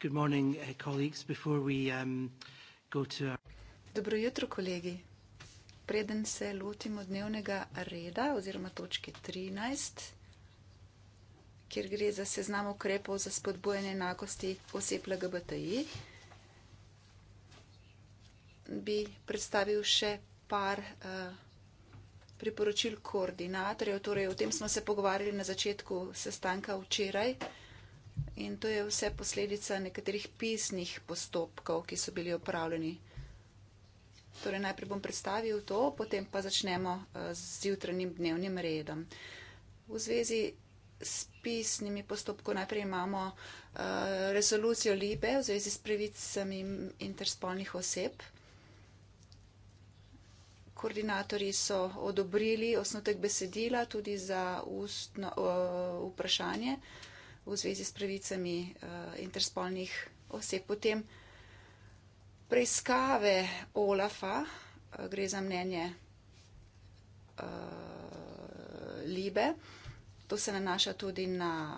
Good morning, eh, colleagues. Before we um, go to our... Dobro jutro, kolegi. Preden se lotimo dnevnega reda oziroma točke 13, kjer gre za seznam ukrepov za spodbojanje enakosti oseb LGBTI, bi predstavil še par uh, priporočil koordinatorjev. Torej, o tem smo se pogovarjali na začetku sestanka včeraj in to je vse posledica nekaterih pisnih postopkov, ki so bili opravljeni. Torej, najprej bom predstavil to, potem pa začnemo eh, z jutranjim dnevnim redom. V zvezi s pisnimi postopkov najprej imamo uh, resolucijo Libe v zvezi s pravicami interspolnih oseb. Koordinatori so odobrili osnotek besedila tudi za ustno uh, vprašanje. Uh, v zvezi s pravicami uh, interspolnih oseb. Potem preiskave Olafa, uh, gre za mnenje uh, Libe, to se nanaša tudi na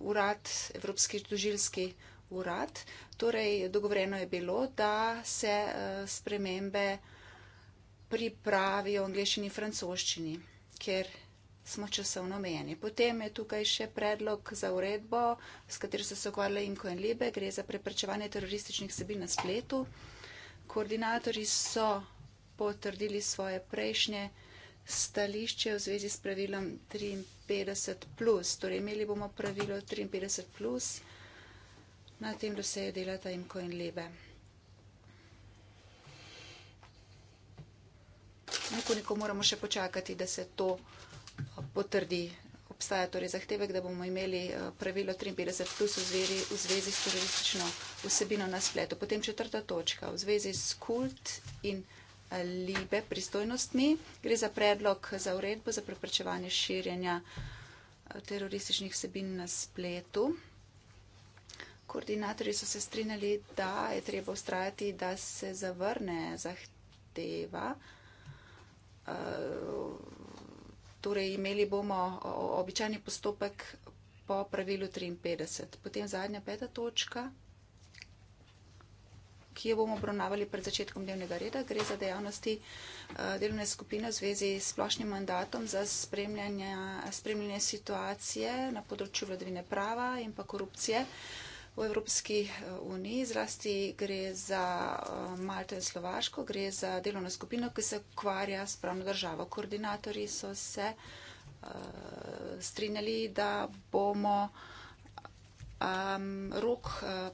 urad, Evropski tužilski urad. Torej, dogovoreno je bilo, da se uh, spremembe pripravijo v angliščini in francoščini, ker smo časovno omejeni. Potem je tukaj še predlog za uredbo, s katero so se ukvarjali Inko in Libe, gre za preprečevanje terorističnih sebi na spletu. Koordinatorji so potrdili svoje prejšnje stališče v zvezi s pravilom 53+. Torej imeli bomo pravilo 53+, na tem, da se je delata Inko in Libe. Nekoliko moramo še počakati, da se to potrdi. Obstaja torej zahtevek, da bomo imeli eh, pravilo 53 plus v zvezi, v zvezi s turistično vsebino na spletu. Potem četrta točka v zvezi s kult in eh, libe pristojnostmi. Gre za predlog za uredbo za preprečevanje širjenja eh, terorističnih vsebin na spletu. Koordinatorji so se strinjali, da je treba ustrajati, da se zavrne zahteva. Uh, Torej, imeli bomo običajni postopek po pravilu 53. Potem zadnja peta točka, ki jo bomo obravnavali pred začetkom dnevnega reda, gre za dejavnosti eh, delovne skupine v zvezi s splošnim mandatom za spremljanje situacije na področju vladavine prava in pa korupcije v Evropski eh, uniji, zlasti gre za eh, Malto in Slovaško, gre za delovno skupino, ki se ukvarja s pravno državo. Koordinatorji so se eh, strinjali, da bomo rok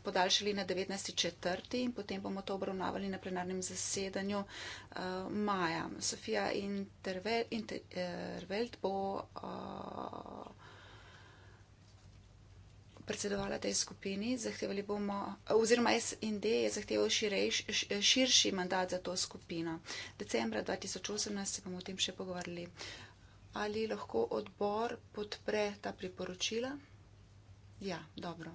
podaljšali na 19.4. in potem bomo to obravnavali na plenarnem zasedanju maja. Sofija Intervelt bo predsedovala tej skupini, zahtevali bomo, oziroma SND je zahteval širejš, širši mandat za to skupino. Decembra 2018 se bomo o tem še pogovarjali. Ali lahko odbor podpre ta priporočila? Ja, dobro.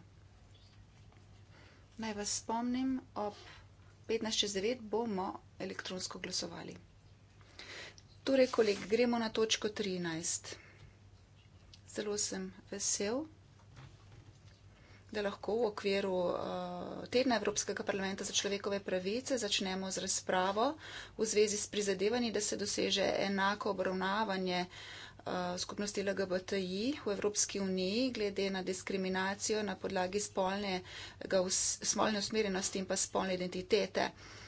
Naj vas spomnim, ob 15.09 bomo elektronsko glasovali. Torej, koleg, gremo na točko 13. Zelo sem vesel, da lahko v okviru uh, tedna Evropskega parlamenta za človekove pravice začnemo z razpravo v zvezi s prizadevanji, da se doseže enako obravnavanje uh, skupnosti LGBTI v Evropski uniji glede na diskriminacijo na podlagi spolne usmerjenosti in pa spolne identitete. Uh,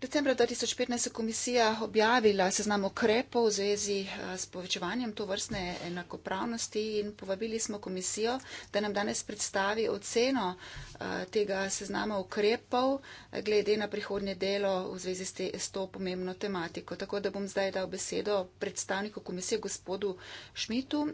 Decembra 2015 je komisija objavila seznam ukrepov v zvezi eh, s povečevanjem to vrstne enakopravnosti in povabili smo komisijo, da nam danes predstavi oceno eh, tega seznama ukrepov eh, glede na prihodnje delo v zvezi s, te, s to pomembno tematiko. Tako da bom zdaj dal besedo predstavniku komisije gospodu Šmitu,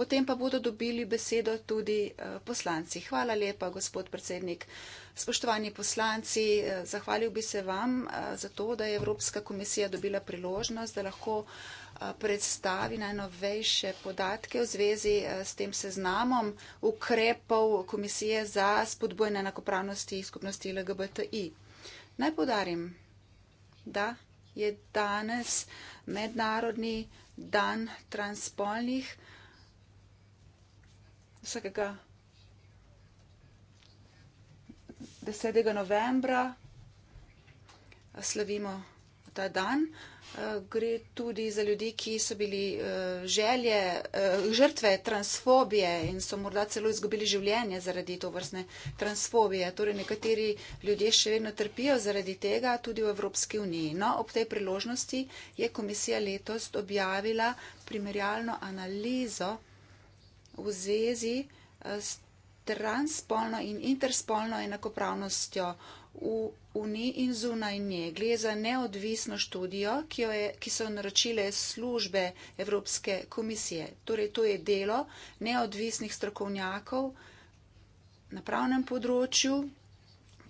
potem pa bodo dobili besedo tudi poslanci. Hvala lepa, gospod predsednik. Spoštovani poslanci, eh, zahvalil bi se vam eh, za to, da je Evropska komisija dobila priložnost, da lahko eh, predstavi najnovejše podatke v zvezi s tem seznamom ukrepov Komisije za spodbojne enakopravnosti skupnosti LGBTI. Naj podarim, da je danes mednarodni dan transpolnih vsakega 10. novembra slavimo ta dan. Eh, gre tudi za ljudi, ki so bili eh, želje, eh, žrtve transfobije in so morda celo izgubili življenje zaradi to vrstne transfobije. Torej nekateri ljudje še vedno trpijo zaradi tega tudi v Evropski uniji. No, ob tej priložnosti je komisija letos objavila primerjalno analizo v zvezi s transspolno in interspolno enakopravnostjo v Uniji in zunaj nje. Gre za neodvisno študijo, ki, je, ki so naročile službe Evropske komisije. Torej, to je delo neodvisnih strokovnjakov na pravnem področju,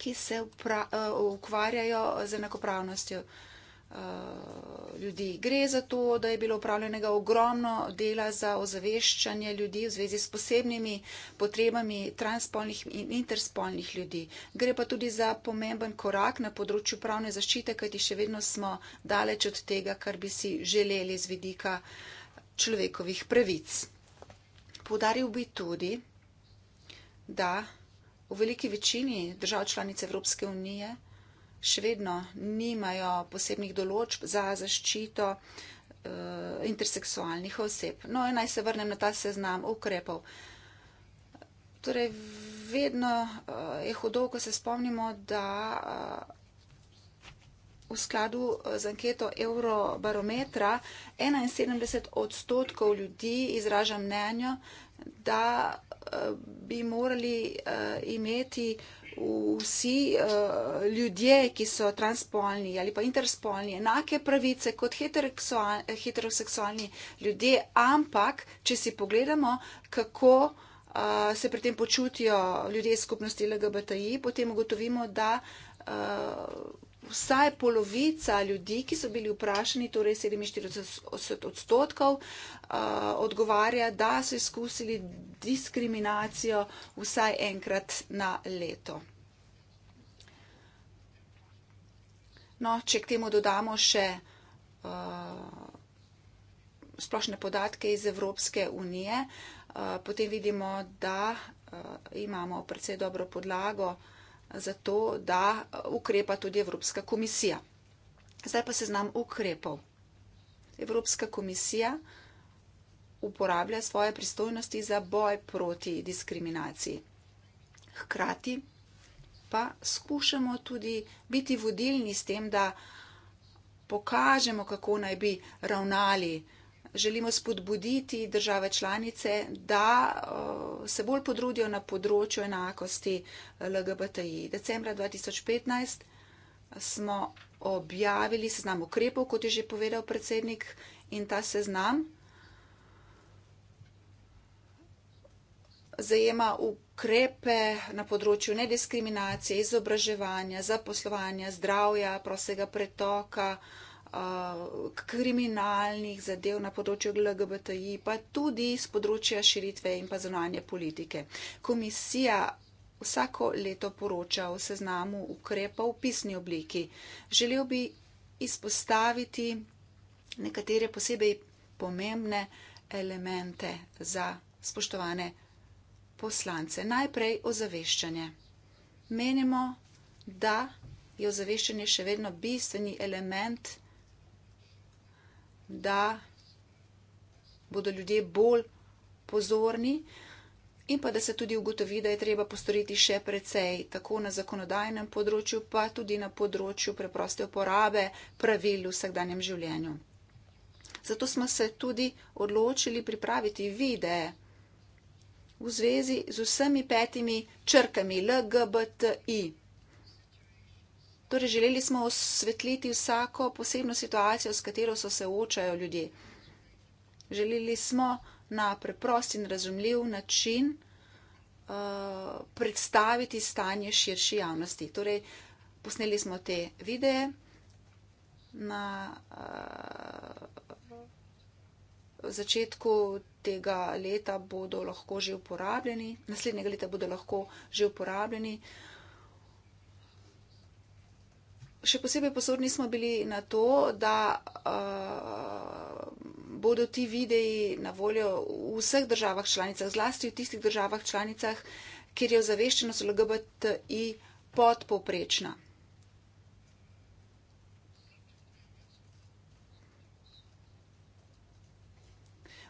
ki se upra, uh, ukvarjajo z enakopravnostjo. Uh, Eh, ljudi. Gre za to, da je bilo upravljenega ogromno dela za ozaveščanje ljudi v zvezi s posebnimi potrebami transpolnih in interspolnih ljudi. Gre pa tudi za pomemben korak na področju pravne zaščite, kajti še vedno smo daleč od tega, kar bi si želeli z vidika človekovih pravic. Povdaril bi tudi, da v veliki večini držav članic Evropske unije še vedno nimajo posebnih določb za zaščito uh, interseksualnih oseb. No, naj se vrnem na ta seznam ukrepov. Torej, vedno uh, je hudo, ko se spomnimo, da uh, v skladu z anketo Eurobarometra 71 odstotkov ljudi izraža mnenjo, da uh, bi morali uh, imeti uh, vsi uh, ljudje, ki so transpolni ali pa interspolni, enake pravice kot heteroseksualni ljudje, ampak če si pogledamo, kako uh, se pri tem počutijo ljudje iz skupnosti LGBTI, potem ugotovimo, da uh, vsaj polovica ljudi, ki so bili vprašani, torej 47 odstotkov, eh, odgovarja, da so izkusili diskriminacijo vsaj enkrat na leto. No, če k temu dodamo še uh, splošne podatke iz Evropske unije, uh, potem vidimo, da uh, imamo precej dobro podlago uh, zato da eh, ukrepa tudi Evropska komisija. Zdaj pa se znam ukrepov. Evropska komisija uporablja svoje pristojnosti za boj proti diskriminaciji. Hkrati pa skušamo tudi biti vodilni s tem, da pokažemo, kako naj bi ravnali uh, želimo spodbuditi države članice, da se bolj podrudijo na področju enakosti eh, LGBTI. Decembra 2015 smo objavili seznam ukrepov, kot je že povedal predsednik, in ta seznam zajema ukrepe na področju nediskriminacije, izobraževanja, zaposlovanja, zdravja, prosega pretoka, uh, kriminalnih zadev na področju LGBTI, pa tudi z področja širitve in pa zunanje politike. Komisija vsako leto poroča o seznamu ukrepov v pisni obliki. Želel bi izpostaviti nekatere posebej pomembne elemente za spoštovane poslance. Najprej ozaveščanje. Menimo, da je ozaveščanje še vedno bistveni element da bodo ljudje bolj pozorni in pa da se tudi ugotovi, da je treba postoriti še precej tako na zakonodajnem področju, pa tudi na področju preproste uporabe pravil v vsakdanjem življenju. Zato smo se tudi odločili pripraviti videe v zvezi z vsemi petimi črkami LGBTI. Torej, želeli smo osvetliti vsako posebno situacijo, s katero so se očajo ljudje. Želeli smo na preprost in razumljiv način uh, predstaviti stanje širši javnosti. Torej, posneli smo te videe na uh, začetku tega leta bodo lahko že uporabljeni, naslednjega leta bodo lahko že uporabljeni. Uh, še posebej pozorni smo bili na to, da uh, bodo ti videi na voljo v vseh državah članicah, zlasti v tistih državah članicah, kjer je ozaveščenost LGBTI podpovprečna.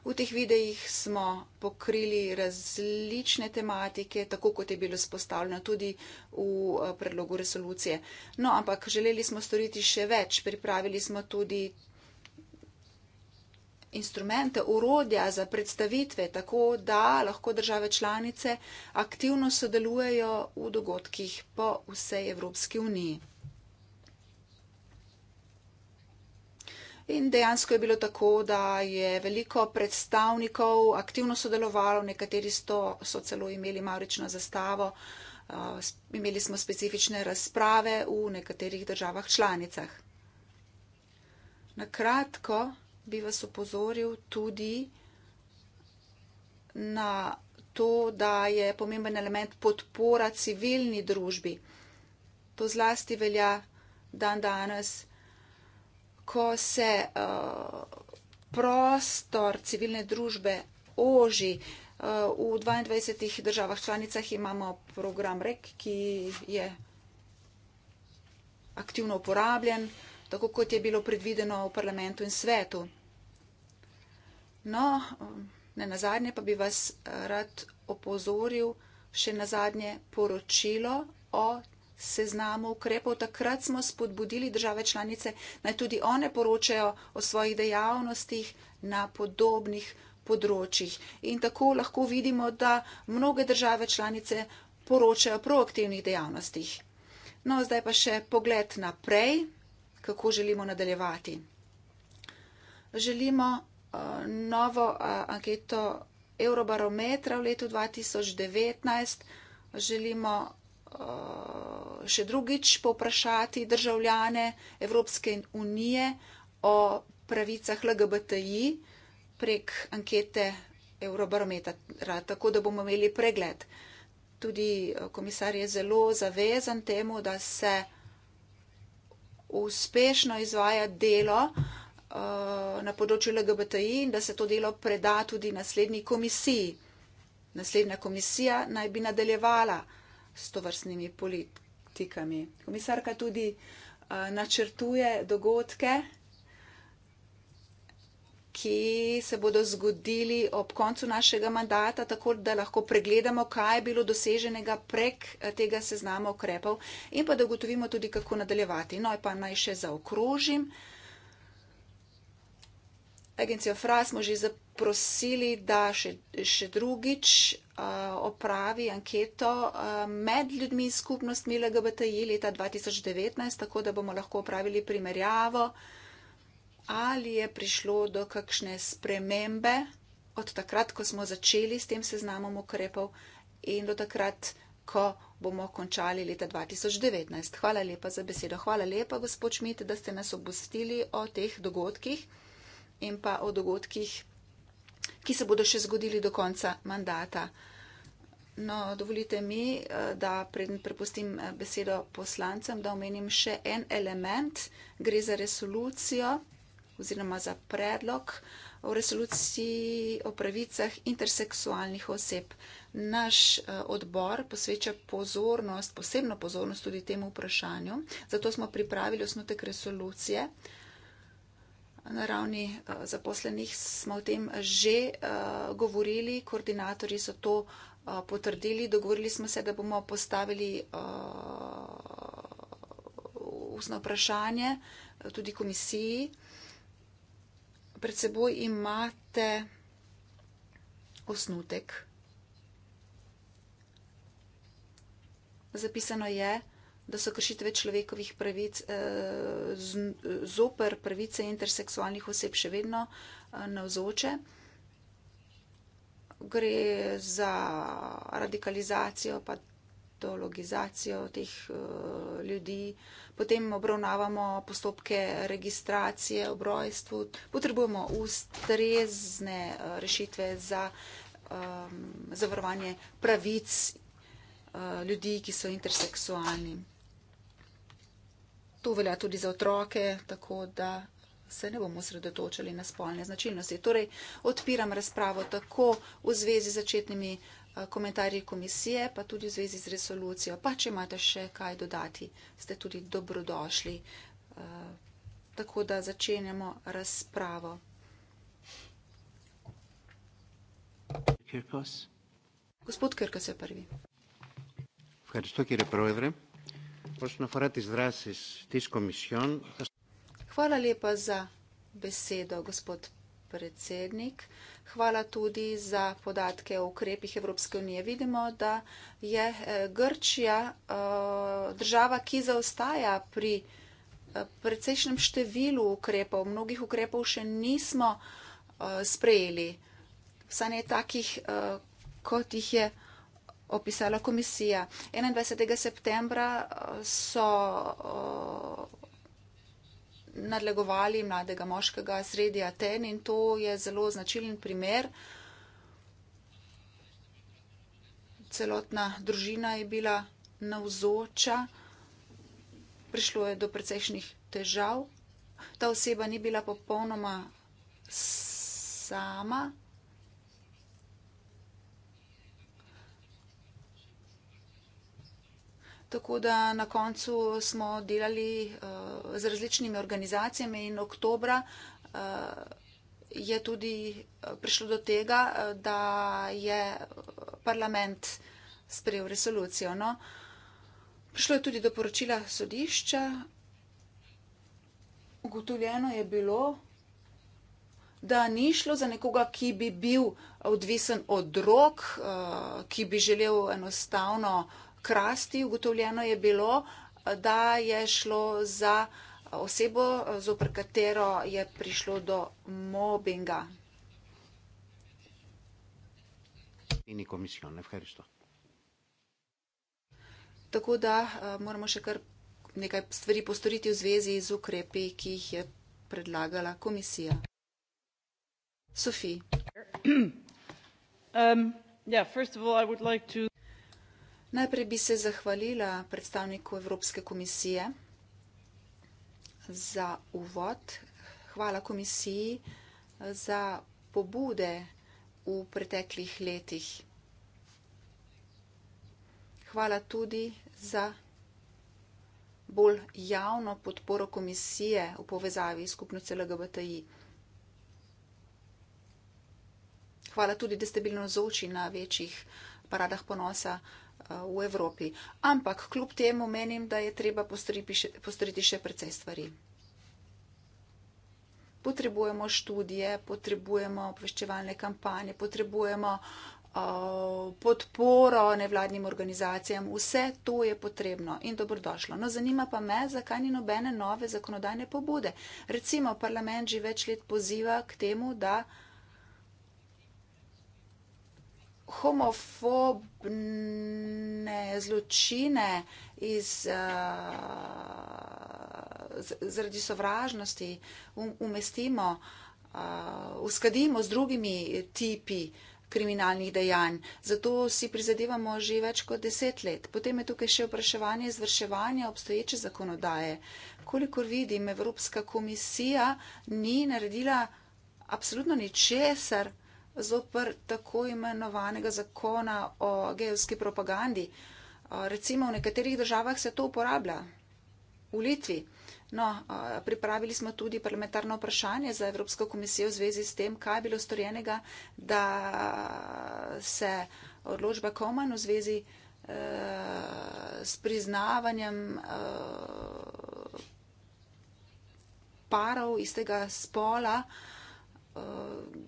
V teh videih smo pokrili različne tematike, tako kot je bilo spostavljeno tudi v eh, predlogu resolucije. No, ampak želeli smo storiti še več. Pripravili smo tudi instrumente, urodja za predstavitve, tako da lahko države članice aktivno sodelujejo v dogodkih po vsej Evropski uniji. In dejansko je bilo tako, da je veliko predstavnikov aktivno sodelovalo, nekateri sto, so celo imeli maorično zastavo, uh, imeli smo specifične razprave v nekaterih državah članicah. Na kratko bi vas upozoril tudi na to, da je pomemben element podpora civilni družbi. To zlasti velja dan danes ko se uh, prostor civilne družbe oži. Eh, v 22 državah članicah imamo program REC, ki je aktivno uporabljen, tako kot je bilo predvideno v parlamentu in svetu. No, ne na zadnje pa bi vas rad opozoril še na zadnje poročilo o seznamu ukrepov. Takrat smo spodbudili države članice, naj tudi one poročajo o svojih dejavnostih na podobnih področjih. In tako lahko vidimo, da mnoge države članice poročajo o proaktivnih dejavnostih. No, zdaj pa še pogled naprej, kako želimo nadaljevati. Želimo uh, novo uh, anketo Eurobarometra v letu 2019, želimo Eh, še drugič poprašati državljane Evropske unije o pravicah LGBTI prek ankete Eurobarometra, tako da bomo imeli pregled. Tudi eh, komisar je zelo zavezan temu, da se uspešno izvaja delo eh, na področju LGBTI in da se to delo preda tudi naslednji komisiji. Naslednja komisija naj bi nadaljevala s tovrstnimi politikami. Komisarka tudi uh, načrtuje dogodke, ki se bodo zgodili ob koncu našega mandata, tako da lahko pregledamo, kaj je bilo doseženega prek tega seznama ukrepov in pa da ugotovimo tudi, kako nadaljevati. No, pa naj še zaokrožim. Uh, agencijo FRA smo že zaprosili, da še, še drugič opravi anketo med ljudmi iz skupnostmi LGBTI leta 2019, tako da bomo lahko opravili primerjavo, ali je prišlo do kakšne spremembe od takrat, ko smo začeli s tem seznamom ukrepov in do takrat, ko bomo končali leta 2019. Hvala lepa za besedo. Hvala lepa, gospod Šmit, da ste nas obustili o teh dogodkih in pa o dogodkih, ki se bodo še zgodili do konca mandata. No, dovolite mi, eh, da predn prepustim eh, besedo poslancem, da omenim še en element. Gre za resolucijo oziroma za predlog o resoluciji o pravicah interseksualnih oseb. Naš eh, odbor posveča pozornost, posebno pozornost tudi temu vprašanju, zato smo pripravili osnutek resolucije na ravni eh, zaposlenih smo o tem že eh, govorili, koordinatori so to eh, potrdili, dogovorili smo se, da bomo postavili ustno vprašanje tudi komisiji. Pred seboj imate osnutek. Zapisano je, da da so kršitve človekovih pravic eh, zoper pravice interseksualnih oseb še vedno eh, navzoče. Gre za radikalizacijo, pa teologizacijo teh eh, ljudi. Potem obravnavamo postopke registracije ob rojstvu. Potrebujemo ustrezne rešitve za um, zavarovanje pravic uh, ljudi, ki so interseksualni. To velja tudi za otroke, tako da se ne bomo sredotočili na spolne značilnosti. Torej, odpiram razpravo tako v zvezi z začetnimi komentarji komisije, pa tudi v zvezi z resolucijo. Pa če imate še kaj dodati, ste tudi dobrodošli. Tako da začenjamo razpravo. Kirkos. Gospod Krkas je prvi. Kaj je to, kjer je prvi vreme? Hvala lepa za besedo, gospod predsednik. Hvala tudi za podatke o ukrepih Evropske unije. Vidimo, da je eh, Grčija eh, država, ki zaostaja pri eh, precejšnjem številu ukrepov. Mnogih ukrepov še nismo sprejeli. Vsaj ne takih, kot jih je opisala komisija. 21. septembra eh, so eh, nadlegovali mladega moškega sredi Aten in to je zelo značilen primer. Celotna družina je bila navzoča, prišlo je do precejšnjih težav. Ta oseba ni bila popolnoma sama. Tako da na koncu smo delali uh, z različnimi organizacijami in oktobra uh, je tudi eh, prišlo do tega, da je parlament sprejel resolucijo. No? Prišlo je tudi do poročila sodišča. Ugotovljeno je bilo, da ni šlo za nekoga, ki bi bil odvisen od drog, uh, ki bi želel enostavno uh, krasti. Ugotovljeno je bilo, da je šlo za osebo, zopr katero je prišlo do mobinga. Tako da eh, moramo še kar nekaj stvari postoriti v zvezi z ukrepi, ki jih je predlagala komisija. Sofi. Um, yeah, first of all, I would like to... Najprej bi se zahvalila predstavniku Evropske komisije za uvod. Hvala komisiji za pobude v preteklih letih. Hvala tudi za bolj javno podporo komisije v povezavi s skupnostjo LGBTI. Hvala tudi, da ste bili na zoči na večjih paradah ponosa. Eh, v Evropi. Ampak kljub temu menim, da je treba postriti še, še precej stvari. Potrebujemo študije, potrebujemo obveščevalne kampanje, potrebujemo uh, podporo nevladnim organizacijam. Vse to je potrebno in dobrodošlo. No, zanima pa me, zakaj ni nobene nove zakonodajne pobude. Recimo, parlament že več let poziva k temu, da homofobne zločine iz, uh, zaradi sovražnosti um, umestimo, uh, uskladimo z drugimi tipi kriminalnih dejanj. Zato si prizadevamo že več kot deset let. Potem je tukaj še vpraševanje izvrševanja obstoječe zakonodaje. Kolikor vidim, Evropska komisija ni naredila absolutno ničesar, zopr tako imenovanega zakona o gejovski propagandi. Recimo v nekaterih državah se to uporablja, v Litvi. No, pripravili smo tudi parlamentarno vprašanje za Evropsko komisijo v zvezi s tem, kaj je bilo storjenega, da se odločba Koman v zvezi e, s priznavanjem e, parov istega spola Eh,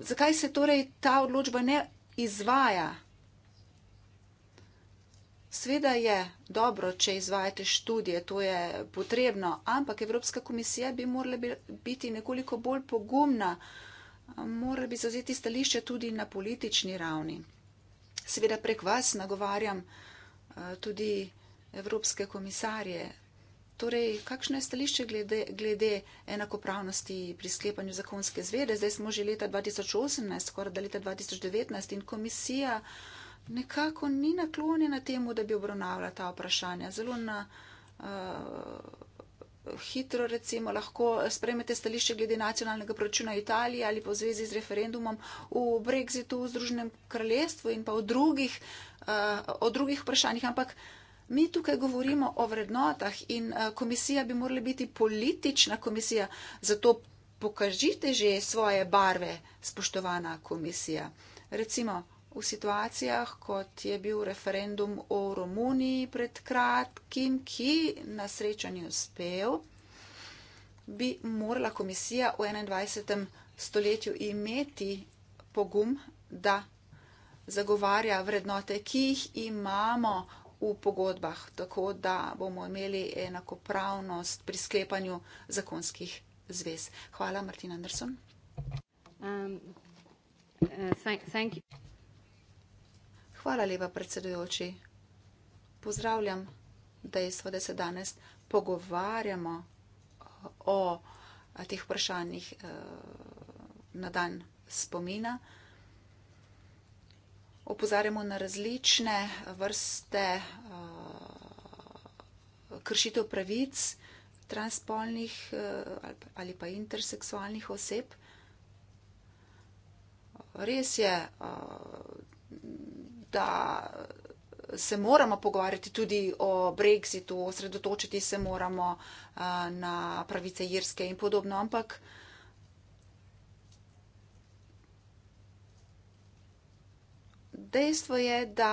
zakaj se torej ta odločba ne izvaja? Sveda je dobro, če izvajate študije, to je potrebno, ampak Evropska komisija bi morala biti nekoliko bolj pogumna, morala bi zazeti stališče tudi na politični ravni. Sveda prek vas nagovarjam eh, tudi evropske komisarje, Torej, kakšno je stališče glede, glede enakopravnosti pri sklepanju zakonske zvede? Zdaj smo že leta 2018, skoraj da leta 2019 in komisija nekako ni naklonjena temu, da bi obravnavala ta vprašanja. Zelo na, uh, hitro recimo lahko spremete stališče glede nacionalnega proračuna Italije ali pa v zvezi z referendumom v Brexitu, v Združenem kraljestvu in pa o drugih, uh, o drugih vprašanjih. Ampak, uh, Mi tukaj govorimo o vrednotah in eh, komisija bi morala biti politična komisija, zato pokažite že svoje barve, spoštovana komisija. Recimo v situacijah, kot je bil referendum o Romuniji pred kratkim, ki na srečo ni uspel, bi morala komisija v 21. stoletju imeti pogum, da zagovarja vrednote, ki jih imamo v pogodbah, tako da bomo imeli enakopravnost pri sklepanju zakonskih zvez. Hvala, Martin Anderson. Um, uh, thank, thank Hvala lepa, predsedujoči. Pozdravljam dejstvo, da se danes pogovarjamo uh, o teh vprašanjih uh, na dan spomina opozarjamo na različne vrste eh, kršitev pravic transspolnih eh, ali pa interseksualnih oseb. Res je, eh, da se moramo pogovarjati tudi o Brexitu, osredotočiti se moramo na pravice Irske in podobno, ampak dejstvo je, da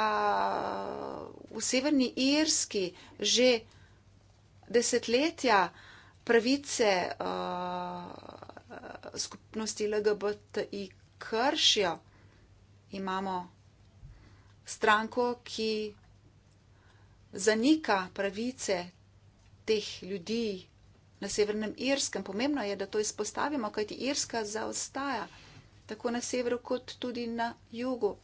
v Severni Irski že desetletja pravice uh, skupnosti LGBTI kršijo. Imamo stranko, ki zanika pravice teh ljudi na Severnem Irskem. Pomembno je, da to izpostavimo, kajti Irska zaostaja tako na severu kot tudi na jugu.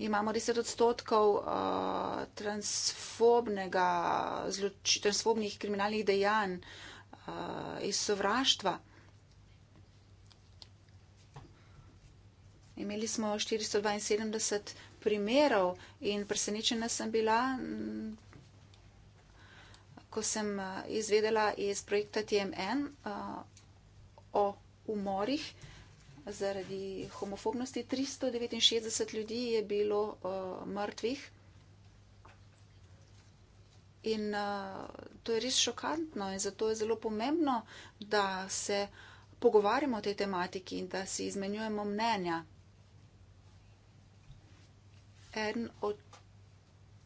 imamo 10 odstotkov uh, transfobnih kriminalnih dejanj uh, iz sovraštva. Imeli smo 472 primerov in presenečena sem bila, mm, ko sem uh, izvedela iz projekta TMN o umorih, zaradi homofobnosti. 369 ljudi je bilo uh, mrtvih. In uh, to je res šokantno in zato je zelo pomembno, da se pogovarjamo o tej tematiki in da si izmenjujemo mnenja. En od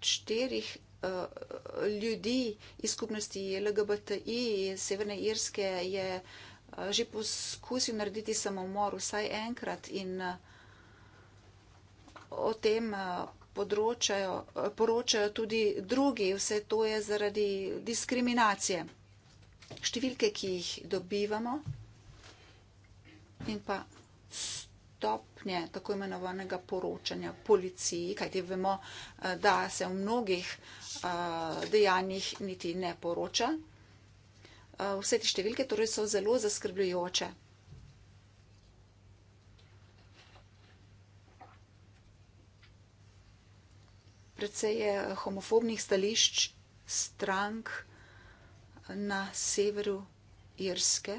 štirih uh, ljudi iz skupnosti LGBTI iz Severne Irske je uh, Eh, že poskusil narediti samomor vsaj enkrat in eh, o tem eh, poročajo tudi drugi. Vse to je zaradi diskriminacije. Številke, ki jih dobivamo in pa stopnje tako imenovanega poročanja policiji, kajti vemo, da se v mnogih dejanjih niti ne poroča. Eh, vse te številke torej so zelo zaskrbljujoče. Predvsej je homofobnih stališč strank na severu Irske,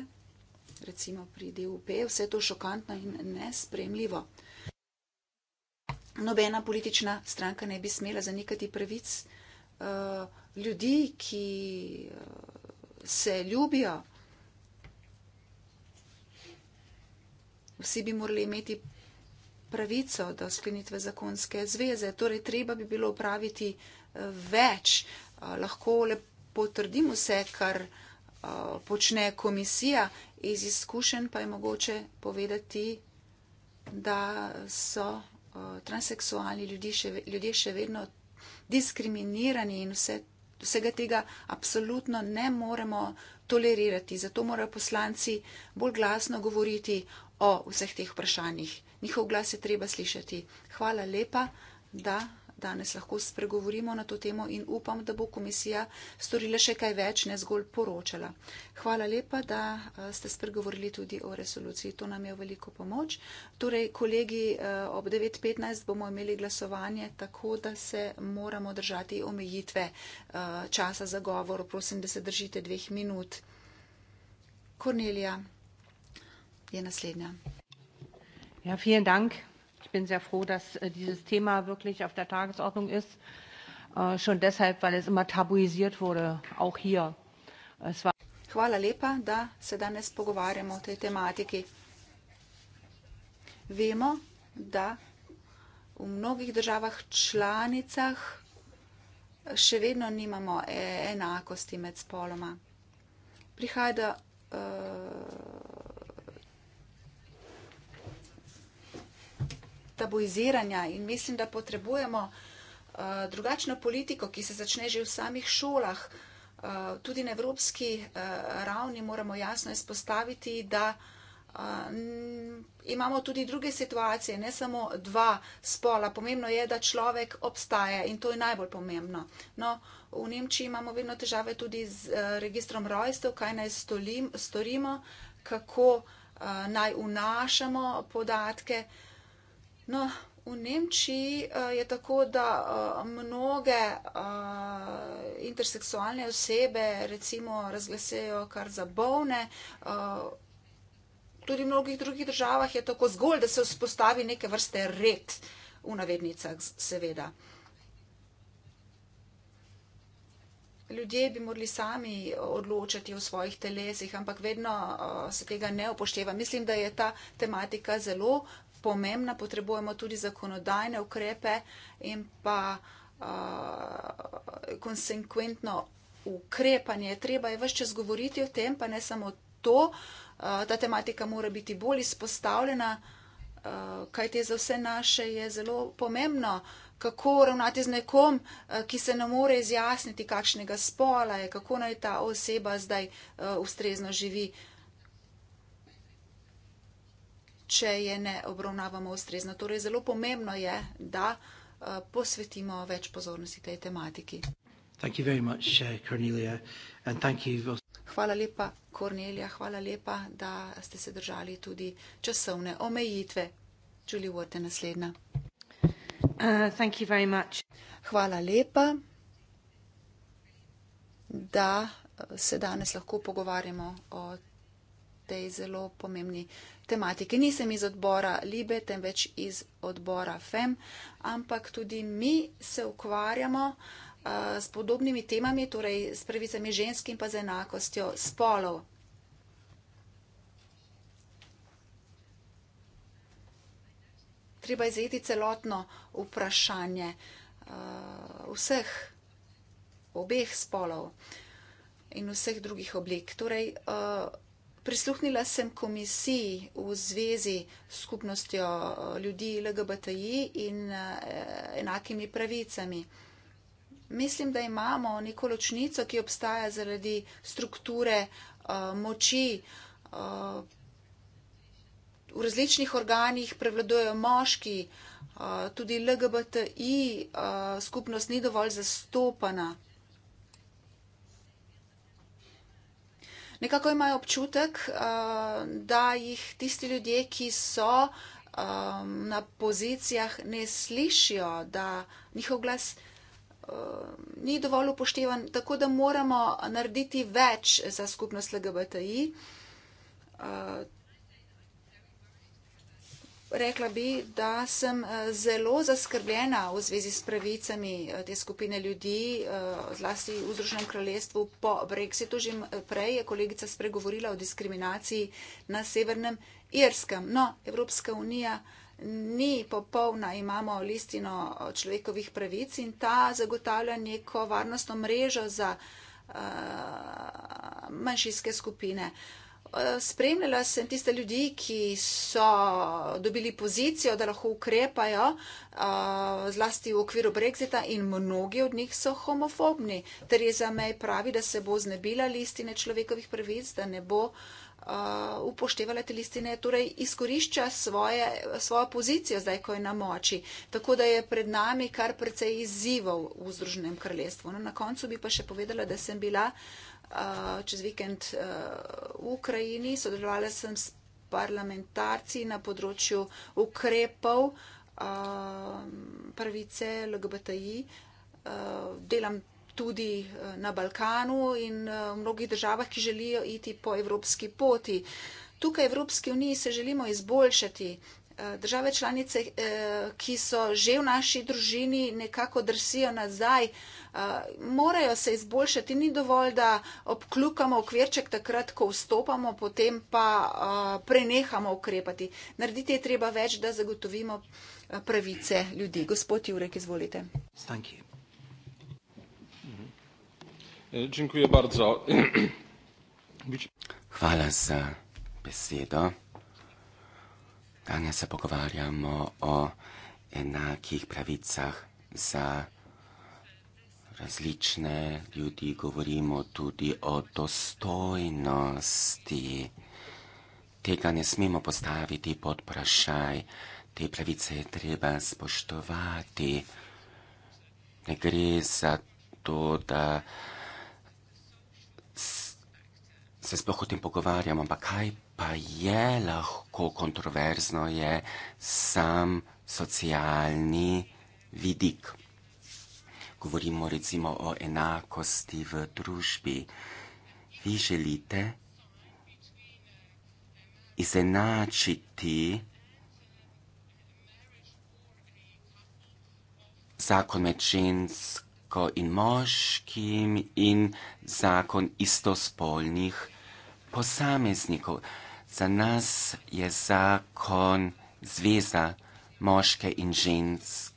recimo pri DUP, vse to šokantno in nespremljivo. Nobena politična stranka ne bi smela zanikati pravic uh, ljudi, ki uh, se ljubijo. Vsi bi morali imeti pravico do sklenitve zakonske zveze, torej treba bi bilo upraviti eh, več. Eh, lahko le potrdim vse, kar eh, počne komisija, iz izkušenj pa je mogoče povedati, da so transseksualni ljudje še vedno diskriminirani in vse to vsega tega absolutno ne moremo tolerirati. Zato morajo poslanci bolj glasno govoriti o vseh teh vprašanjih. Njihov glas je treba slišati. Hvala lepa, da danes lahko spregovorimo na to temo in upam, da bo komisija storila še kaj več, ne zgolj poročala. Hvala lepa, da ste spregovorili tudi o resoluciji. To nam je veliko pomoč. Torej, kolegi, ob 9.15 bomo imeli glasovanje, tako da se moramo držati omejitve časa za govor. Prosim, da se držite dveh minut. Kornelija je naslednja. Ja, vielen Dank bin sehr froh, dass äh, dieses Thema wirklich auf der Tagesordnung ist. Äh, schon deshalb, weil es immer tabuisiert wurde, auch hier. Es war Hvala lepa, da se danes pogovarjamo o tej tematiki. Vemo, da v mnogih državah članicah še vedno nimamo e-, enakosti med spoloma. Prihaja do uh, taboiziranja in mislim, da potrebujemo eh, drugačno politiko, ki se začne že v samih šolah. Eh, tudi na evropski eh, ravni moramo jasno izpostaviti, da imamo tudi druge situacije, ne samo dva spola. Pomembno je, da človek obstaja in to je najbolj pomembno. No, v Nemčiji imamo vedno težave tudi z registrom rojstev, kaj naj storimo, kako naj unašamo podatke. No, v Nemčiji eh, je tako, da eh, mnoge eh, interseksualne osebe recimo razglasejo kar za bovne. Tudi v mnogih drugih državah je tako zgolj, da se vzpostavi neke vrste red v navednicah, seveda. Ljudje bi morali sami odločati o svojih telesih, ampak vedno se tega ne upošteva. Mislim, da je ta tematika zelo pomembna, potrebujemo tudi zakonodajne ukrepe in pa uh, konsekventno ukrepanje. Treba je vse čas govoriti o tem, pa ne samo to. Uh, ta tematika mora biti bolj izpostavljena, uh, kaj te za vse naše je zelo pomembno. Kako ravnati z nekom, ki se ne more izjasniti, kakšnega spola je, kako naj ta oseba zdaj uh, ustrezno živi. Uh, če je ne obravnavamo ustrezno. Torej, zelo pomembno je, da eh, posvetimo več pozornosti tej tematiki. Eh, hvala lepa, Kornelija, hvala lepa, da ste se držali tudi časovne omejitve. Julie Worte, naslednja. Uh, hvala lepa, da eh, se danes lahko pogovarjamo o tej zelo pomembni tematike. Nisem iz odbora Libe, temveč iz odbora FEM, ampak tudi mi se ukvarjamo uh, s podobnimi temami, torej s pravicami žensk in pa z enakostjo spolov. Treba je zajeti celotno vprašanje uh, vseh, obeh spolov in vseh drugih oblik. Torej, uh, Prisluhnila sem komisiji v zvezi s skupnostjo eh, ljudi LGBTI in eh, enakimi pravicami. Mislim, da imamo neko ločnico, ki obstaja zaradi strukture eh, moči. V različnih organih prevladujejo moški, tudi LGBTI skupnost ni dovolj zastopana. nekako imajo občutek, eh, da jih tisti ljudje, ki so ehm, na pozicijah, ne slišijo, da njihov glas eh, ni dovolj upoštevan, tako da moramo narediti več za skupnost LGBTI. Eh, rekla bi, da sem eh, zelo zaskrbljena v zvezi s pravicami eh, te skupine ljudi, eh, zlasti v Združenem kraljestvu po Brexitu. Že prej je kolegica spregovorila o diskriminaciji na Severnem Irskem. No, Evropska unija ni popolna, imamo listino človekovih pravic in ta zagotavlja neko varnostno mrežo za manjšinske skupine. Eh, spremljala sem tiste ljudi, ki so dobili pozicijo, da lahko ukrepajo eh, zlasti v okviru Brexita in mnogi od njih so homofobni. Tereza May pravi, da se bo znebila listine človekovih pravic, da ne bo eh, upoštevala te listine, torej izkorišča svoje, svojo pozicijo zdaj, ko je na moči. Tako da je pred nami kar precej izzivov v Združenem kraljestvu. No, na koncu bi pa še povedala, da sem bila čez vikend v Ukrajini, sodelovala sem s parlamentarci na področju ukrepov pravice LGBTI. Delam tudi na Balkanu in v mnogih državah, ki želijo iti po evropski poti. Tukaj v Evropski uniji se želimo izboljšati. Države članice, ki so že v naši družini, nekako drsijo nazaj, Eh, morajo se izboljšati. Ni dovolj, da obkljukamo okvirček takrat, ko vstopamo, potem pa eh, prenehamo ukrepati. Narediti je treba več, da zagotovimo eh, pravice ljudi. Gospod Jurek, izvolite. Stanki. Mhm. Dziękuję bardzo. Hvala za besedo. Danes se pogovarjamo o enakih pravicah za različne ljudi, govorimo tudi o dostojnosti. Tega ne smemo postaviti pod vprašaj, te pravice je treba spoštovati. Ne gre za to, da se sploh o tem pogovarjamo, ampak kaj pa je lahko kontroverzno, je sam socialni vidik govorimo recimo o enakosti v družbi. Vi želite izenačiti zakon med žensko in moškim in zakon istospolnih posameznikov. Za nas je zakon zveza moške in ženske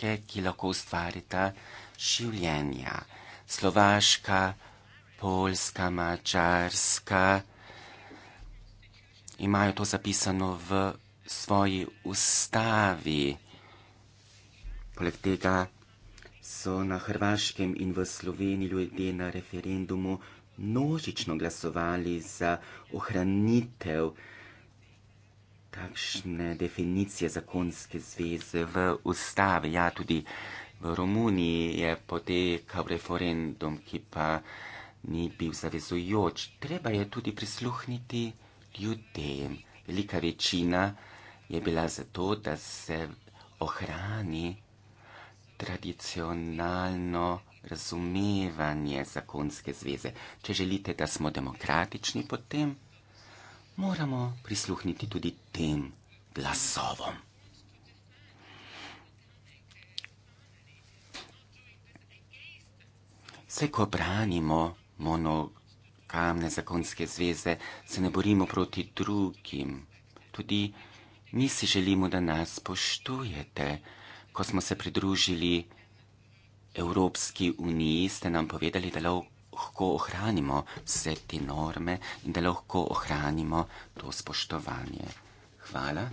stroške, ki lahko ustvarita življenja. Slovaška, Poljska, Mačarska imajo to zapisano v svoji ustavi. Poleg tega so na Hrvaškem in v Sloveniji ljudje na referendumu množično glasovali za ohranitev kakšne definicije zakonske zveze v ustavi. Ja, tudi v Romuniji je potekal referendum, ki pa ni bil zavezujoč. Treba je tudi prisluhniti ljudem. Velika večina je bila zato, da se ohrani tradicionalno razumevanje zakonske zveze. Če želite, da smo demokratični, potem moramo prisluhniti tudi tem glasovom. Vse, ko branimo monokamne zakonske zveze, se ne borimo proti drugim. Tudi mi si želimo, da nas spoštujete. Ko smo se pridružili Evropski uniji, ste nam povedali, da lahko lahko ohranimo vse te norme in da lahko ohranimo to spoštovanje. Hvala.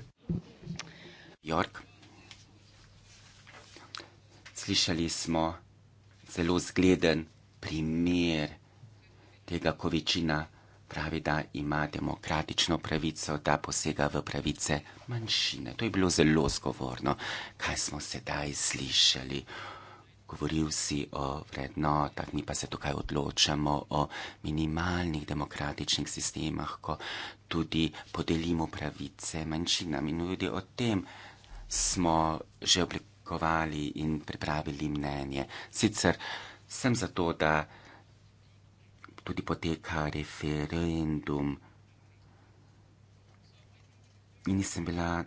Jork. Slišali smo zelo zgleden primer tega, ko večina pravi, da ima demokratično pravico, da posega v pravice manjšine. To je bilo zelo zgovorno, kaj smo sedaj slišali. Govoril si o vrednotah, mi pa se tukaj odločamo o minimalnih demokratičnih sistemah, ko tudi podelimo pravice manjšinam in tudi o tem smo že oblikovali in pripravili mnenje. Sicer sem zato, da tudi poteka referendum in nisem bila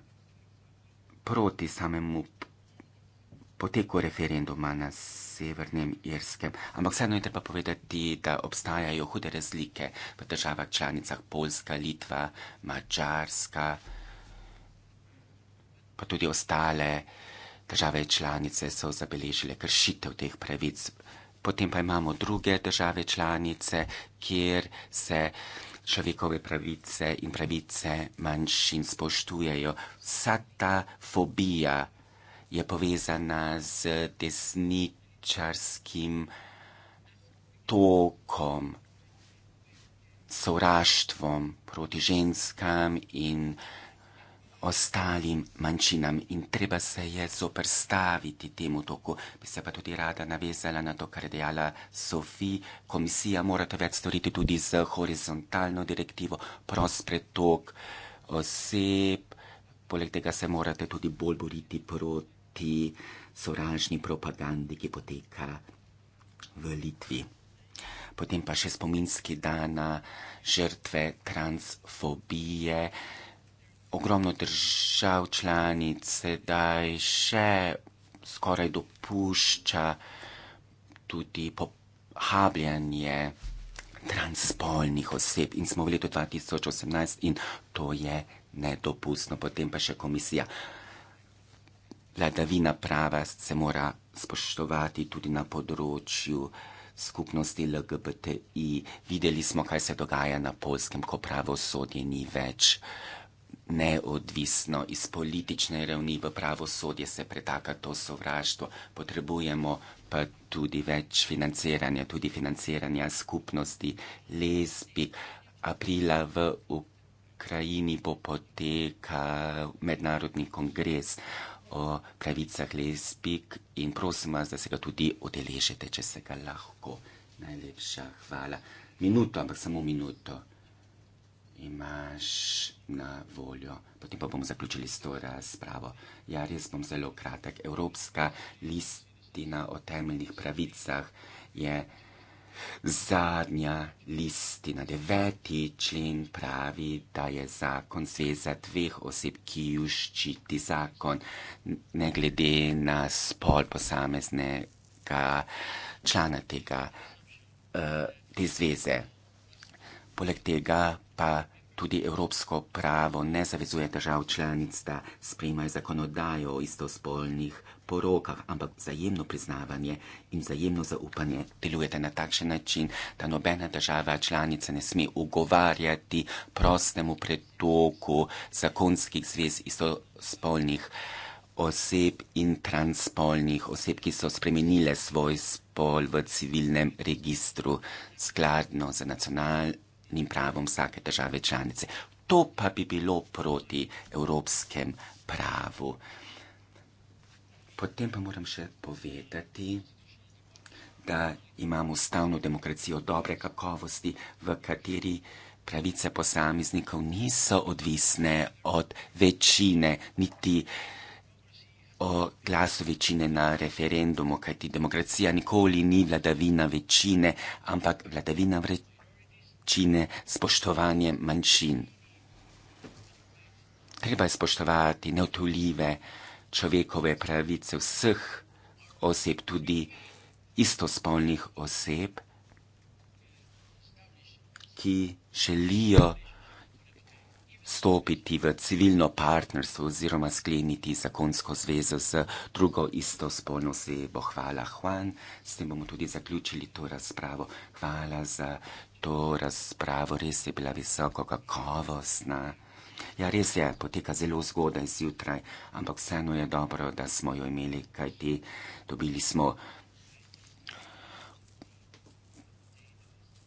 proti samemu poteku referenduma na severnem Irskem. Ampak vseeno je treba povedati, da obstajajo hude razlike v državah članicah Poljska, Litva, Mačarska, pa tudi ostale države članice so zabeležile kršitev teh pravic. Potem pa imamo druge države članice, kjer se človekove pravice in pravice manjšin spoštujejo. Vsa ta fobija je povezana z desničarskim tokom, sovraštvom proti ženskam in ostalim manjšinam in treba se je zoprstaviti temu toku. Bi se pa tudi rada navezala na to, kar je dejala Sofi. Komisija mora to več storiti tudi z horizontalno direktivo, prost pretok oseb, poleg tega se morate tudi bolj boriti proti proti sovražni propagandi, ki poteka v Litvi. Potem pa še spominski dan na žrtve transfobije. Ogromno držav članic sedaj še skoraj dopušča tudi pohabljanje transpolnih oseb in smo v letu 2018 in to je nedopustno. Potem pa še komisija vladavina prava se mora spoštovati tudi na področju skupnosti LGBTI. Videli smo, kaj se dogaja na polskem, ko pravosodje ni več neodvisno iz politične ravni v pravosodje se pretaka to sovraštvo. Potrebujemo pa tudi več financiranja, tudi financiranja skupnosti lesbi. Aprila v Ukrajini bo potekal mednarodni kongres o pravicah lesbik in prosim vas, da se ga tudi odeležete, če se ga lahko. Najlepša hvala. Minuto, ampak samo minuto imaš na voljo. Potem pa bomo zaključili s to razpravo. Ja, res bom zelo kratek. Evropska listina o temeljnih pravicah je. Zadnja listina, deveti člen pravi, da je zakon zveza dveh oseb, ki ju ščiti zakon, ne glede na spol posameznega člana tega, eh, te zveze. Poleg tega pa tudi evropsko pravo ne zavezuje držav članic, da sprejmajo zakonodajo istospolnih po rokah, ampak vzajemno priznavanje in vzajemno zaupanje delujete na takšen način, da nobena država članica ne sme ugovarjati prostemu pretoku zakonskih zvez istospolnih oseb in transpolnih oseb, ki so spremenile svoj spol v civilnem registru skladno z nacionalnim pravom vsake države članice. To pa bi bilo proti evropskem pravu. Potem pa moram še povedati, da imamo ustavno demokracijo dobre kakovosti, v kateri pravice posameznikov niso odvisne od večine, niti o glasu večine na referendumu, kajti demokracija nikoli ni vladavina večine, ampak vladavina večine spoštovanje manjšin. Treba je spoštovati neotuljive manjšine človekove pravice vseh oseb, tudi istospolnih oseb, ki želijo stopiti v civilno partnerstvo oziroma skleniti zakonsko zvezo z drugo istospolno osebo. Hvala, Juan. S tem bomo tudi zaključili to razpravo. Hvala za to razpravo. Res je bila visoko kakovostna. Ja, res je, poteka zelo zgodaj zjutraj, ampak vseeno je dobro, da smo jo imeli, kaj ti dobili smo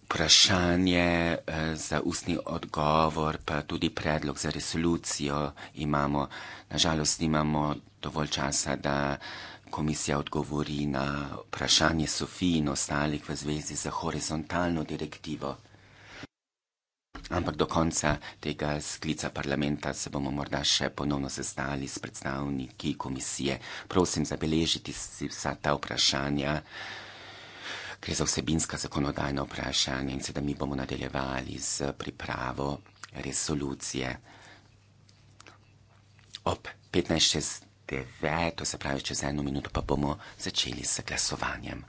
vprašanje eh, za ustni odgovor, pa tudi predlog za resolucijo imamo. Nažalost, nimamo dovolj časa, da komisija odgovori na vprašanje Sofiji in ostalih v zvezi z horizontalno direktivo. Ampak do konca tega sklica parlamenta se bomo morda še ponovno sestali s predstavniki komisije. Prosim, zabeležiti si vsa ta vprašanja. Gre za vsebinska zakonodajna vprašanja in se da mi bomo nadaljevali z pripravo resolucije ob 15.69, to se pravi čez eno minuto, pa bomo začeli s glasovanjem.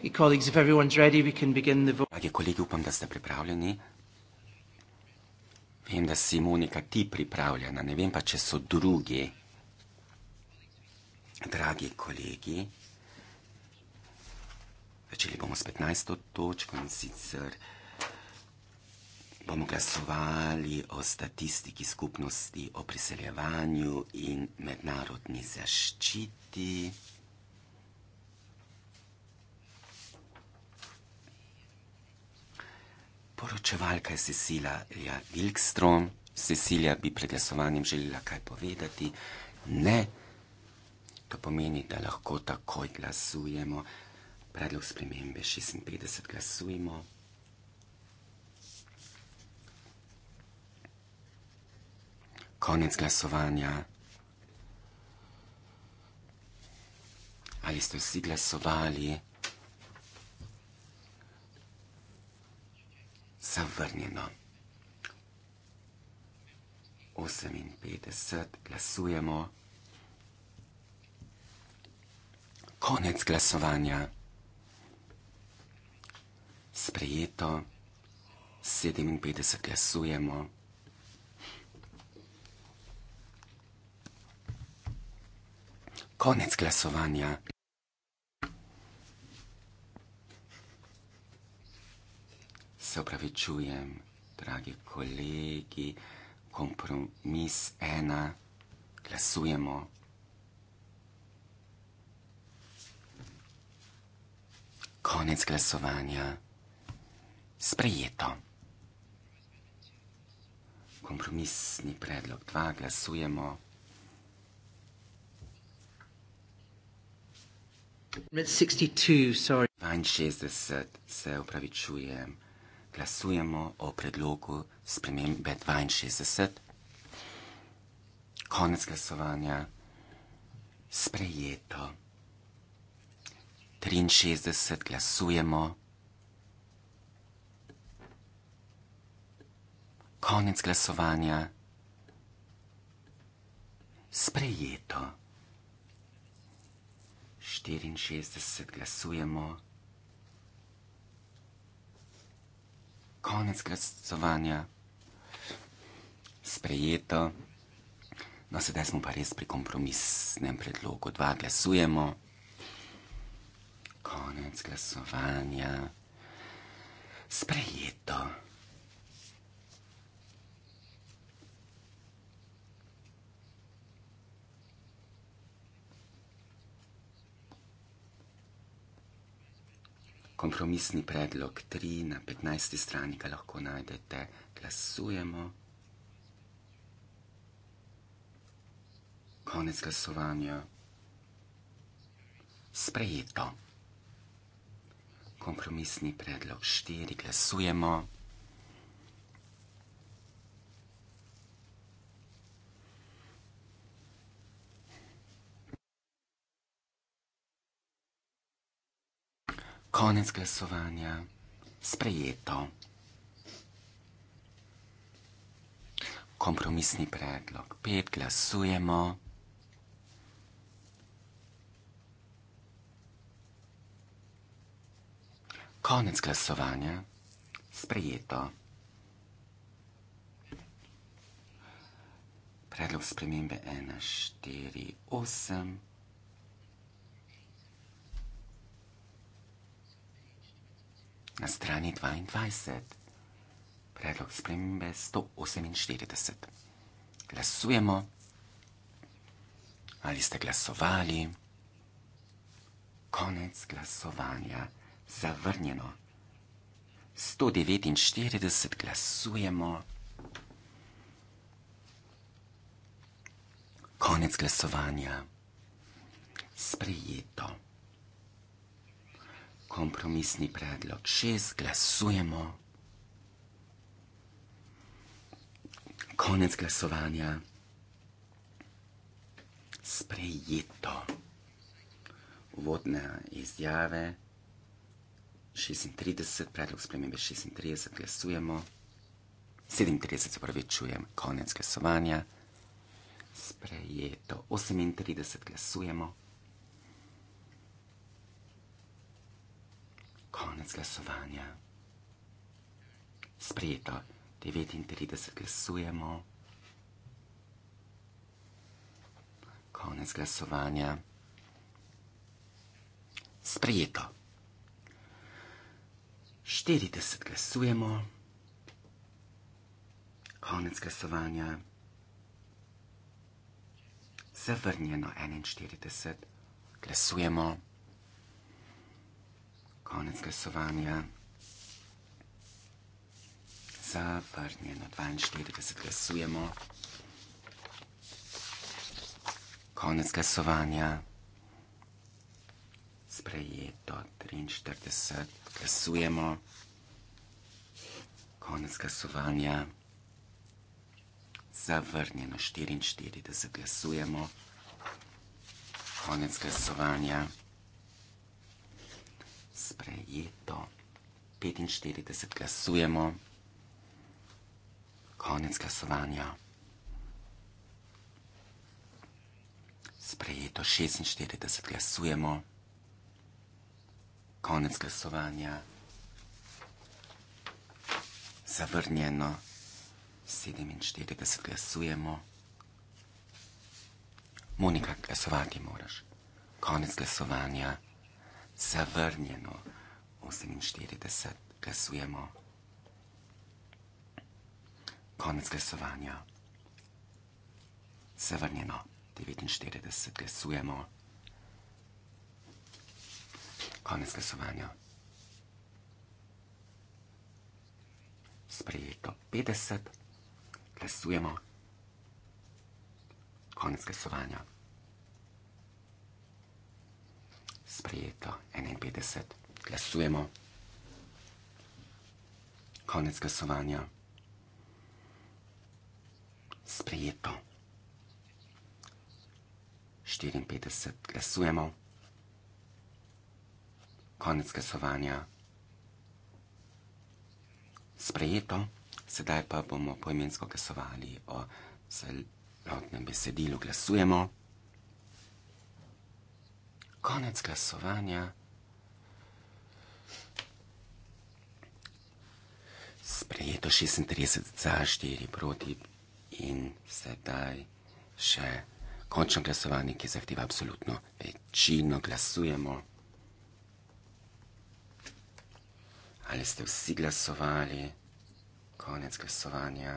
Dragi kolegi, upam, da ste pripravljeni. Vem, da si Monika ti pripravljena, ne vem pa, če so drugi. Dragi kolegi, začeli bomo s 15. točko in sicer bomo glasovali o statistiki skupnosti, o priseljevanju in mednarodni zaščiti. poučevalka je Cecilija Wilkstrom. Cecilija bi pred glasovanjem želela kaj povedati. Ne, to pomeni, da lahko takoj glasujemo. Predlog spremembe 56 glasujemo. Konec glasovanja. Ali ste vsi glasovali? 20 glasujemo. Konec glasovanja. Sprejeto 57 glasujemo. Konec glasovanja. Se opravičujem, dragi kolegi kompromis ena, glasujemo. Konec glasovanja. Sprejeto. Kompromisni predlog dva, glasujemo. Dvainšestdeset se opravičujem glasujemo o predlogu spremembe 62. Konec glasovanja. Sprejeto. 63 glasujemo. Konec glasovanja. Sprejeto. 64 glasujemo. konec glasovanja. Sprejeto. No, sedaj smo pa res pri kompromisnem predlogu. Dva glasujemo. Konec glasovanja. Sprejeto. kompromisni predlog 3 na 15. strani ga lahko najdete. Glasujemo. Konec glasovanja. Sprejeto. Kompromisni predlog 4. Glasujemo. Konec glasovanja. Sprejeto. Kompromisni predlog. Pet glasujemo. Konec glasovanja. Sprejeto. Predlog spremembe 1, 4, 8. na strani 22, predlog spremembe 148. Glasujemo, ali ste glasovali, konec glasovanja, zavrnjeno. 149 glasujemo, konec glasovanja, sprejeto kompromisni predlog. Šest glasujemo. Konec glasovanja. Sprejeto. Vodne izjave. 36, predlog spremembe 36, glasujemo. 37, prvi čujem, konec glasovanja. Sprejeto. 38, glasujemo. konec glasovanja. Sprejeto 39 glasujemo. Konec glasovanja. Sprejeto. 40 glasujemo. Konec glasovanja. Zavrnjeno 41. Glasujemo konec glasovanja. Zavrnjeno 42 glasujemo. Konec glasovanja. Sprejeto 43 glasujemo. Konec glasovanja. Zavrnjeno 44 glasujemo. Konec glasovanja sprejeto. 45 glasujemo, konec glasovanja. Sprejeto 46 glasujemo, konec glasovanja. Zavrnjeno 47 glasujemo. Monika, glasovati moraš. Konec glasovanja zavrnjeno. 48 glasujemo. Konec glasovanja. Zavrnjeno. 49 glasujemo. Konec glasovanja. Sprejeto 50. Glasujemo. Konec glasovanja. sprejeto 51. Glasujemo. Konec glasovanja. Sprejeto. 54. Glasujemo. Konec glasovanja. Sprejeto. Sedaj pa bomo poimensko glasovali o celotnem besedilu. Glasujemo. Konec glasovanja. Sprejeto 36 za 4 proti in sedaj še končno glasovanje, ki zahteva absolutno večino. Glasujemo. Ali ste vsi glasovali? Konec glasovanja.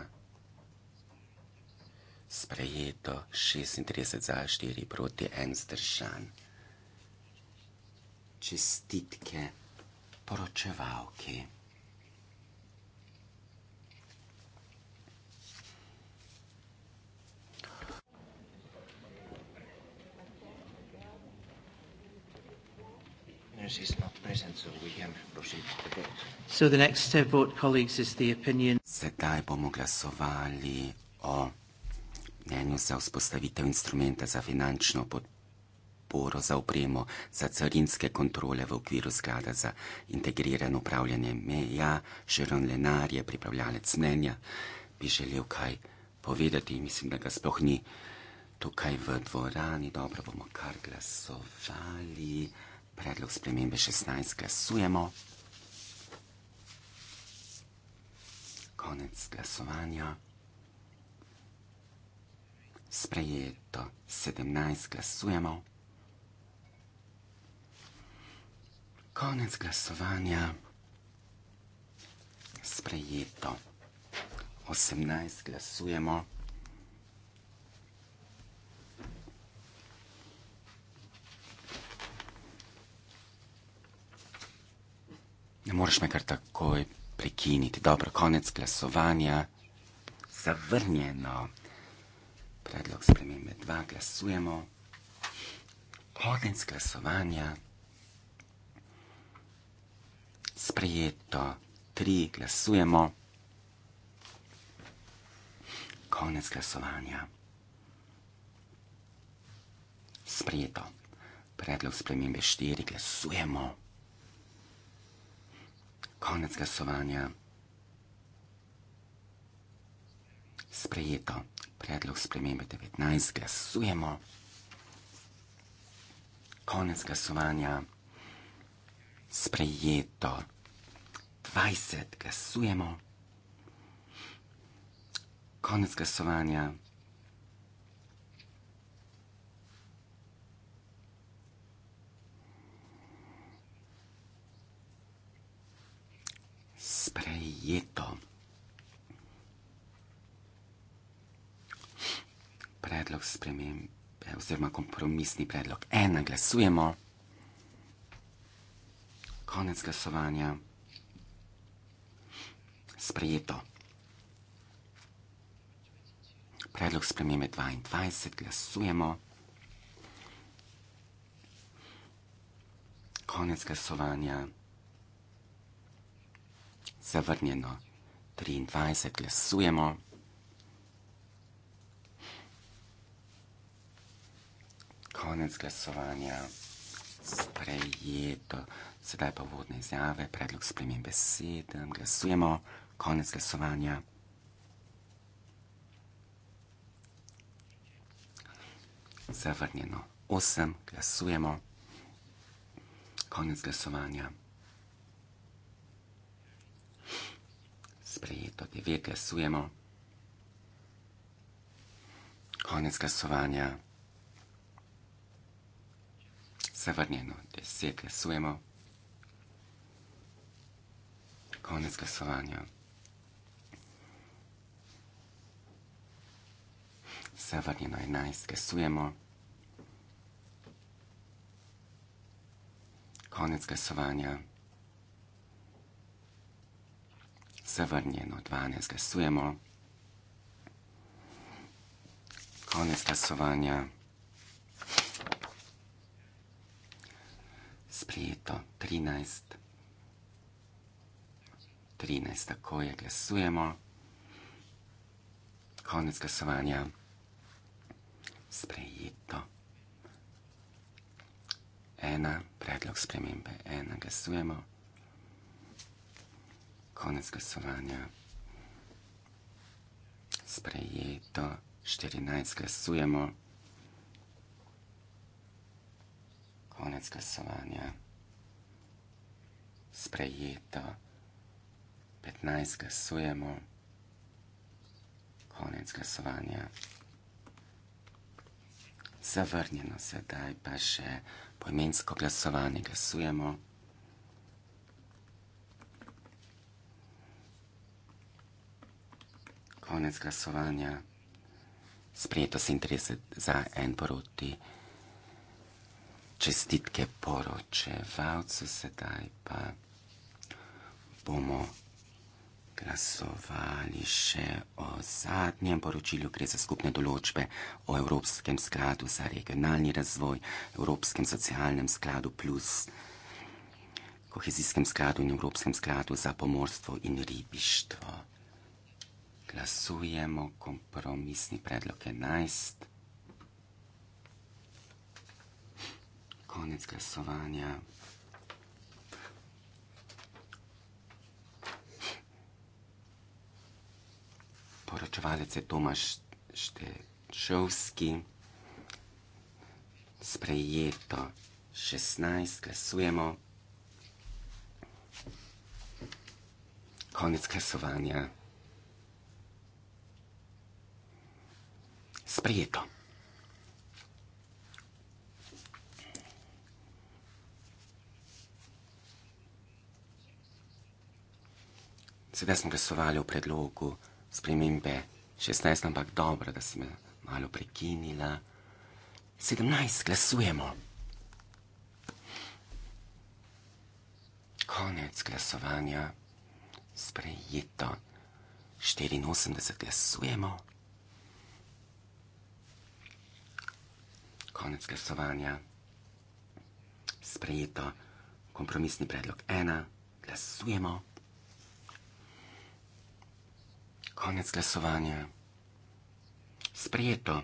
Sprejeto 36 za 4 proti en zdržan čestitke poročevalki. Sedaj bomo glasovali o mnenju za vzpostavitev instrumenta za finančno podporo podporo za upremo za carinske kontrole v okviru sklada za integrirano upravljanje meja. Žeron Lenar je pripravljalec mnenja, bi želel kaj povedati, mislim, da ga sploh ni tukaj v dvorani. Dobro, bomo kar glasovali. Predlog spremembe 16 glasujemo. Konec glasovanja. Sprejeto 17 glasujemo. Konec glasovanja. Sprejeto. 18 glasujemo. Ne moreš me kar takoj prekiniti. Dobro, konec glasovanja. Zavrnjeno. Predlog spremembe 2 glasujemo. Konec glasovanja sprejeto, tri glasujemo, konec glasovanja. Sprejeto, predlog spremembe štiri glasujemo, konec glasovanja. Sprejeto, predlog spremembe devetnajst glasujemo, konec glasovanja. Sprejeto. 20 glasujemo. Konec glasovanja. Sprejeto. Predlog spremembe, oziroma kompromisni predlog. Ena glasujemo. Konec glasovanja sprejeto. Predlog spremembe 22, glasujemo. Konec glasovanja. Zavrnjeno 23, glasujemo. Konec glasovanja. Sprejeto. Sedaj pa vodne izjave. Predlog spremembe 7, glasujemo konec glasovanja. Zavrnjeno. 8 glasujemo. Konec glasovanja. Sprejeto. 9 glasujemo. Konec glasovanja. Zavrnjeno. 10 glasujemo. Konec glasovanja. Severinoj najske sujemo. Konec glasovanja. Severnjeno 12 glasujemo. Konec glasovanja. Sprijeto 13. 13 tako je glasujemo. Konec glasovanja sprejeto. Ena, predlog spremembe, ena, glasujemo. Konec glasovanja. Sprejeto, 14, glasujemo. Konec glasovanja. Sprejeto, 15, glasujemo. Konec glasovanja zavrnjeno. Sedaj pa še poimensko glasovanje. Glasujemo. Konec glasovanja. Sprejeto 37 za en poroti. Čestitke poročevalcu. Sedaj pa bomo glasovali glasovali še o zadnjem poročilju, gre za skupne določbe o Evropskem skladu za regionalni razvoj, Evropskem socialnem skladu plus kohezijskem skladu in Evropskem skladu za pomorstvo in ribištvo. Glasujemo kompromisni predlog 11. Konec glasovanja. poročevalec je Tomaš Števski, sprejeto 16, glasujemo. Konec glasovanja. Sprejeto. Sedaj smo glasovali o predlogu spremembe 16, ampak dobro, da si me malo prekinila. 17, glasujemo. Konec glasovanja, sprejeto. 84 glasujemo. Konec glasovanja, sprejeto. Kompromisni predlog 1, glasujemo. Konec glasovanja. Sprijeto.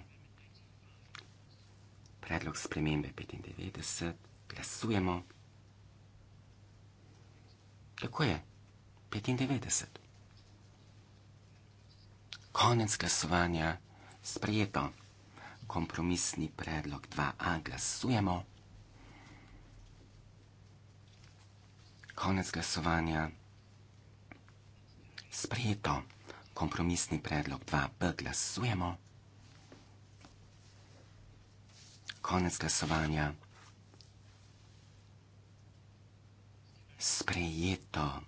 Predlog spremembe 95. Glasujemo. Tako je. 95. Konec glasovanja. Sprijeto. Kompromisni predlog 2a. Glasujemo. Konec glasovanja. Sprijeto kompromisni predlog 2b glasujemo. Konec glasovanja. Sprejeto.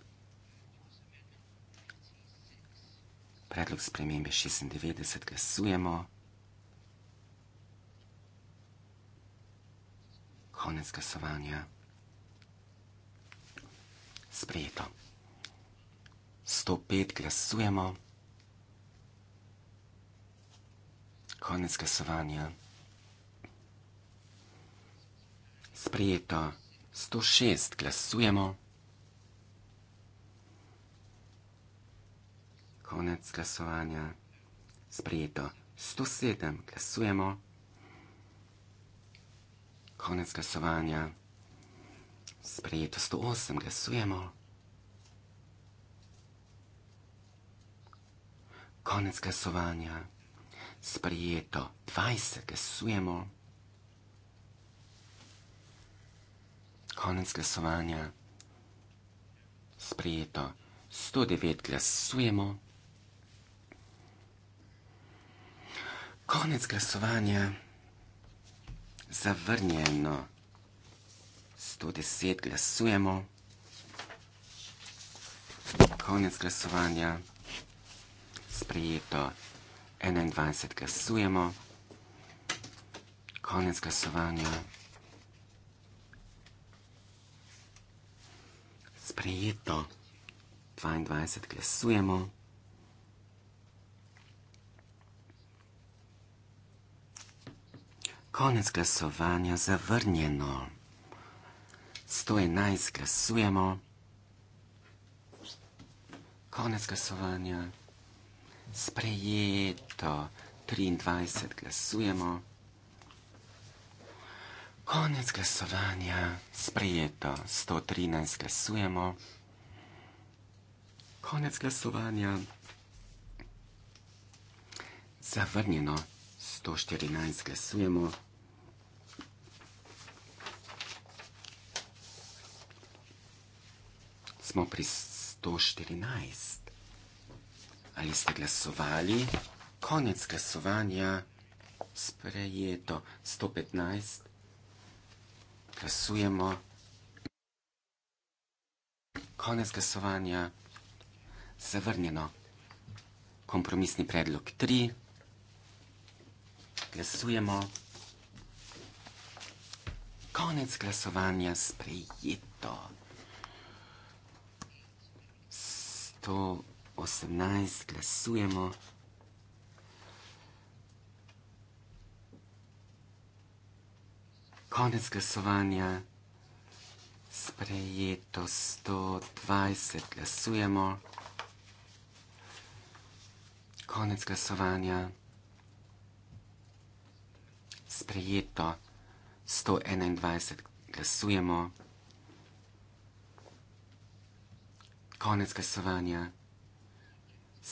Predlog spremembe 96 glasujemo. Konec glasovanja. Sprejeto. 105 glasujemo. Konec glasovanja. Sprijeto 106 glasujemo. Konec glasovanja. Sprijeto 107 glasujemo. Konec glasovanja. Sprijeto 108 glasujemo. Konec glasovanja sprejeto. 20, glasujemo. Konec glasovanja. Sprejeto. 109 glasujemo. Konec glasovanja. Zavrnjeno. 110 glasujemo. Konec glasovanja. Sprejeto. 21 glasujemo, konec glasovanja. Sprejeto, 22 glasujemo. Konec glasovanja zavrnjeno. 111 glasujemo. Konec glasovanja sprejeto 23, glasujemo. Konec glasovanja, sprejeto 113, glasujemo. Konec glasovanja, zavrnjeno 114, glasujemo. Smo pri 114. Ali ste glasovali? Konec glasovanja. Sprejeto 115. Glasujemo. Konec glasovanja. Zavrnjeno. Kompromisni predlog 3. Glasujemo. Konec glasovanja. Sprejeto. 100. 18, glasujemo. Konec glasovanja, sprejeto 120, glasujemo. Konec glasovanja, sprejeto 121, glasujemo. Konec glasovanja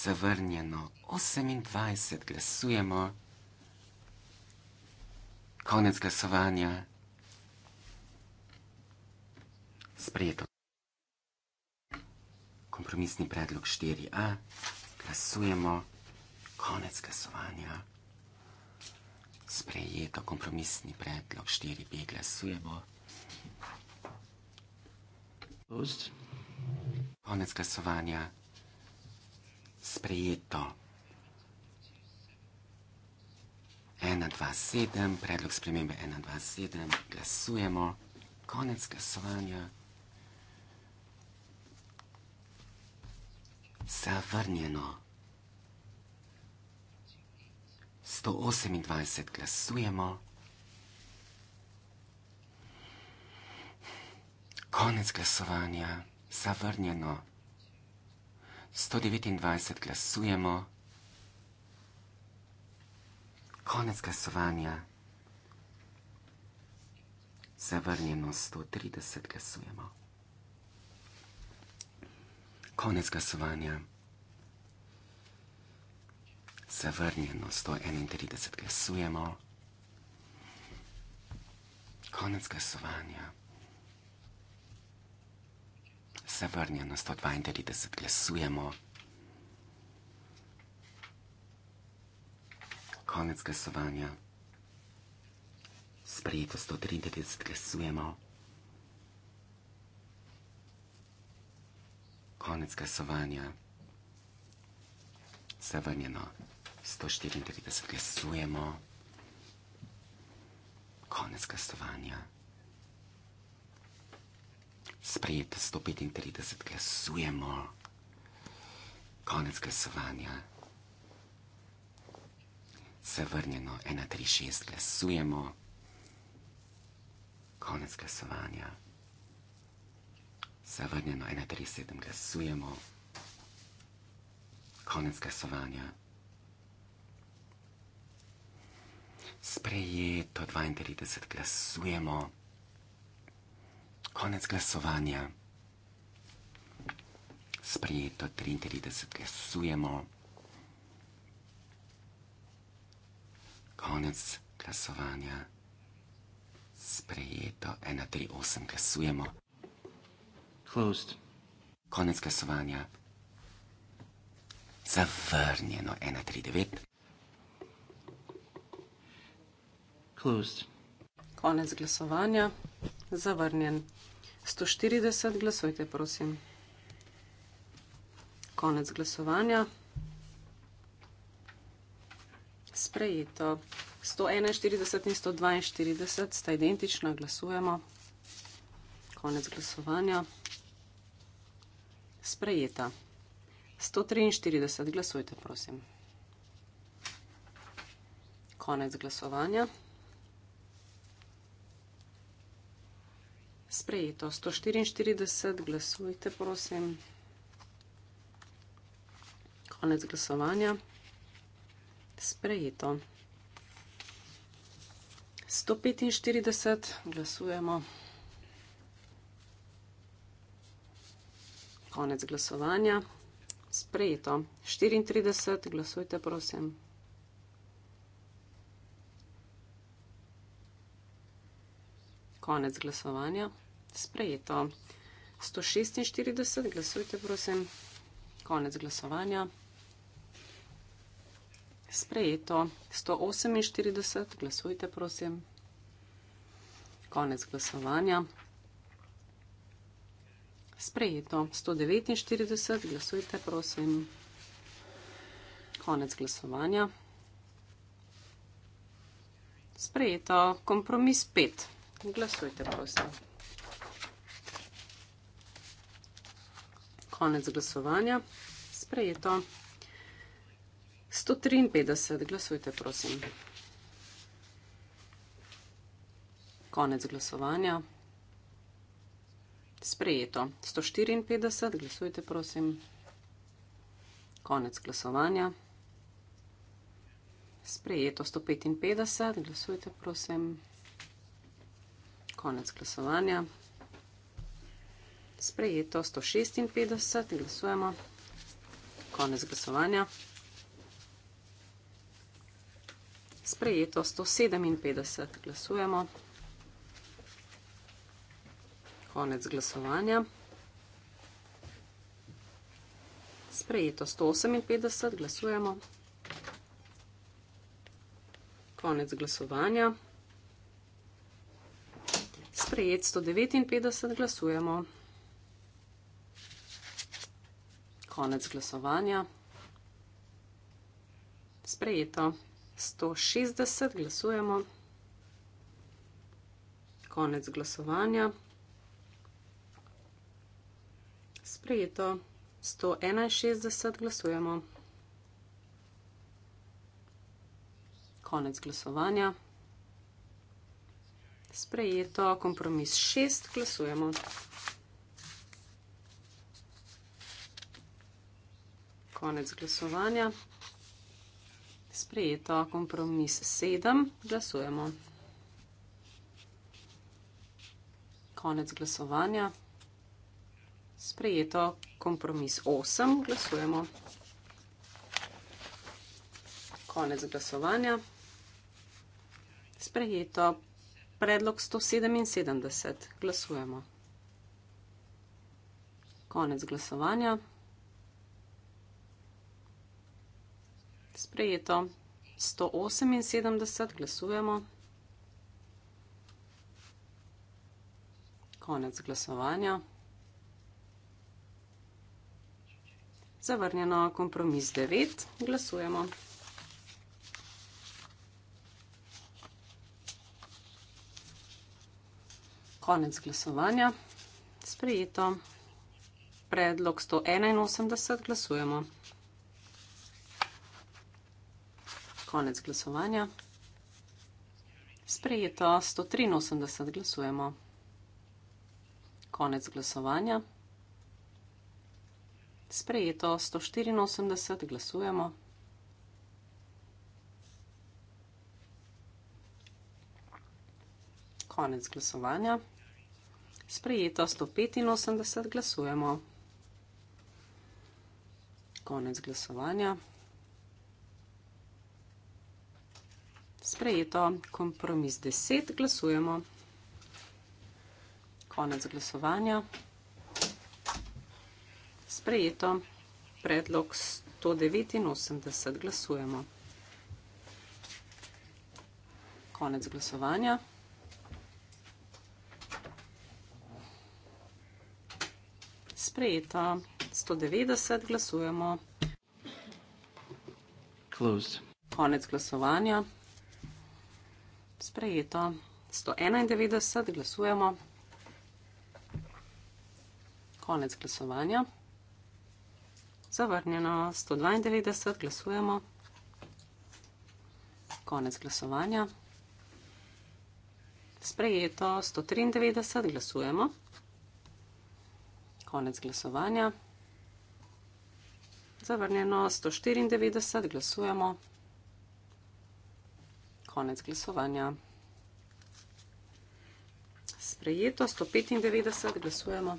zavrnjeno 28, glasujemo. Konec glasovanja. Sprejeto. Kompromisni predlog 4a. Glasujemo. Konec glasovanja. Sprejeto. Kompromisni predlog 4b. Glasujemo. Konec glasovanja sprejeto. 127, predlog spremembe 127, glasujemo, konec glasovanja. Zavrnjeno. 128 glasujemo. Konec glasovanja. Zavrnjeno. 129 glasujemo. Konec glasovanja. Zavrnjeno 130 glasujemo. Konec glasovanja. Zavrnjeno 131 glasujemo. Konec glasovanja se vrnijo na 132, glasujemo. Konec glasovanja. Sprejeto 133, glasujemo. Konec glasovanja. Zavrnjeno 134, glasujemo. Konec glasovanja sprejet 135, glasujemo. Konec glasovanja. Zavrnjeno 136, glasujemo. Konec glasovanja. Zavrnjeno 137, glasujemo. Konec glasovanja. Sprejeto 32, glasujemo. Konec glasovanja. Sprejeto 33, glasujemo. Konec glasovanja. Sprejeto 138, glasujemo. Closed. Konec glasovanja. Zavrnjeno 139. Closed. Konec glasovanja. Zavrnjen. 140, glasujte prosim. Konec glasovanja. Sprejeto. 141 in 142 sta identična, glasujemo. Konec glasovanja. Sprejeta. 143, glasujte prosim. Konec glasovanja. sprejeto. 144 glasujte, prosim. Konec glasovanja. Sprejeto. 145 glasujemo. Konec glasovanja. Sprejeto. 34 glasujte, prosim. konec glasovanja. Sprejeto. 146, glasujte, prosim. Konec glasovanja. Sprejeto. 148, glasujte, prosim. Konec glasovanja. Sprejeto. 149, glasujte, prosim. Konec glasovanja. Sprejeto. Kompromis 5 glasujte prosim. Konec glasovanja. Sprejeto. 153. Glasujte prosim. Konec glasovanja. Sprejeto. 154. Glasujte prosim. Konec glasovanja. Sprejeto 155, glasujte prosim. Konec glasovanja. Sprejeto 156, glasujemo. Konec glasovanja. Sprejeto 157, glasujemo. Konec glasovanja. Sprejeto 158, glasujemo. Konec glasovanja sprejet 159 glasujemo. Konec glasovanja. Sprejeto 160 glasujemo. Konec glasovanja. Sprejeto 161 glasujemo. Konec glasovanja. Sprejeto, kompromis šest, glasujemo. Konec glasovanja. Sprejeto, kompromis sedem, glasujemo. Konec glasovanja. Sprejeto, kompromis osem, glasujemo. Konec glasovanja. Sprejeto, predlog 177. Glasujemo. Konec glasovanja. Sprejeto. 178. Glasujemo. Konec glasovanja. Zavrnjeno kompromis 9. Glasujemo. Konec glasovanja. Sprejeto. Predlog 181. Glasujemo. Konec glasovanja. Sprejeto. 183. Glasujemo. Konec glasovanja. Sprejeto. 184. Glasujemo. Konec glasovanja sprejeto 185 glasujemo. Konec glasovanja. Sprejeto kompromis 10 glasujemo. Konec glasovanja. Sprejeto predlog 189 glasujemo. Konec glasovanja. sprejeta. 190 glasujemo. Closed. Konec glasovanja. Sprejeta. 191 glasujemo. Konec glasovanja. Zavrnjeno. 192 glasujemo. Konec glasovanja. Sprejeto. 193 glasujemo. Konec glasovanja. Zavrnjeno 194, glasujemo. Konec glasovanja. Sprejeto 195, glasujemo.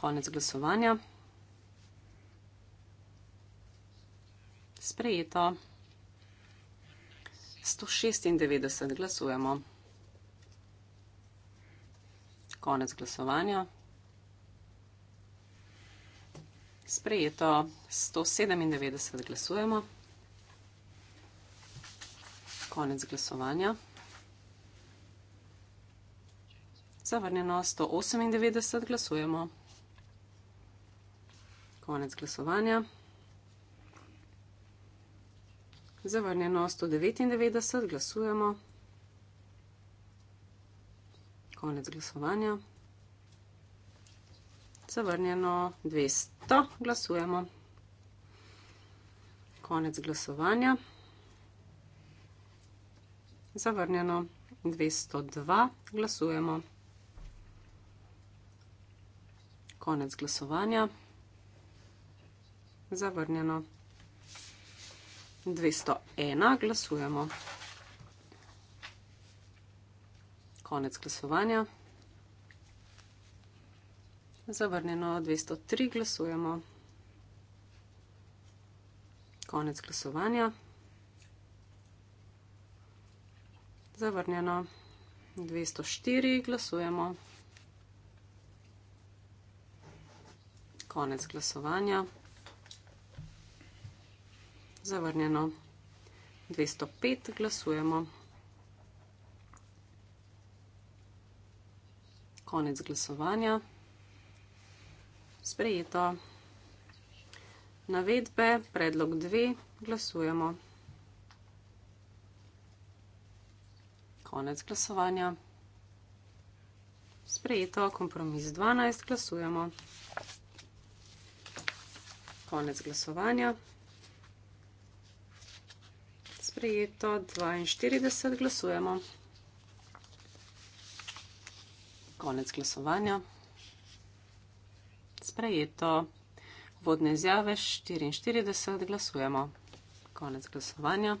Konec glasovanja. Sprejeto 196, glasujemo konec glasovanja. Sprejeto 197 glasujemo. Konec glasovanja. Zavrnjeno 198 glasujemo. Konec glasovanja. Zavrnjeno 199 glasujemo. Konec glasovanja. Zavrnjeno 200, glasujemo. Konec glasovanja. Zavrnjeno 202, glasujemo. Konec glasovanja. Zavrnjeno 201, glasujemo konec glasovanja. Zavrnjeno 203 glasujemo. Konec glasovanja. Zavrnjeno 204 glasujemo. Konec glasovanja. Zavrnjeno 205 glasujemo. Konec glasovanja. Sprejeto. Navedbe, predlog 2, glasujemo. Konec glasovanja. Sprejeto, kompromis 12, glasujemo. Konec glasovanja. Sprejeto, 42, glasujemo. konec glasovanja. Sprejeto. Vodne izjave 44 glasujemo. Konec glasovanja.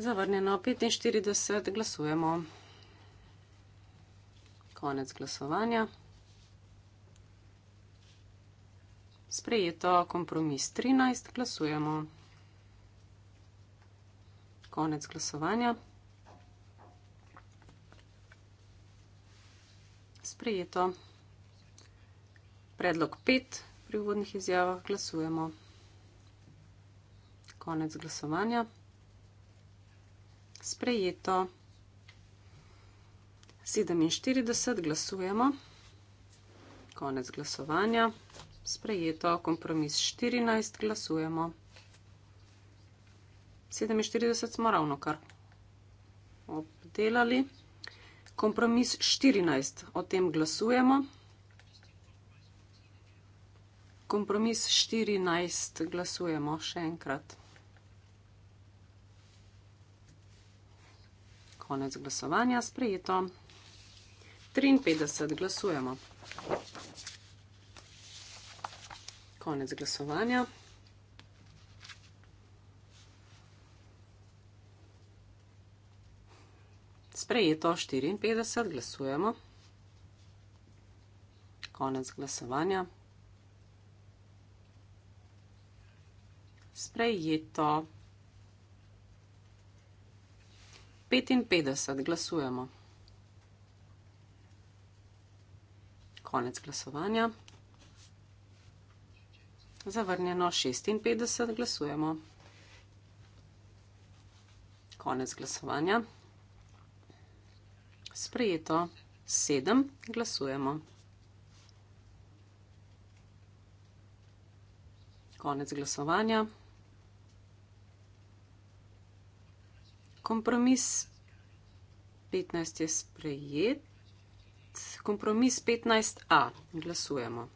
Zavrnjeno 45 glasujemo. Konec glasovanja. Sprejeto kompromis 13 glasujemo. Konec glasovanja. sprejeto. Predlog pet pri uvodnih izjavah glasujemo. Konec glasovanja. Sprejeto. 47 glasujemo. Konec glasovanja. Sprejeto. Kompromis 14 glasujemo. 47 smo ravno kar obdelali. Kompromis 14. O tem glasujemo. Kompromis 14. Glasujemo še enkrat. Konec glasovanja, sprejeto. 53. Glasujemo. Konec glasovanja. sprejeto 54, glasujemo. Konec glasovanja. Sprejeto 55, glasujemo. Konec glasovanja. Zavrnjeno 56, glasujemo. Konec glasovanja sprejeto. Sedem, glasujemo. Konec glasovanja. Kompromis 15 je sprejet. Kompromis 15a, glasujemo.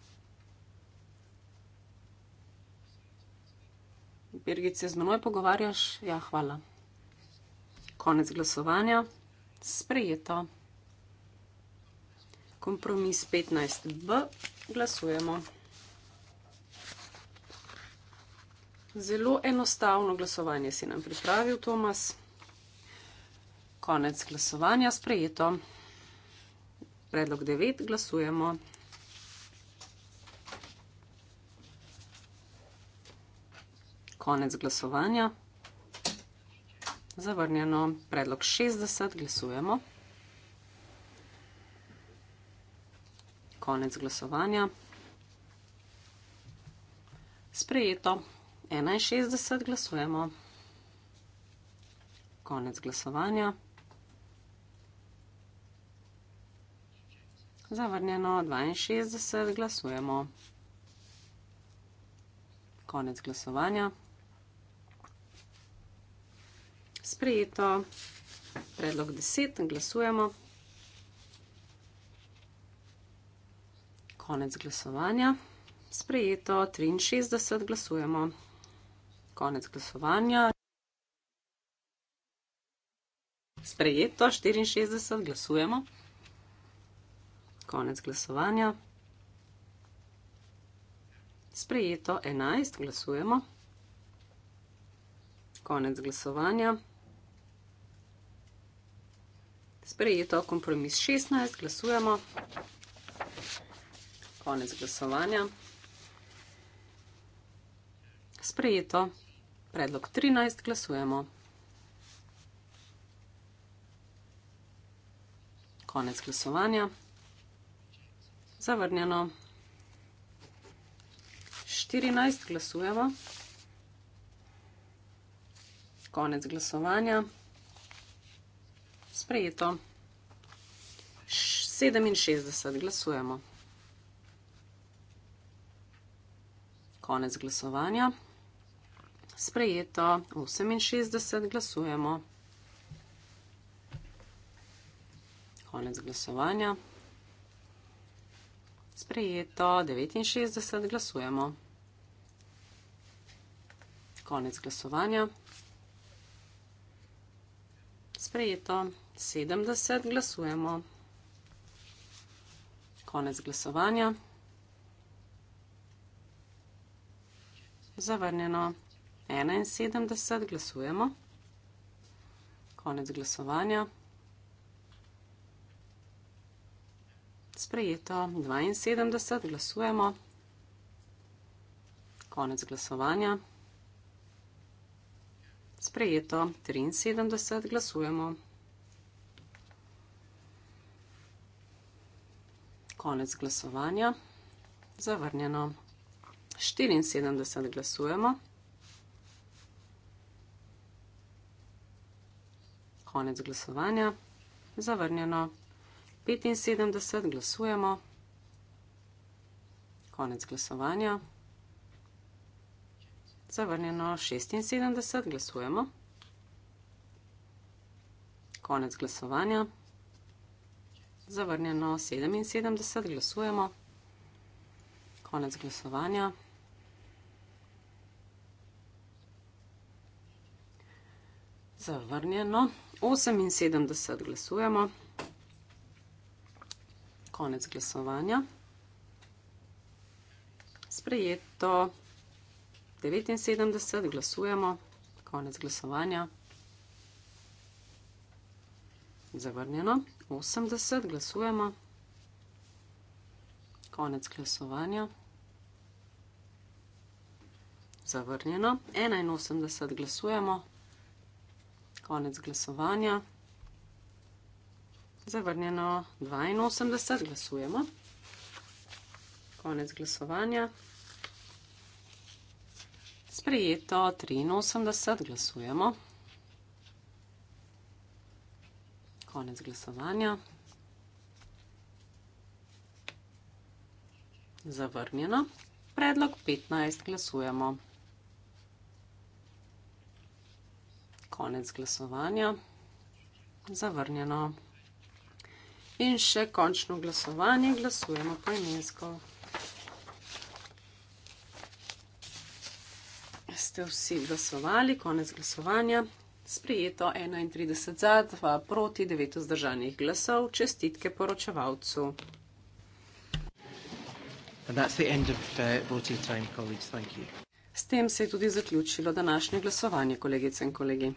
Birgit, se z menoj pogovarjaš? Ja, hvala. Konec glasovanja sprejeto. Kompromis 15b glasujemo. Zelo enostavno glasovanje si nam pripravil, Tomas. Konec glasovanja sprejeto. Predlog 9 glasujemo. Konec glasovanja. Zavrnjeno. Predlog 60. Glasujemo. Konec glasovanja. Sprejeto. 61. Glasujemo. Konec glasovanja. Zavrnjeno. 62. Glasujemo. Konec glasovanja. sprejeto. Predlog 10, glasujemo. Konec glasovanja. Sprejeto, 63 glasujemo. Konec glasovanja. Sprejeto, 64 glasujemo. Konec glasovanja. Sprejeto, 11 glasujemo. Konec glasovanja. Sprejeto, kompromis 16, glasujemo. Konec glasovanja. Sprejeto, predlog 13, glasujemo. Konec glasovanja. Zavrnjeno. 14 glasujemo. Konec glasovanja. Sprejeto. 67 glasujemo. Konec glasovanja. Sprejeto. 68 glasujemo. Konec glasovanja. Sprejeto. 69 glasujemo. Konec glasovanja. Sprejeto. 70 glasujemo. Konec glasovanja. Zavrnjeno. 71 glasujemo. Konec glasovanja. Sprejeto. 72 glasujemo. Konec glasovanja. Sprejeto. 73 glasujemo. konec glasovanja. Zavrnjeno. 74 glasujemo. Konec glasovanja. Zavrnjeno. 75 glasujemo. Konec glasovanja. Zavrnjeno. 76 glasujemo. Konec glasovanja zavrnjeno 77, glasujemo. Konec glasovanja. Zavrnjeno 78, glasujemo. Konec glasovanja. Sprejeto 79, glasujemo. Konec glasovanja. Zavrnjeno 80, glasujemo. Konec glasovanja. Zavrnjeno. 81 glasujemo. Konec glasovanja. Zavrnjeno. 82 glasujemo. Konec glasovanja. Sprejeto. 83 glasujemo. konec glasovanja. Zavrnjeno. Predlog 15 glasujemo. Konec glasovanja. Zavrnjeno. In še končno glasovanje glasujemo poimensko. Ste vsi glasovali, konec glasovanja, Sprijeto 31 za, 2 proti 9 vzdržanih glasov. Čestitke poročevalcu. Uh, S tem se je tudi zaključilo današnje glasovanje, kolegice in kolegi.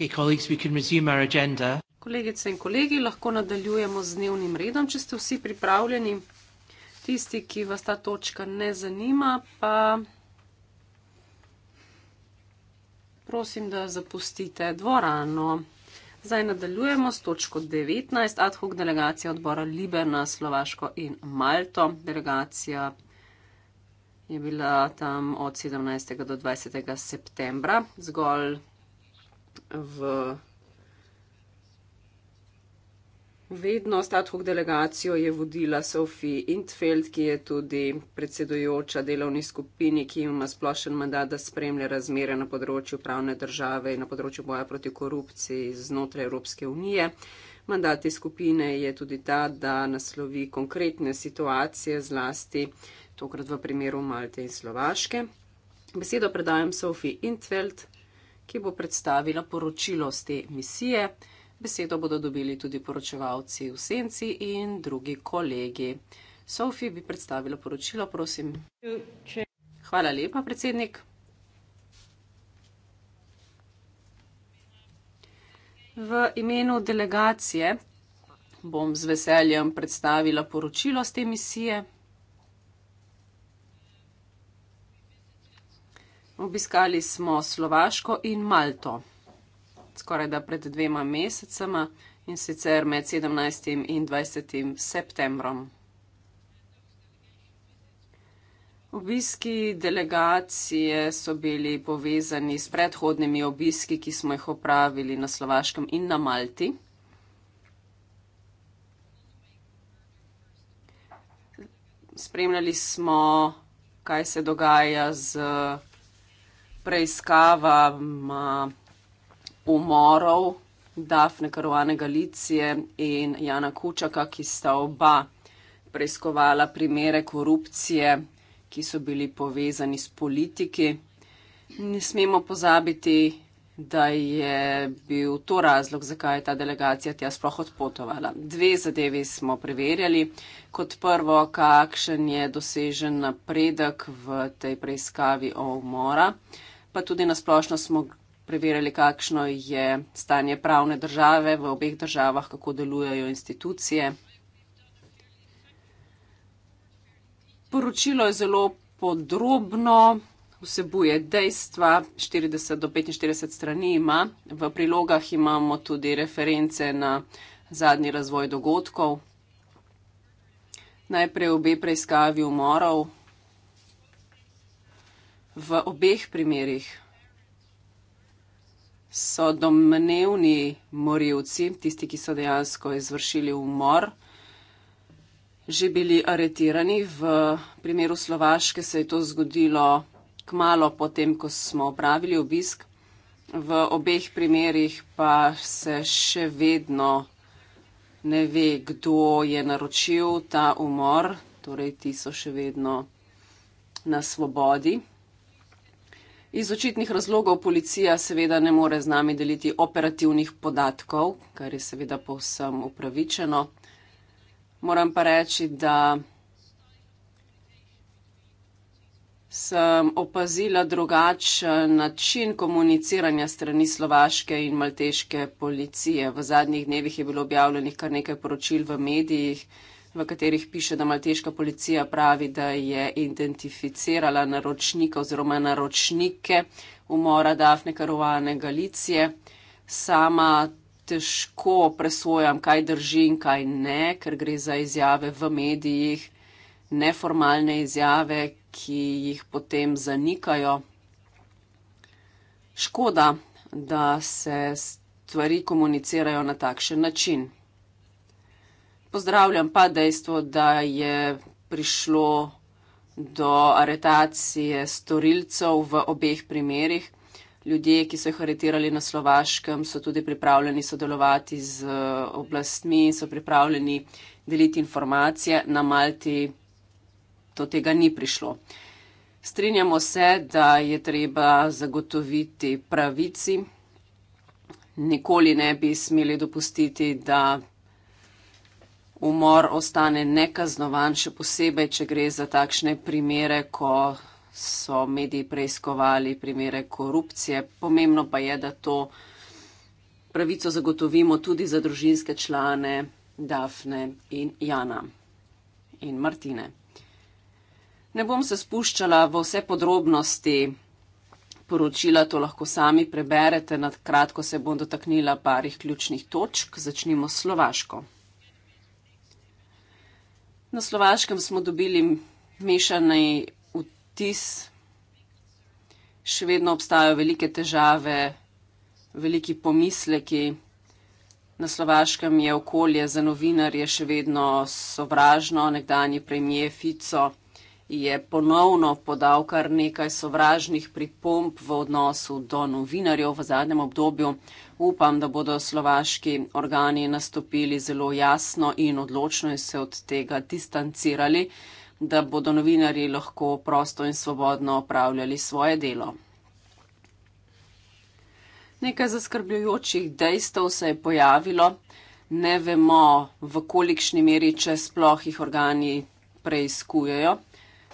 Okay, colleagues, we can resume our agenda. Kolegice in kolegi, lahko nadaljujemo z dnevnim redom, če ste vsi pripravljeni. Tisti, ki vas ta točka ne zanima, pa prosim, da zapustite dvorano. Zdaj nadaljujemo s točko 19, ad hoc delegacija odbora Liber na Slovaško in Malto. Delegacija je bila tam od 17. do 20. septembra. Zgolj v vedno statkog delegacijo je vodila Sophie Intfeld, ki je tudi predsedujoča delovni skupini, ki ima splošen mandat, da spremlja razmere na področju pravne države in na področju boja proti korupciji znotraj Evropske unije. Mandat te skupine je tudi ta, da naslovi konkretne situacije zlasti tokrat v primeru Malte in Slovaške. Besedo predajam Sophie Intfeld ki bo predstavila poročilo z te misije. Besedo bodo dobili tudi poročevalci v senci in drugi kolegi. Sofi bi predstavila poročilo, prosim. Hvala lepa, predsednik. V imenu delegacije bom z veseljem predstavila poročilo z te misije. Obiskali smo Slovaško in Malto, skoraj da pred dvema mesecema in sicer med 17. in 20. septembrom. Obiski delegacije so bili povezani s predhodnimi obiski, ki smo jih opravili na Slovaškem in na Malti. Spremljali smo, kaj se dogaja z preiskava mm, umorov Dafne Karuane Galicije in Jana Kučaka, ki sta oba preiskovala primere korupcije, ki so bili povezani s politiki. Ne smemo pozabiti, da je bil to razlog, zakaj je ta delegacija tja sploh odpotovala. Dve zadevi smo preverjali. Kot prvo, kakšen je dosežen napredek v tej preiskavi o umora pa tudi nasplošno smo preverjali, kakšno je stanje pravne države v obeh državah, kako delujejo institucije. Poročilo je zelo podrobno, vsebuje dejstva, 40 do 45 strani ima. V prilogah imamo tudi reference na zadnji razvoj dogodkov. Najprej obe preiskavi umorov v obeh primerih so domnevni morilci, tisti, ki so dejansko izvršili umor, že bili aretirani. V primeru Slovaške se je to zgodilo kmalo potem, ko smo opravili obisk. V obeh primerih pa se še vedno ne ve, kdo je naročil ta umor, torej ti so še vedno na svobodi. Iz očitnih razlogov policija seveda ne more z nami deliti operativnih podatkov, kar je seveda povsem upravičeno. Moram pa reči, da sem opazila drugačen način komuniciranja strani slovaške in malteške policije. V zadnjih dnevih je bilo objavljenih kar nekaj poročil v medijih, v katerih piše, da malteška policija pravi, da je identificirala naročnika oziroma naročnike umora Dafne Karovane Galicije. Sama težko presojam, kaj drži in kaj ne, ker gre za izjave v medijih, neformalne izjave, ki jih potem zanikajo. Škoda, da se stvari komunicirajo na takšen način. Pozdravljam pa dejstvo, da je prišlo do aretacije storilcev v obeh primerih. Ljudje, ki so jih aretirali na Slovaškem, so tudi pripravljeni sodelovati z eh, oblastmi, so pripravljeni deliti informacije. Na Malti do tega ni prišlo. Strinjamo se, da je treba zagotoviti pravici. Nikoli ne bi smeli dopustiti, da umor ostane nekaznovan, še posebej, če gre za takšne primere, ko so mediji preiskovali primere korupcije. Pomembno pa je, da to pravico zagotovimo tudi za družinske člane Dafne in Jana in Martine. Ne bom se spuščala v vse podrobnosti poročila, to lahko sami preberete, na kratko se bom dotaknila parih ključnih točk. Začnimo s Slovaško na Slovaškem smo dobili mešane vtis, še vedno obstajajo velike težave, veliki pomisleki. Na Slovaškem je okolje za novinarje še vedno sovražno, nekdani premije Fico je ponovno podal kar nekaj sovražnih pripomp v odnosu do novinarjev v zadnjem obdobju. Upam, da bodo slovaški organi nastopili zelo jasno in odločno in se od tega distancirali, da bodo novinari lahko prosto in svobodno opravljali svoje delo. Nekaj zaskrbljujočih dejstev se je pojavilo. Ne vemo, v kolikšni meri, če sploh jih organi preizkujejo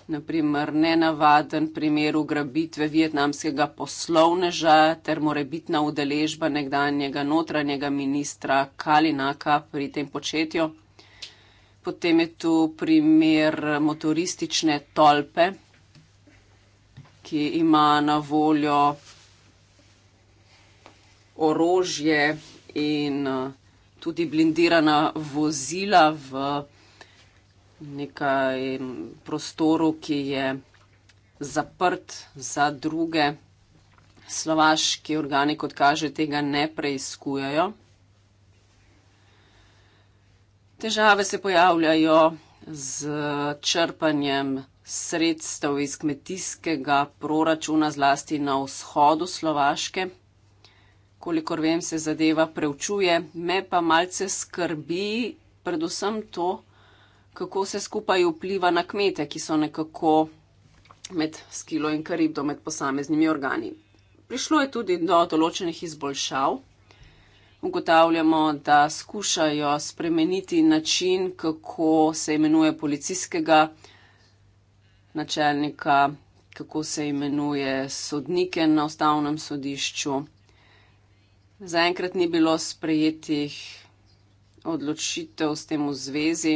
naprimer nenavaden primer ugrabitve vietnamskega poslovneža ter morebitna udeležba nekdanjega notranjega ministra Kalinaka pri tem početju. Potem je tu primer motoristične tolpe, ki ima na voljo orožje in eh, tudi blindirana vozila v nekaj prostoru, ki je zaprt za druge. Slovaški organi, kot kaže, tega ne preizkujajo. Težave se pojavljajo z črpanjem sredstev iz kmetijskega proračuna, zlasti na vzhodu Slovaške. Kolikor vem, se zadeva preučuje. Me pa malce skrbi predvsem to, da kako se skupaj vpliva na kmete, ki so nekako med skilo in karibdo, med posameznimi organi. Prišlo je tudi do določenih izboljšav. Ugotavljamo, da skušajo spremeniti način, kako se imenuje policijskega načelnika, kako se imenuje sodnike na ustavnem sodišču. Zaenkrat ni bilo sprejetih odločitev s tem v zvezi.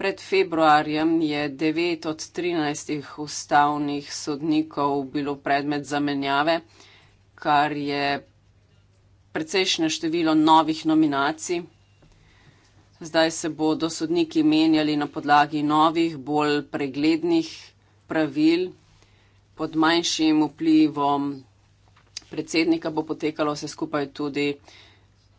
Pred februarjem je 9 od 13 ustavnih sodnikov bilo predmet zamenjave, kar je precejšnje število novih nominacij. Zdaj se bodo sodniki menjali na podlagi novih, bolj preglednih pravil. Pod manjšim vplivom predsednika bo potekalo vse skupaj tudi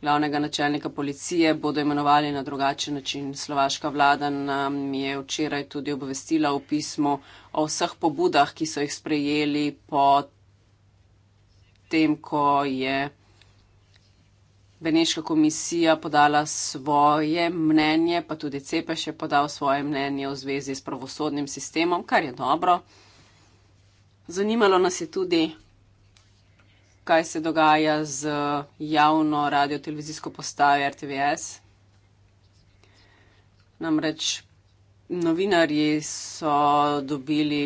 glavnega načelnika policije bodo imenovali na drugačen način. Slovaška vlada nam je včeraj tudi obvestila v pismo o vseh pobudah, ki so jih sprejeli po tem, ko je Beneška komisija podala svoje mnenje, pa tudi Cepeš je podal svoje mnenje v zvezi s pravosodnim sistemom, kar je dobro. Zanimalo nas je tudi, kaj se dogaja z javno radio-televizijsko postajo RTVS. Namreč novinarji so dobili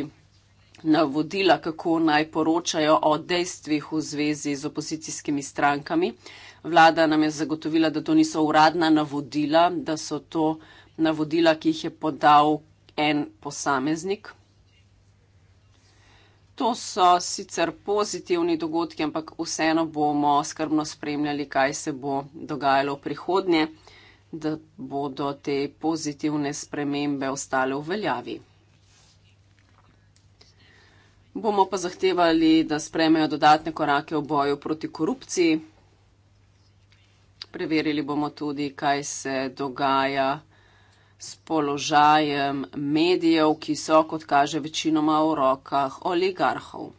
navodila, kako naj poročajo o dejstvih v zvezi z opozicijskimi strankami. Vlada nam je zagotovila, da to niso uradna navodila, da so to navodila, ki jih je podal en posameznik, To so sicer pozitivni dogodki, ampak vseeno bomo skrbno spremljali, kaj se bo dogajalo v prihodnje, da bodo te pozitivne spremembe ostale v veljavi. Bomo pa zahtevali, da spremejo dodatne korake v boju proti korupciji. Preverili bomo tudi, kaj se dogaja s položajem medijev, ki so, kot kaže, večinoma v rokah oligarhov.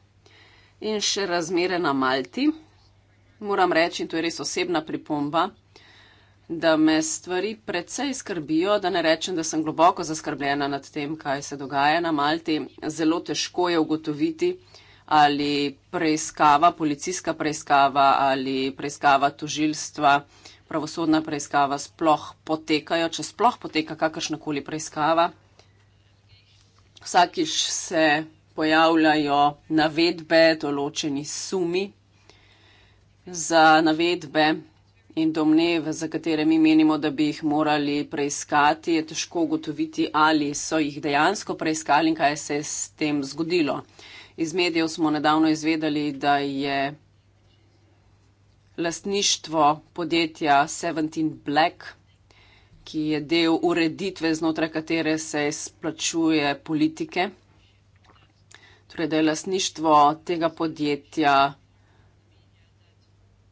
In še razmere na Malti. Moram reči, in to je res osebna pripomba, da me stvari precej skrbijo, da ne rečem, da sem globoko zaskrbljena nad tem, kaj se dogaja na Malti. Zelo težko je ugotoviti, ali preiskava, policijska preiskava ali preiskava tožilstva pravosodna preiskava sploh potekajo, če sploh poteka kakršnakoli preiskava. Vsakiš se pojavljajo navedbe, določeni sumi za navedbe in domneve, za katere mi menimo, da bi jih morali preiskati. Je težko ugotoviti, ali so jih dejansko preiskali in kaj se je s tem zgodilo. Iz medijev smo nedavno izvedeli, da je lastništvo podjetja 17 Black, ki je del ureditve, znotraj katere se izplačuje politike. Torej, da je lastništvo tega podjetja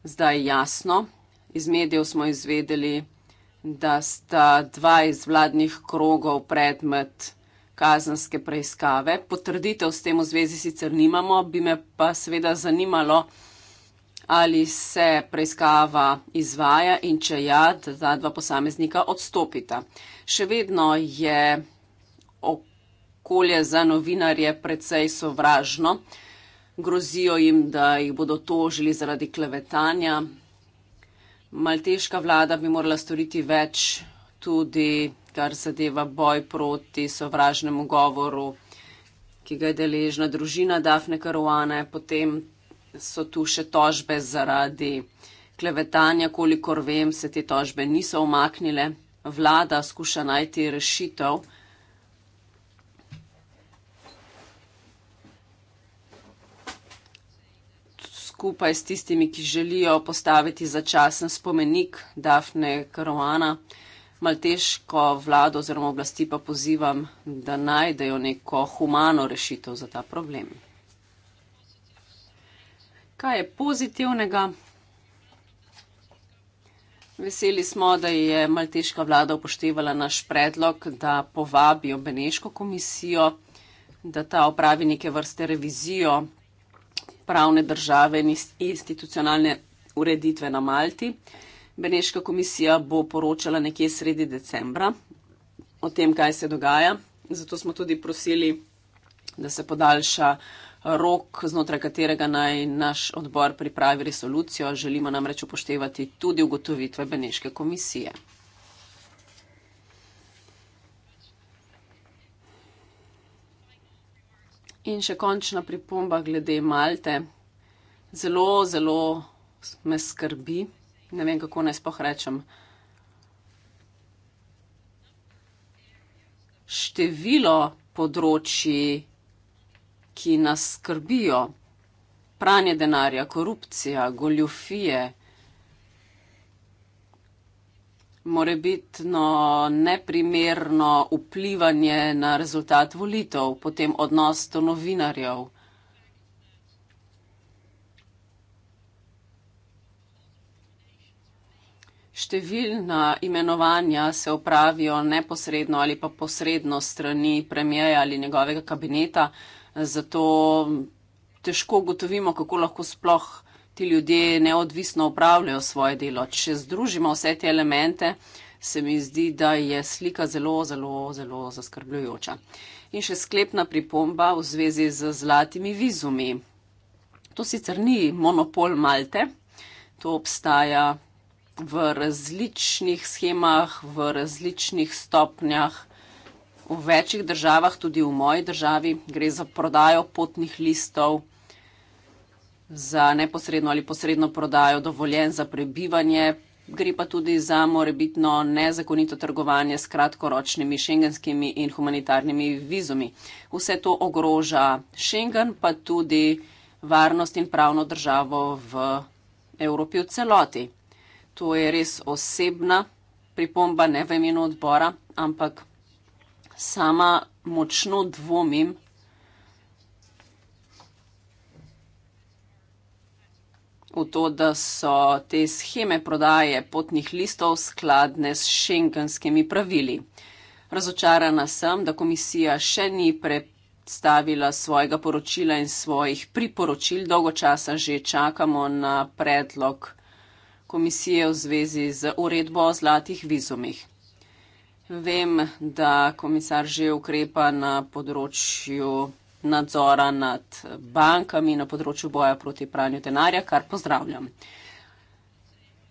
zdaj jasno. Iz medijev smo izvedeli, da sta dva iz vladnih krogov predmet kazanske preiskave. Potrditev s tem v zvezi sicer nimamo, bi me pa seveda zanimalo, ali se preiskava izvaja in če ja, da ta dva posameznika odstopita. Še vedno je okolje za novinarje precej sovražno. Grozijo jim, da jih bodo tožili zaradi klevetanja. Malteška vlada bi morala storiti več tudi, kar zadeva boj proti sovražnemu govoru, ki ga je deležna družina Dafne Karuane, potem so tu še tožbe zaradi klevetanja, kolikor vem, se te tožbe niso omaknile. Vlada skuša najti rešitev. Skupaj s tistimi, ki želijo postaviti začasen spomenik Dafne Karuana, malteško vlado oziroma oblasti pa pozivam, da najdejo neko humano rešitev za ta problem kaj je pozitivnega. Veseli smo, da je malteška vlada upoštevala naš predlog, da povabijo Beneško komisijo, da ta opravi neke vrste revizijo pravne države in institucionalne ureditve na Malti. Beneška komisija bo poročala nekje sredi decembra o tem, kaj se dogaja. Zato smo tudi prosili, da se podaljša uh, rok, znotraj katerega naj naš odbor pripravi resolucijo. Želimo namreč upoštevati tudi ugotovitve Beneške komisije. In še končna pripomba glede Malte. Zelo, zelo me skrbi, ne vem, kako naj spoh rečem. Število področji ki nas skrbijo, pranje denarja, korupcija, goljufije, morebitno neprimerno vplivanje na rezultat volitev, potem odnos do novinarjev. Številna imenovanja se opravijo neposredno ali pa posredno strani premijeja ali njegovega kabineta zato težko gotovimo, kako lahko sploh ti ljudje neodvisno upravljajo svoje delo. Če združimo vse te elemente, se mi zdi, da je slika zelo, zelo, zelo zaskrbljujoča. In še sklepna pripomba v zvezi z zlatimi vizumi. To sicer ni monopol Malte, to obstaja v različnih schemah, v različnih stopnjah v večjih državah, tudi v moji državi, gre za prodajo potnih listov, za neposredno ali posredno prodajo dovoljen za prebivanje, gre pa tudi za morebitno nezakonito trgovanje s kratkoročnimi šengenskimi in humanitarnimi vizumi. Vse to ogroža šengen, pa tudi varnost in pravno državo v Evropi v celoti. To je res osebna pripomba, ne v imenu odbora, ampak sama močno dvomim. V to, da so te scheme prodaje potnih listov skladne s šengenskimi pravili. Razočarana sem, da komisija še ni predstavila svojega poročila in svojih priporočil. Dolgo časa že čakamo na predlog komisije v zvezi z uredbo o zlatih vizumih. Vem, da komisar že ukrepa na področju nadzora nad bankami, na področju boja proti pranju denarja, kar pozdravljam.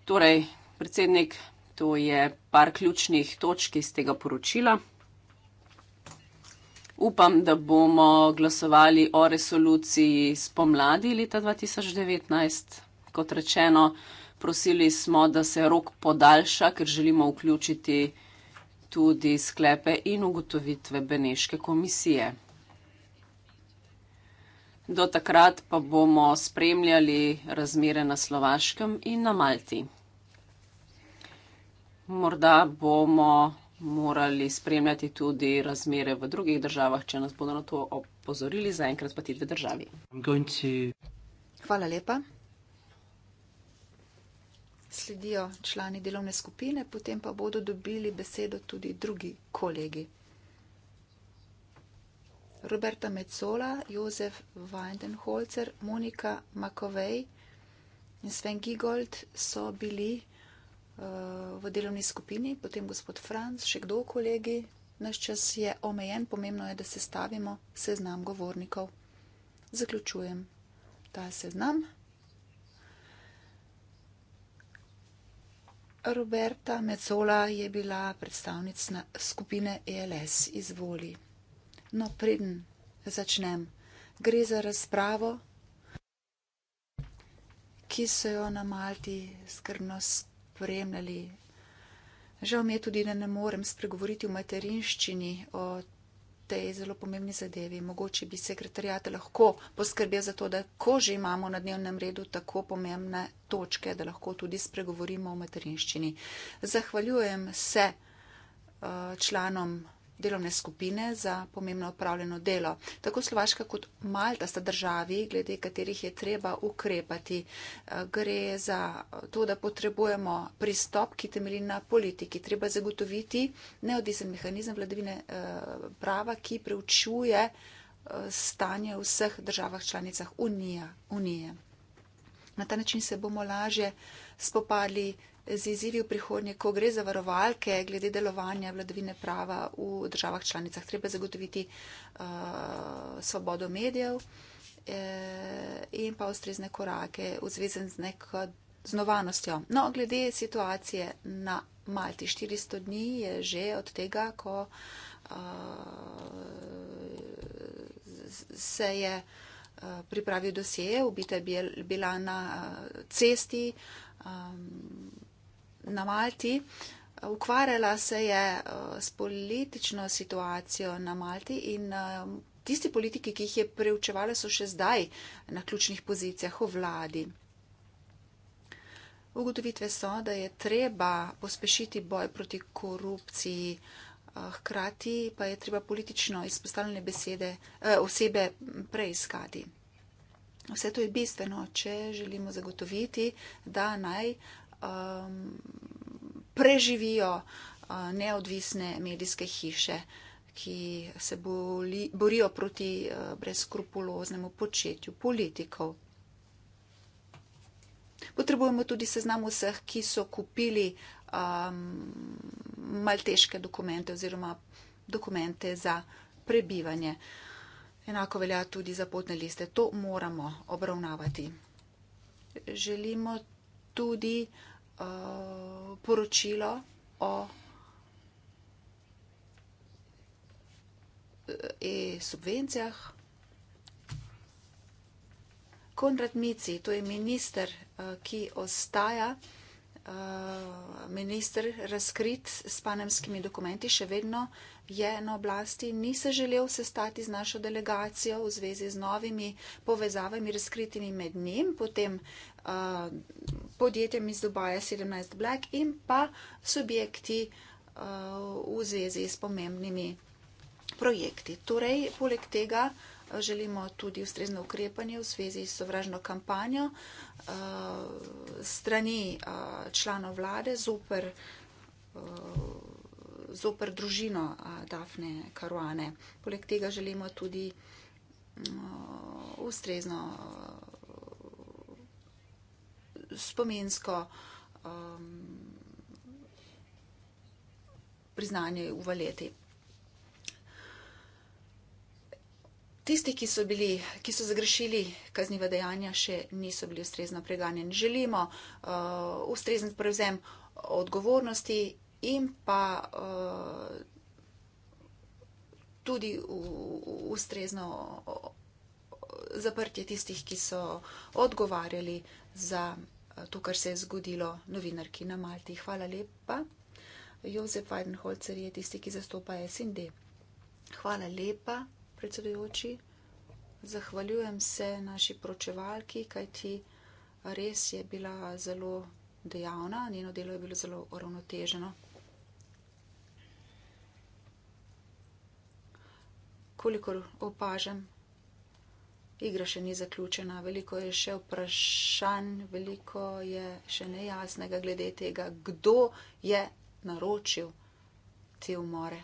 Torej, predsednik, to je par ključnih točk iz tega poročila. Upam, da bomo glasovali o resoluciji spomladi leta 2019. Kot rečeno, prosili smo, da se rok podaljša, ker želimo vključiti tudi sklepe in ugotovitve Beneške komisije. Do takrat pa bomo spremljali razmere na Slovaškem in na Malti. Morda bomo morali spremljati tudi razmere v drugih državah, če nas bodo na to opozorili, zaenkrat pa ti dve državi. To... Hvala lepa sledijo člani delovne skupine, potem pa bodo dobili besedo tudi drugi kolegi. Roberta Mecola, Jozef Weidenholzer, Monika Makovej in Sven Gigold so bili uh, v delovni skupini, potem gospod Franz, še kdo kolegi. Naš čas je omejen, pomembno je, da se stavimo seznam govornikov. Zaključujem ta seznam. Roberta Mecola je bila predstavnica skupine ELS izvoli. No, preden začnem, gre za razpravo, ki so jo na Malti skrbno spremljali. Žal mi je tudi, da ne morem spregovoriti v materinščini od tej zelo pomembni zadevi. Mogoče bi sekretarijate lahko poskrbel za to, da ko že imamo na dnevnem redu tako pomembne točke, da lahko tudi spregovorimo o materinščini. Zahvaljujem se uh, članom delovne skupine za pomembno upravljeno delo. Tako Slovaška kot Malta sta državi, glede katerih je treba ukrepati. Eh, gre za to, da potrebujemo pristop, ki temelji na politiki. Treba zagotoviti neodvisen mehanizem vladavine eh, prava, ki preučuje eh, stanje v vseh državah članicah Unija, Unije. Na ta način se bomo lažje spopadli z izzivi v prihodnje, ko gre za varovalke glede delovanja vladavine prava v državah članicah. Treba zagotoviti uh, svobodo medijev eh, in pa ustrezne korake v zvezi z neko znovanostjo. No, glede situacije na Malti. 400 dni je že od tega, ko uh, se je eh, pripravil dosje, ubita je bila na eh, cesti, ehm, na Malti. Ukvarjala se je eh, s politično situacijo na Malti in eh, tisti politiki, ki jih je preučevala, so še zdaj na ključnih pozicijah v vladi. Ugotovitve so, da je treba pospešiti boj proti korupciji, eh, hkrati pa je treba politično izpostavljene besede, osebe preiskati. Vse to je bistveno, če želimo zagotoviti, da naj um, preživijo uh, neodvisne medijske hiše, ki se boli, borijo proti uh, brezkrupuloznemu početju politikov. Potrebujemo tudi seznam vseh, ki so kupili um, malteške dokumente oziroma dokumente za prebivanje. Enako velja tudi za potne liste. To moramo obravnavati. Želimo tudi uh, poročilo o e subvencijah. Konrad Mici, to je minister, uh, ki ostaja. Eh, minister razkrit s panamskimi dokumenti, še vedno je na oblasti, ni se želel sestati z našo delegacijo v zvezi z novimi povezavami razkritimi med njim, potem uh, podjetjem iz Dubaja 17 Black in pa subjekti uh, v zvezi s pomembnimi projekti. Torej, poleg tega želimo tudi ustrezno ukrepanje v svezi s sovražno kampanjo eh, strani eh, članov vlade zoper, eh, zoper družino Dafne Karuane. Poleg tega želimo tudi ustrezno spomensko priznanje v valeti. Tisti, ki so, bili, ki so zagrešili kaznjive dejanja, še niso bili ustrezno preganjeni. Želimo uh, ustrezen prevzem odgovornosti in pa uh, tudi ustrezno zaprtje tistih, ki so odgovarjali za uh, to, kar se je zgodilo novinarki na Malti. Hvala lepa. Jozef Weidenholzer je tisti, ki zastopa SND. Hvala lepa predsedujoči. Zahvaljujem se naši pročevalki, kajti res je bila zelo dejavna, njeno delo je bilo zelo uravnoteženo. Kolikor opažam, igra še ni zaključena, veliko je še vprašanj, veliko je še nejasnega glede tega, kdo je naročil te umore.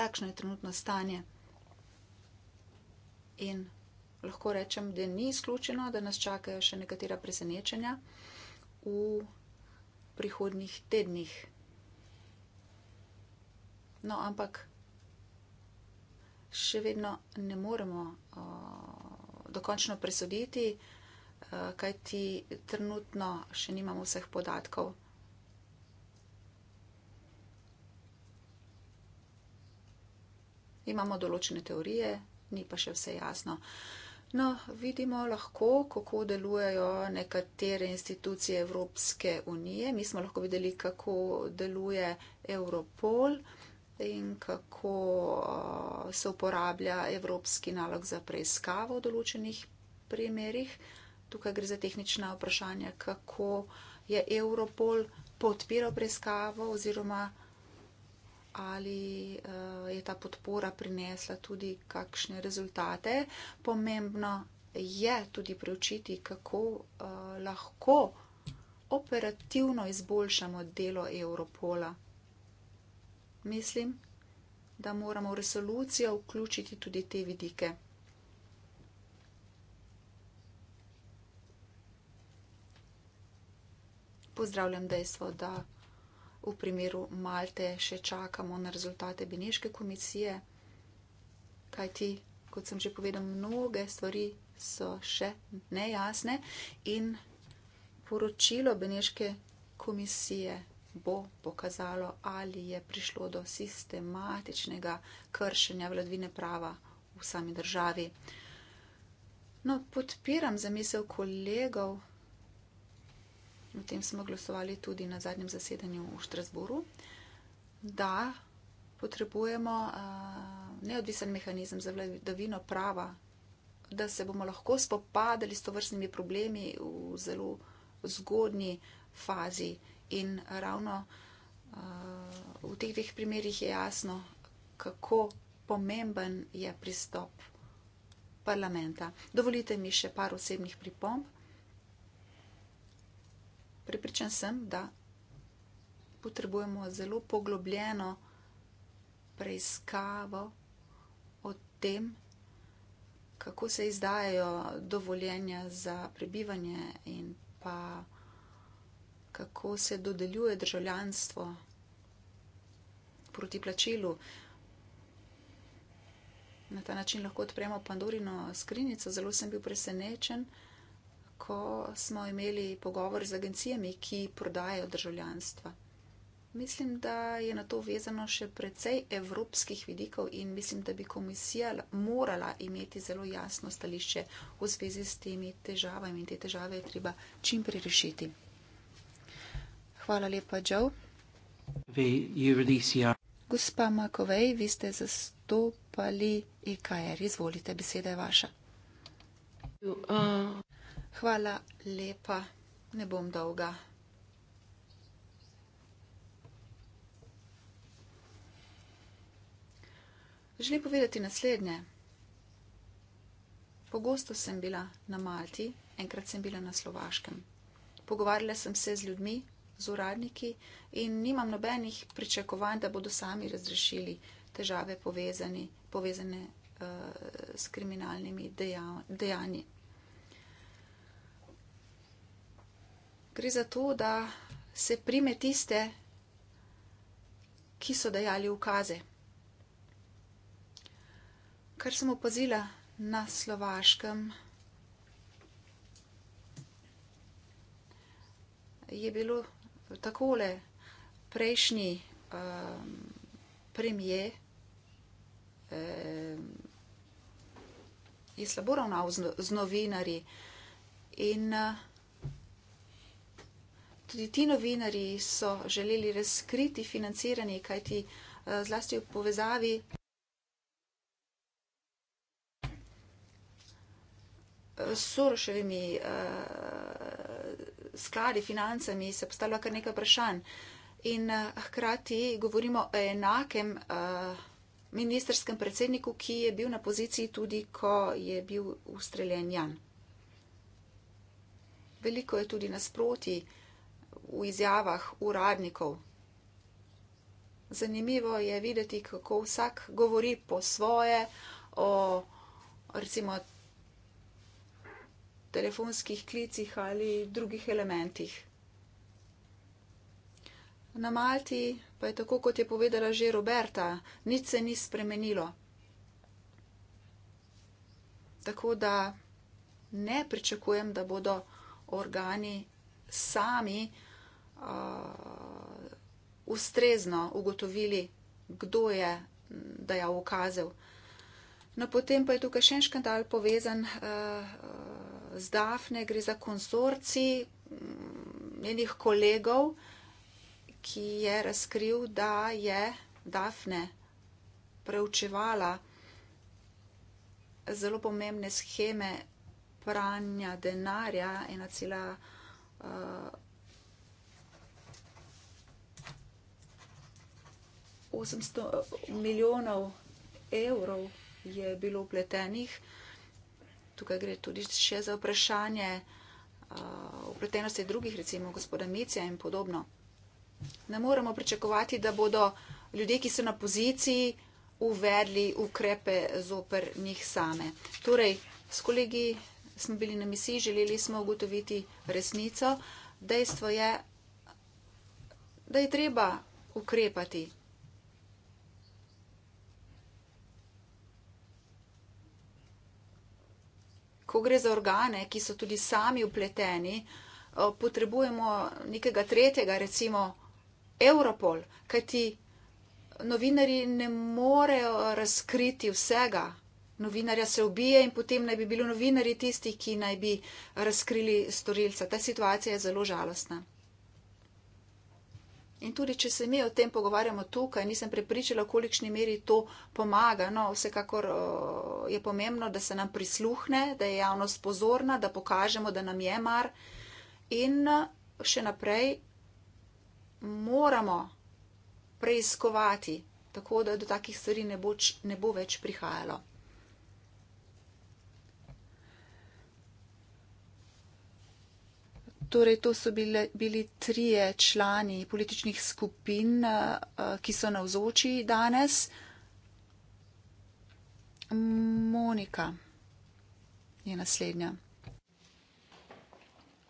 Takšno je trenutno stanje in lahko rečem, da ni izključeno, da nas čakajo še nekatera presenečenja v prihodnih tednih. No, ampak še vedno ne moremo uh, dokončno presoditi, uh, kaj ti trenutno še nimamo vseh podatkov. Imamo določene teorije, ni pa še vse jasno. No, vidimo lahko, kako delujejo nekatere institucije Evropske unije. Mi smo lahko videli, kako deluje Europol in kako uh, se uporablja Evropski nalog za preiskavo v določenih primerih. Tukaj gre za tehnična vprašanja, kako je Europol podpiral preiskavo oziroma ali eh, je ta podpora prinesla tudi kakšne rezultate. Pomembno je tudi preučiti, kako eh, lahko operativno izboljšamo delo Europola. Mislim, da moramo v resolucijo vključiti tudi te vidike. Pozdravljam dejstvo, da v primeru Malte še čakamo na rezultate Beneške komisije, kajti, kot sem že povedal, mnoge stvari so še nejasne in poročilo Beneške komisije bo pokazalo, ali je prišlo do sistematičnega kršenja vladvine prava v sami državi. No, podpiram zamisel kolegov, O tem smo glasovali tudi na zadnjem zasedanju v Štrasburu, da potrebujemo neodvisen mehanizem za vladavino prava, da se bomo lahko spopadali s tovrstnimi problemi v zelo zgodni fazi. In ravno v teh dveh primerjih je jasno, kako pomemben je pristop parlamenta. Dovolite mi še par osebnih pripomb. Pripričan sem, da potrebujemo zelo poglobljeno preiskavo o tem, kako se izdajajo dovoljenja za prebivanje in pa kako se dodeljuje državljanstvo proti plačilu. Na ta način lahko odpremo Pandorino skrinjico. Zelo sem bil presenečen ko smo imeli pogovor z agencijami, ki prodajajo državljanstva. Mislim, da je na to vezano še precej evropskih vidikov in mislim, da bi komisija morala imeti zelo jasno stališče v zvezi s temi težavami in te težave je treba čim prej rešiti. Hvala lepa, Joe. Gospa Makovej, vi ste zastopali IKR. E Izvolite, beseda je vaša. Uh. Hvala lepa, ne bom dolga. Želim povedati naslednje. Pogosto sem bila na Malti, enkrat sem bila na Slovaškem. Pogovarjala sem se z ljudmi, z uradniki in nimam nobenih pričakovanj, da bodo sami razrešili težave povezani, povezane uh, s kriminalnimi dejanji. Dejanj. gre za to, da se prime tiste, ki so dajali ukaze. Kar sem opazila na slovaškem, je bilo takole prejšnji um, ehm, premije. Um, ehm, Je slabo ravnal z no-, novinarji, in uh, tudi ti novinari so želeli razkriti financiranje, kajti eh, zlasti v povezavi s Soroševimi eh, skladi, financami se postavlja kar nekaj vprašanj. In eh, hkrati govorimo o enakem ministerskem predsedniku, ki je bil na poziciji tudi, ko je bil ustreljen Jan. Veliko je tudi nasproti uh, v izjavah uradnikov. Zanimivo je videti, kako vsak govori po svoje o recimo telefonskih klicih ali drugih elementih. Na Malti pa je tako, kot je povedala že Roberta, nič se ni spremenilo. Tako da ne pričakujem, da bodo organi sami uh, uh, ustrezno ugotovili, kdo je dejal ukazev. No, potem pa je tukaj še en škandal povezan uh, uh z Dafne, gre za konsorci njenih kolegov, ki je razkril, da je Dafne preučevala zelo pomembne scheme pranja denarja 1,8 uh, 800 eh, milijonov evrov je bilo upletenih. Tukaj gre tudi še za vprašanje upletenosti eh, drugih, recimo gospoda Micija in podobno. Ne moremo pričakovati, da bodo ljudje, ki so na poziciji, uvedli ukrepe zoper njih same. Torej, s kolegi smo bili na misiji, želeli smo ugotoviti resnico. Dejstvo je, da je treba ukrepati. ko gre za organe, ki so tudi sami upleteni, eh, potrebujemo nekega tretjega, recimo Europol, kajti novinari ne morejo razkriti vsega. Novinarja se ubije in potem naj bi bili novinari tisti, ki naj bi razkrili storilca. Ta situacija je zelo žalostna. In tudi, če se mi o tem pogovarjamo tukaj, nisem prepričala, kolikšni meri to pomaga. No, vsekakor eh, je pomembno, da se nam prisluhne, da je javnost pozorna, da pokažemo, da nam je mar. In eh, še naprej moramo preiskovati, tako da do takih stvari ne bo, ne bo več prihajalo. Torej, to so bile, bili trije člani političnih skupin, eh, eh, ki so navzoči danes. Monika je naslednja.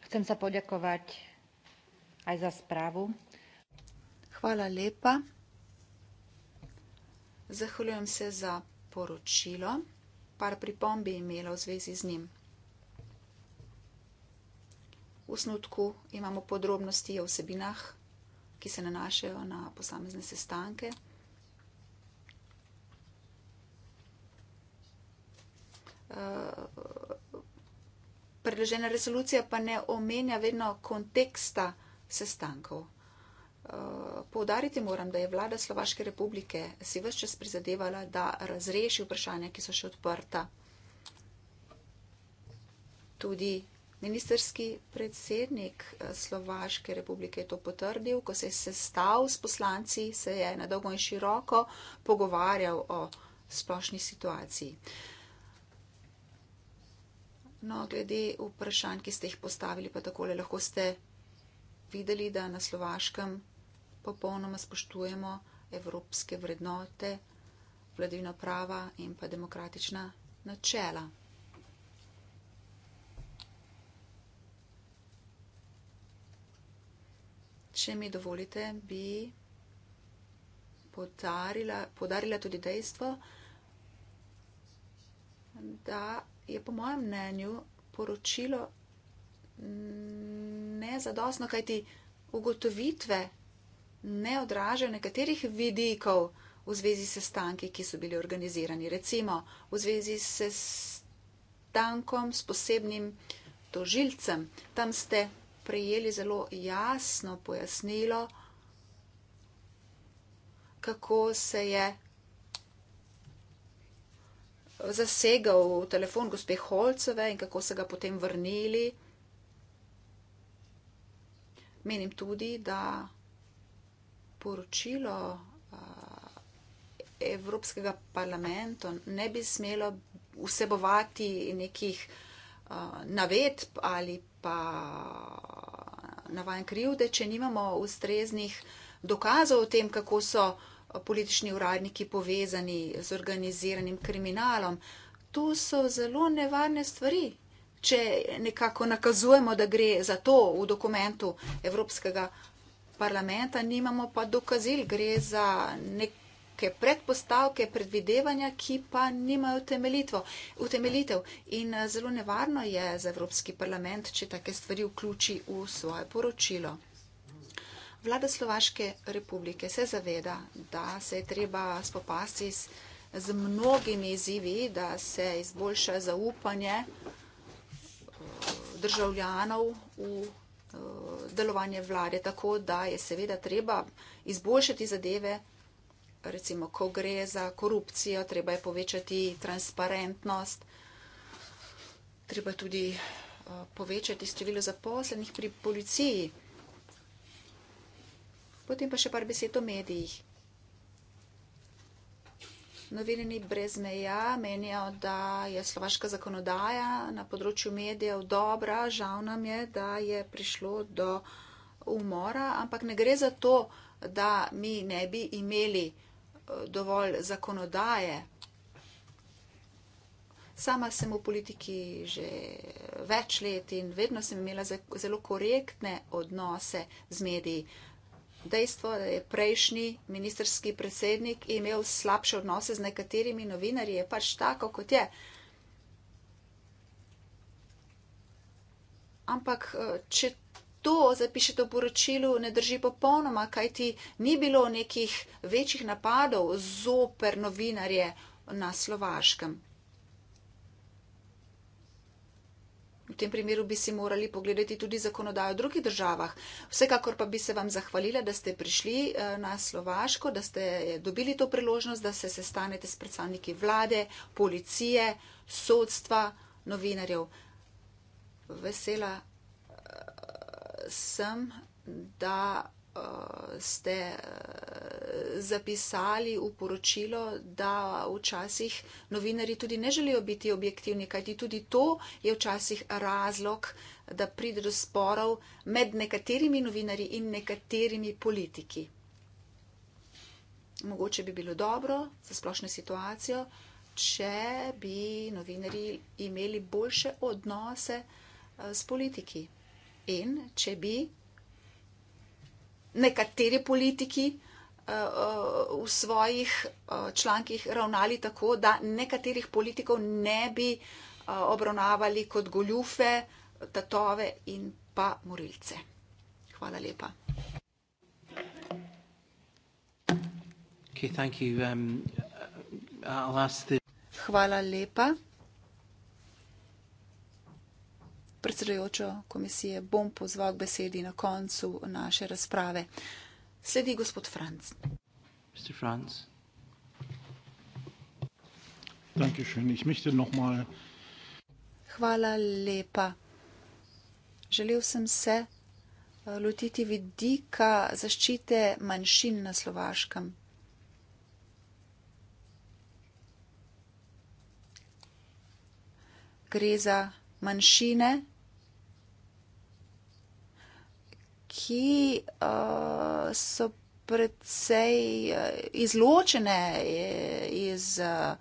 Chcem se podjakovati aj za spravu. Hvala lepa. Zahvaljujem se za poročilo. Par pripombi je imela v zvezi z njim v osnutku imamo podrobnosti o vsebinah, ki se nanašajo na posamezne sestanke. Eh, predložena resolucija pa ne omenja vedno konteksta sestankov. Eh, poudariti moram, da je vlada Slovaške republike si vse čas prizadevala, da razreši vprašanja, ki so še odprta. Tudi Ministerski predsednik eh, Slovaške republike je to potrdil, ko se je sestav s poslanci, se je na dolgo in široko pogovarjal o splošni situaciji. No, glede vprašanj, ki ste jih postavili, pa takole lahko ste videli, da na Slovaškem popolnoma spoštujemo evropske vrednote, vladavino prava in pa demokratična načela. Če mi dovolite, bi podarila, podarila tudi dejstvo, da je po mojem mnenju poročilo nezadostno, kajti ugotovitve ne odražajo nekaterih vidikov v zvezi s stanki, ki so bili organizirani. Recimo v zvezi s stankom s posebnim tožilcem. Tam ste prejeli zelo jasno pojasnilo, kako se je zasegal telefon gospe Holceve in kako se ga potem vrnili. Menim tudi, da poročilo eh, Evropskega parlamenta ne bi smelo vsebovati nekih navedb ali pa navajen krivde, če nimamo ustreznih dokazov o tem, kako so politični uradniki povezani z organiziranim kriminalom. To so zelo nevarne stvari, če nekako nakazujemo, da gre za to v dokumentu Evropskega parlamenta, nimamo pa dokazil, gre za nek neke predpostavke, predvidevanja, ki pa nimajo utemeljitev. In eh, zelo nevarno je za Evropski parlament, če take stvari vključi v svoje poročilo. Vlada Slovaške republike se zaveda, da se je treba spopasti z, z mnogimi izzivi, da se izboljša zaupanje eh, državljanov v eh, delovanje vlade, tako da je seveda treba izboljšati zadeve recimo, ko gre za korupcijo, treba je povečati transparentnost, treba tudi eh, povečati število zaposlenih pri policiji. Potem pa še par besed o medijih. Novinari brez meja menijo, da je slovaška zakonodaja na področju medijev dobra, žal nam je, da je prišlo do umora, ampak ne gre za to, da mi ne bi imeli uh, dovolj zakonodaje. Sama sem v politiki že več let in vedno sem imela zelo korektne odnose z mediji. Dejstvo, da je prejšnji ministerski predsednik imel slabše odnose z nekaterimi novinarji, je pač tako, kot je. Ampak, eh, če to to zapišete v poročilu, ne drži popolnoma, kajti ni bilo nekih večjih napadov zoper novinarje na slovaškem. V tem primeru bi si morali pogledati tudi zakonodajo v drugih državah. Vsekakor pa bi se vam zahvalila, da ste prišli eh, na Slovaško, da ste dobili to priložnost, da se sestanete s predstavniki vlade, policije, sodstva, novinarjev. Vesela sem, da eh, ste eh, zapisali v poročilo, da včasih novinari tudi ne želijo biti objektivni, kajti tudi to je včasih razlog, da pride do sporov med nekaterimi novinari in nekaterimi politiki. Mogoče bi bilo dobro za splošno situacijo, če bi novinari imeli boljše odnose eh, s politiki. In če bi nekateri politiki eh, eh, v svojih eh, člankih ravnali tako, da nekaterih politikov ne bi obravnavali kot goljufe, tatove in pa morilce. Hvala lepa. Okay, thank you. Um, I'll ask the... Hvala lepa. predsedujočo komisije, bom pozval k besedi na koncu naše razprave. Sledi gospod Franc. Mr. Franc. Hvala lepa. Želel sem se eh, lotiti vidika zaščite manjšin na Slovaškem. Gre za manjšine, ki uh, so predvsej eh, izločene eh, iz uh,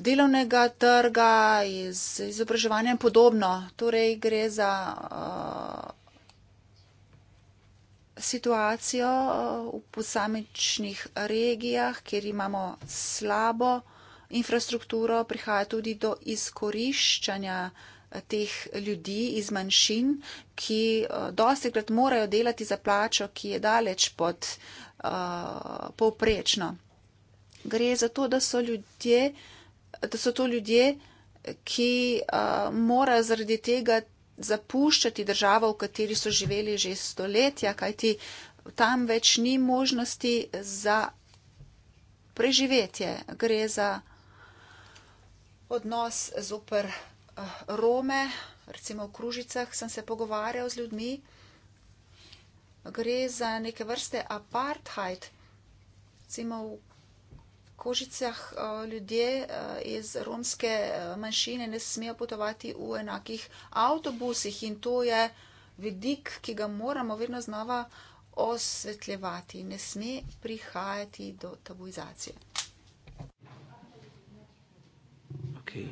delovnega trga, iz izobraževanja in podobno. Torej gre za uh, situacijo v posamičnih regijah, kjer imamo slabo infrastrukturo, prihaja tudi do izkoriščanja teh ljudi iz manjšin, ki eh, dosti krat morajo delati za plačo, ki je daleč pod uh, povprečno. Gre za to, da so, ljudje, da so to ljudje, ki uh, morajo zaradi tega zapuščati državo, v kateri so živeli že stoletja, kajti tam več ni možnosti za preživetje. Gre za odnos zoper eh, Rome, recimo v kružicah sem se pogovarjal z ljudmi, gre za neke vrste apartheid. Recimo v kožicah eh, ljudje eh, iz romske manjšine ne smejo potovati v enakih avtobusih in to je vidik, ki ga moramo vedno znova osvetljevati. Ne sme prihajati do tabuizacije. Okay.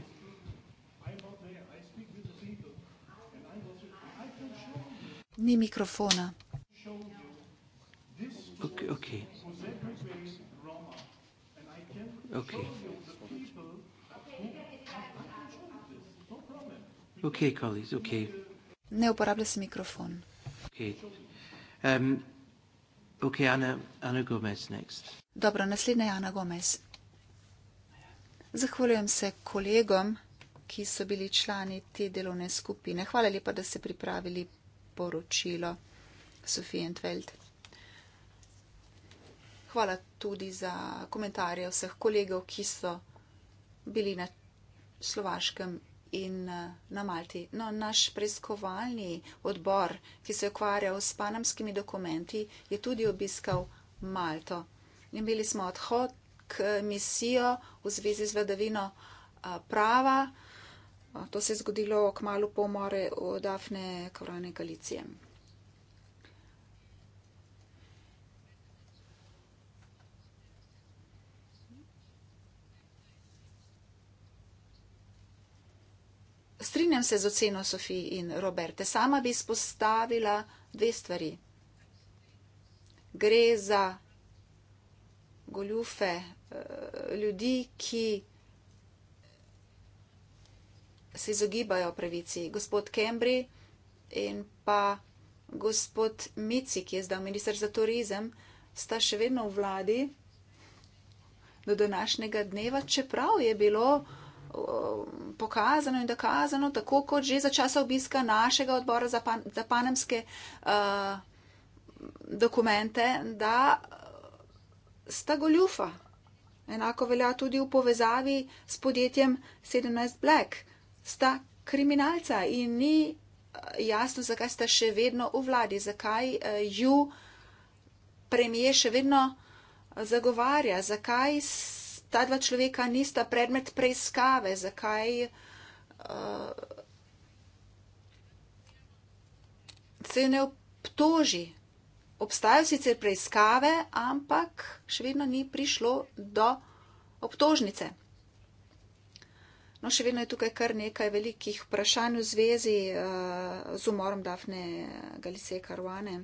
Ni mikrofona. Ok. okay. okay. Okay, colleagues, okay. Ne uporablja se mikrofon. Okay. Um, okay, Ana, Ana Gomez next. Dobro, naslednja je Ana Gomez. Zahvaljujem se kolegom, ki so bili člani te delovne skupine. Hvala lepa, da ste pripravili poročilo Sofije Entveld. Hvala tudi za komentarje vseh kolegov, ki so bili na Slovaškem in eh, na Malti. No, naš preiskovalni odbor, ki se je ukvarjal s panamskimi dokumenti, je tudi obiskal Malto. Imeli smo odhod misijo v zvezi z vladavino prava. To se je zgodilo kmalo po more od Afne Korane Galicije. Strinjam se z oceno Sofiji in Roberte. Sama bi spostavila dve stvari. Gre za goljufe Eh, ljudi, ki se izogibajo pravici. Gospod Kembri in pa gospod Mici, ki je zdaj ministr za turizem, sta še vedno v vladi do današnjega dneva, čeprav je bilo eh, pokazano in dokazano, tako kot že za časa obiska našega odbora za, pan, za panemske uh, eh, dokumente, da sta goljufa. Enako velja tudi v povezavi s podjetjem 17 Black. Sta kriminalca in ni eh, jasno, zakaj sta še vedno v vladi, zakaj eh, ju premije še vedno eh, zagovarja, zakaj ta dva človeka nista predmet preiskave, zakaj uh, se ne obtoži obstajajo sicer preiskave, ampak še vedno ni prišlo do obtožnice. No, še vedno je tukaj kar nekaj velikih vprašanj v zvezi uh, z umorom Dafne Galice Karuane.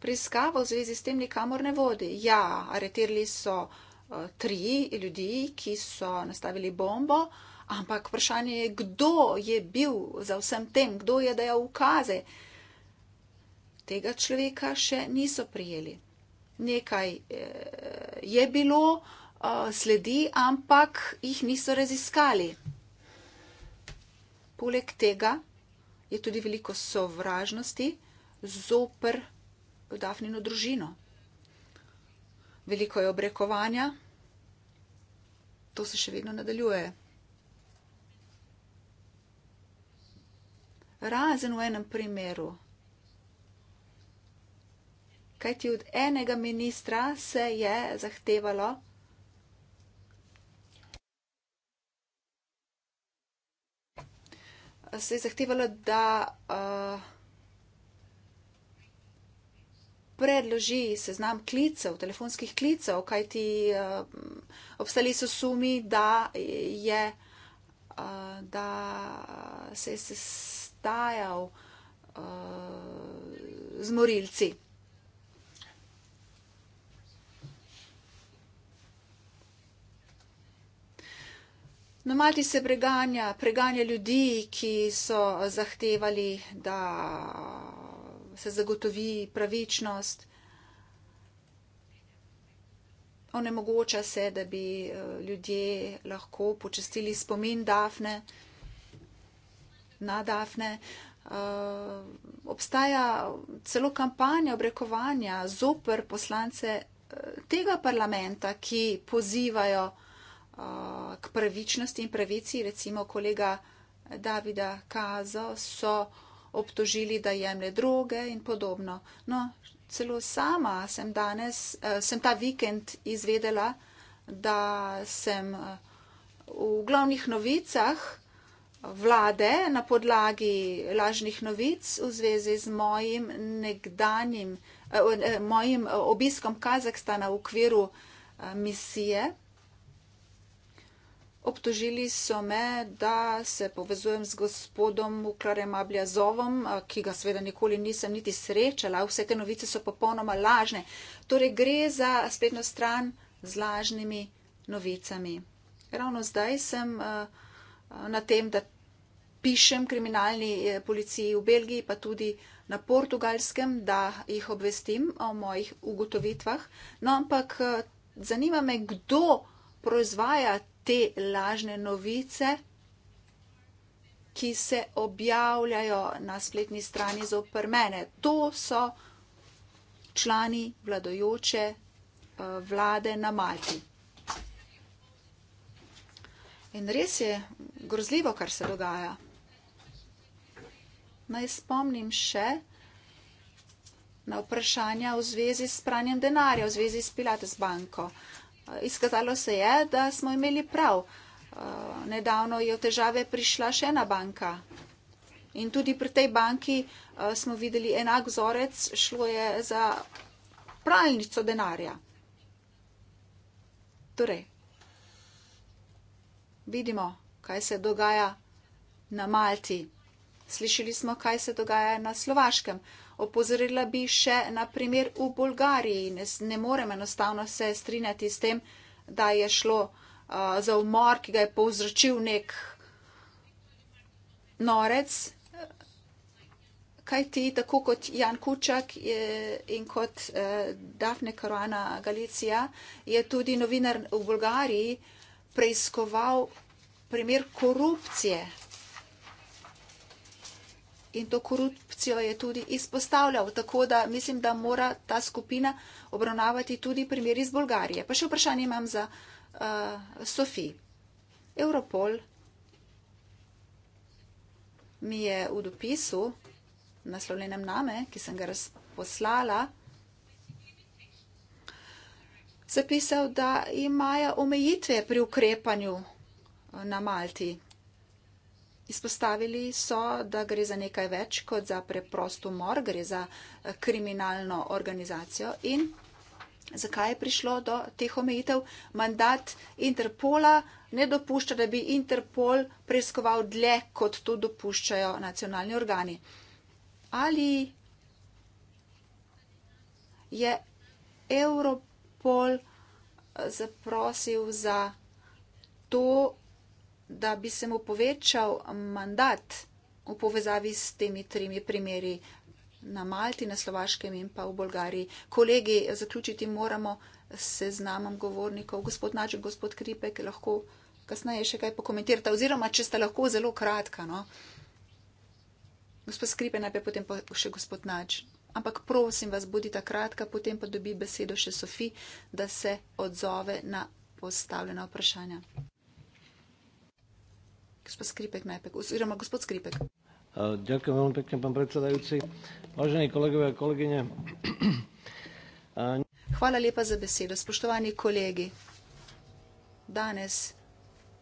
Preiskava v zvezi s tem nikamor ne vodi. Ja, aretirali so uh, tri ljudi, ki so nastavili bombo, ampak vprašanje je, kdo je bil za vsem tem, kdo je dejal ukaze, uh, tega človeka še niso prijeli. Nekaj eh, je bilo eh, sledi, ampak jih niso raziskali. Poleg tega je tudi veliko sovražnosti zopr Dafnino družino. Veliko je obrekovanja, to se še vedno nadaljuje. Razen v enem primeru kajti od enega ministra se je zahtevalo, se je zahtevalo da uh, predloži seznam klicev, telefonskih klicev, kajti uh, obstali so sumi, da, je, uh, da se je sestajal uh, z morilci. No, Malti se preganja, preganja ljudi, ki so zahtevali, da se zagotovi pravičnost. Onemogoča se, da bi eh, ljudje lahko počestili spomin Dafne, na Dafne. Eh, obstaja celo kampanja obrekovanja zoper poslance eh, tega parlamenta, ki pozivajo, k pravičnosti in pravici, recimo kolega Davida Kazo, so obtožili, da jemlje droge in podobno. No, celo sama sem danes, eh, sem ta vikend izvedela, da sem eh, v glavnih novicah vlade na podlagi lažnih novic v zvezi z mojim nekdanjim, eh, mojim obiskom Kazahstana v okviru misije. Obtožili so me, da se povezujem z gospodom Muklarem Abljazovom, ki ga seveda nikoli nisem niti srečala. Vse te novice so popolnoma lažne. Torej gre za spletno stran z lažnimi novicami. Ravno zdaj sem na tem, da pišem kriminalni e, policiji v Belgiji, pa tudi na portugalskem, da jih obvestim o mojih ugotovitvah. No, ampak zanima me, kdo proizvaja te lažne novice, ki se objavljajo na spletni strani za oprmene. To so člani vladojoče eh, vlade na Malti. In res je grozljivo, kar se dogaja. Naj spomnim še na vprašanja v zvezi s pranjem denarja, v zvezi s Pilates banko. Izkazalo se je, da smo imeli prav. Uh, nedavno je v težave prišla še ena banka. In tudi pri tej banki uh, smo videli enak vzorec, šlo je za pralnico denarja. Torej, vidimo, kaj se dogaja na Malti. Slišali smo, kaj se dogaja na Slovaškem. Uh, Opozorila bi še na primer v Bolgariji. Ne, ne morem enostavno se strinjati s tem, da je šlo uh, za umor, ki ga je povzročil nek norec. Kaj ti, tako kot Jan Kučak je, in kot eh, Dafne Karuana Galicija, je tudi novinar v Bolgariji preiskoval primer korupcije in to korupcijo je tudi izpostavljal. Tako da mislim, da mora ta skupina obravnavati tudi primer iz Bolgarije. Pa še vprašanje imam za uh, eh, Sofi. Europol mi je v dopisu, naslovljenem name, ki sem ga razposlala, zapisal, da imajo omejitve pri ukrepanju eh, na Malti. Izpostavili so, da gre za nekaj več kot za preprost umor, gre za eh, kriminalno organizacijo in zakaj je prišlo do teh omejitev. Mandat Interpola ne dopušča, da bi Interpol preiskoval dlje, kot to dopuščajo nacionalni organi. Ali je Europol eh, zaprosil za to, da bi se mu povečal mandat v povezavi s temi trimi primeri na Malti, na Slovaškem in pa v Bolgariji. Kolegi, zaključiti moramo se znamom govornikov. Gospod Načel, gospod Kripek, lahko kasneje še kaj pokomentirate, oziroma če ste lahko zelo kratka. No? Gospod Skripe, najprej potem pa še gospod Nač. Ampak prosim vas, bodite kratka, potem pa dobi besedo še Sofi, da se odzove na postavljena vprašanja. Gospod Skripek, najpek, oziroma gospod Skripek. Eh, ďakujem veľmi pekne, pán predsedajúci. Vážení kolegovia a kolegyne. Hvala lepa za besedo. Spoštovani kolegi, danes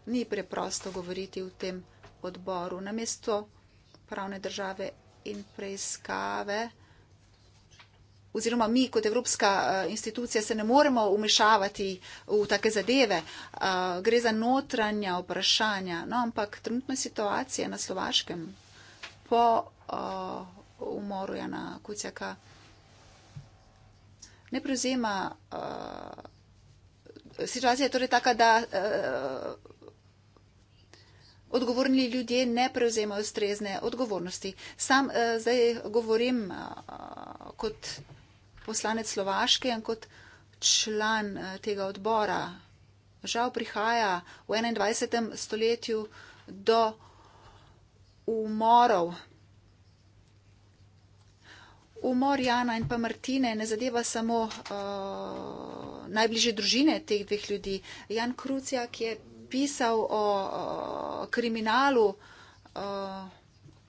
ni preprosto govoriti v tem odboru. Namesto pravne države in preiskave oziroma mi kot Evropska eh, institucija se ne moremo umešavati v take zadeve. Eh, gre za notranja vprašanja. No, ampak trenutna situacija na Slovaškem po eh, umoru Jana Kucjaka ne prevzema. Situacija je torej taka, da odgovorni ljudje ne prevzemajo strezne odgovornosti. Sam zdaj govorim kot poslanec Slovaške in kot član eh, tega odbora. Žal prihaja v 21. stoletju do umorov. Umor Jana in pa Martine ne zadeva samo uh, najbližje družine teh dveh ljudi. Jan Krucijak je pisal o uh, kriminalu. Uh,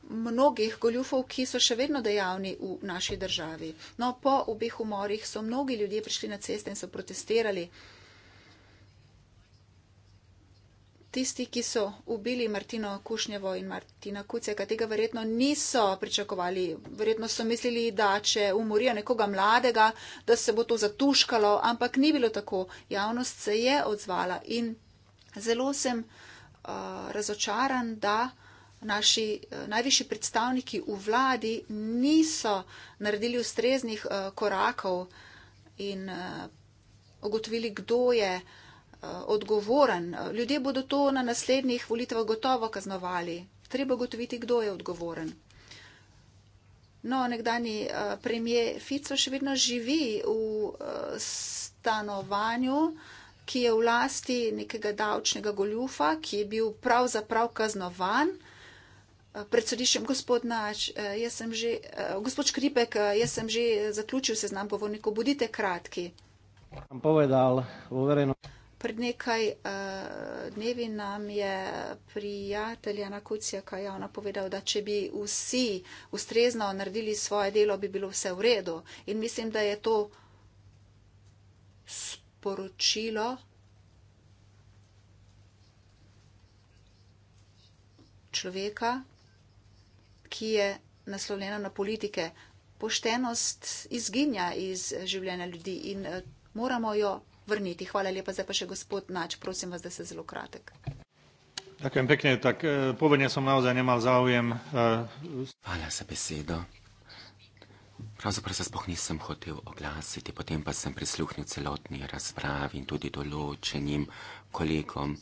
mnogih goljufov, ki so še vedno dejavni v naši državi. No, po obeh umorih so mnogi ljudje prišli na ceste in so protestirali. Tisti, ki so ubili Martino Kušnjevo in Martina Kuceka, tega verjetno niso pričakovali. Verjetno so mislili, da če umorijo nekoga mladega, da se bo to zatuškalo, ampak ni bilo tako. Javnost se je odzvala in zelo sem uh, razočaran, da naši eh, najvišji predstavniki v vladi niso naredili ustreznih eh, korakov in eh, ugotovili, kdo je odgovoren. Ljudje bodo to na naslednjih volitvah gotovo kaznovali. Treba ugotoviti, kdo je odgovoren. No, nekdani premije Fico še vedno živi v stanovanju, ki je v lasti nekega davčnega goljufa, ki je bil pravzaprav kaznovan pred sodiščem, gospod Nač, eh, jaz sem že, eh, gospod Škripek, eh, jaz sem že zaključil seznam govornikov, bodite kratki. Povedal, pred nekaj uh, dnevi nam je prijatelj Jana Kucijaka javno povedal, da če bi vsi ustrezno naredili svoje delo, bi bilo vse v redu. In mislim, da je to sporočilo. Človeka, ki je naslovljena na politike. Poštenost izginja iz življenja ljudi in eh, moramo jo vrniti. Hvala lepa, zdaj pa še gospod Nač, prosim vas, da ste zelo kratek. Tako in pekne, tako eh, povedanje sem malo zanimal za ujem. Eh, Hvala za besedo. Pravzaprav se spoh nisem hotel oglasiti, potem pa sem prisluhnil celotni razpravi in tudi določenim kolegom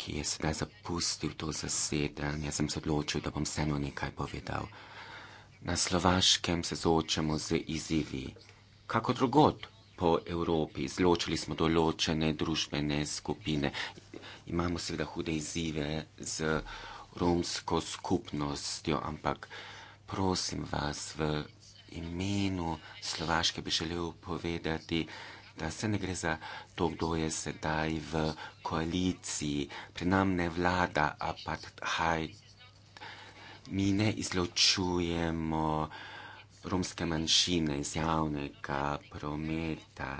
ki je sedaj zapustil to zasedanje, jaz sem se odločil, da bom vseeno nekaj povedal. Na Slovaškem se soočamo z izzivi, kako drugot po Evropi, izločili smo določene družbene skupine. Imamo seveda hude izzive z romsko skupnostjo, ampak prosim vas, v imenu Slovaške bi želel povedati, da da se ne gre za to, kdo je sedaj v koaliciji. Pri nam ne vlada apartheid. Mi ne izločujemo romske manjšine iz javnega prometa.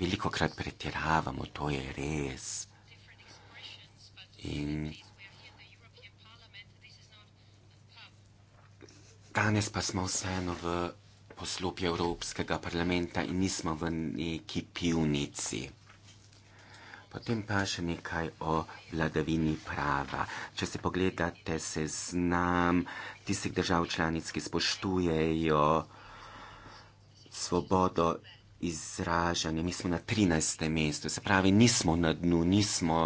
Veliko krat pretiravamo, to je res. In danes pa smo vseeno v poslopje Evropskega parlamenta in nismo v neki pivnici. Potem pa še nekaj o vladavini prava. Če se pogledate seznam tistih držav članic, ki spoštujejo svobodo izražanja, mi smo na 13. mestu, se pravi, nismo na dnu, nismo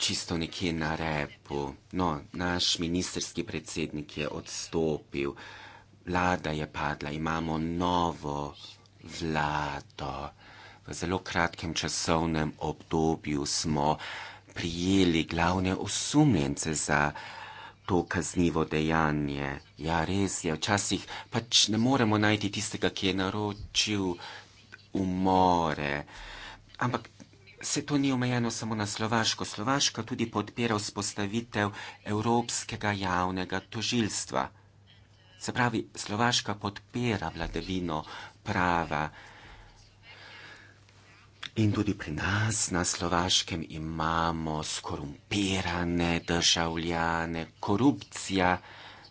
čisto nekje na repu. No, naš ministerski predsednik je odstopil vlada je padla, imamo novo vlado. V zelo kratkem časovnem obdobju smo prijeli glavne osumljence za to kaznivo dejanje. Ja, res je, včasih pač ne moremo najti tistega, ki je naročil umore. Ampak se to ni omejeno samo na Slovaško. Slovaška tudi podpira vzpostavitev Evropskega javnega tožilstva. Se pravi, Slovaška podpira vladavino prava. In tudi pri nas na Slovaškem imamo skorumpirane državljane. Korupcija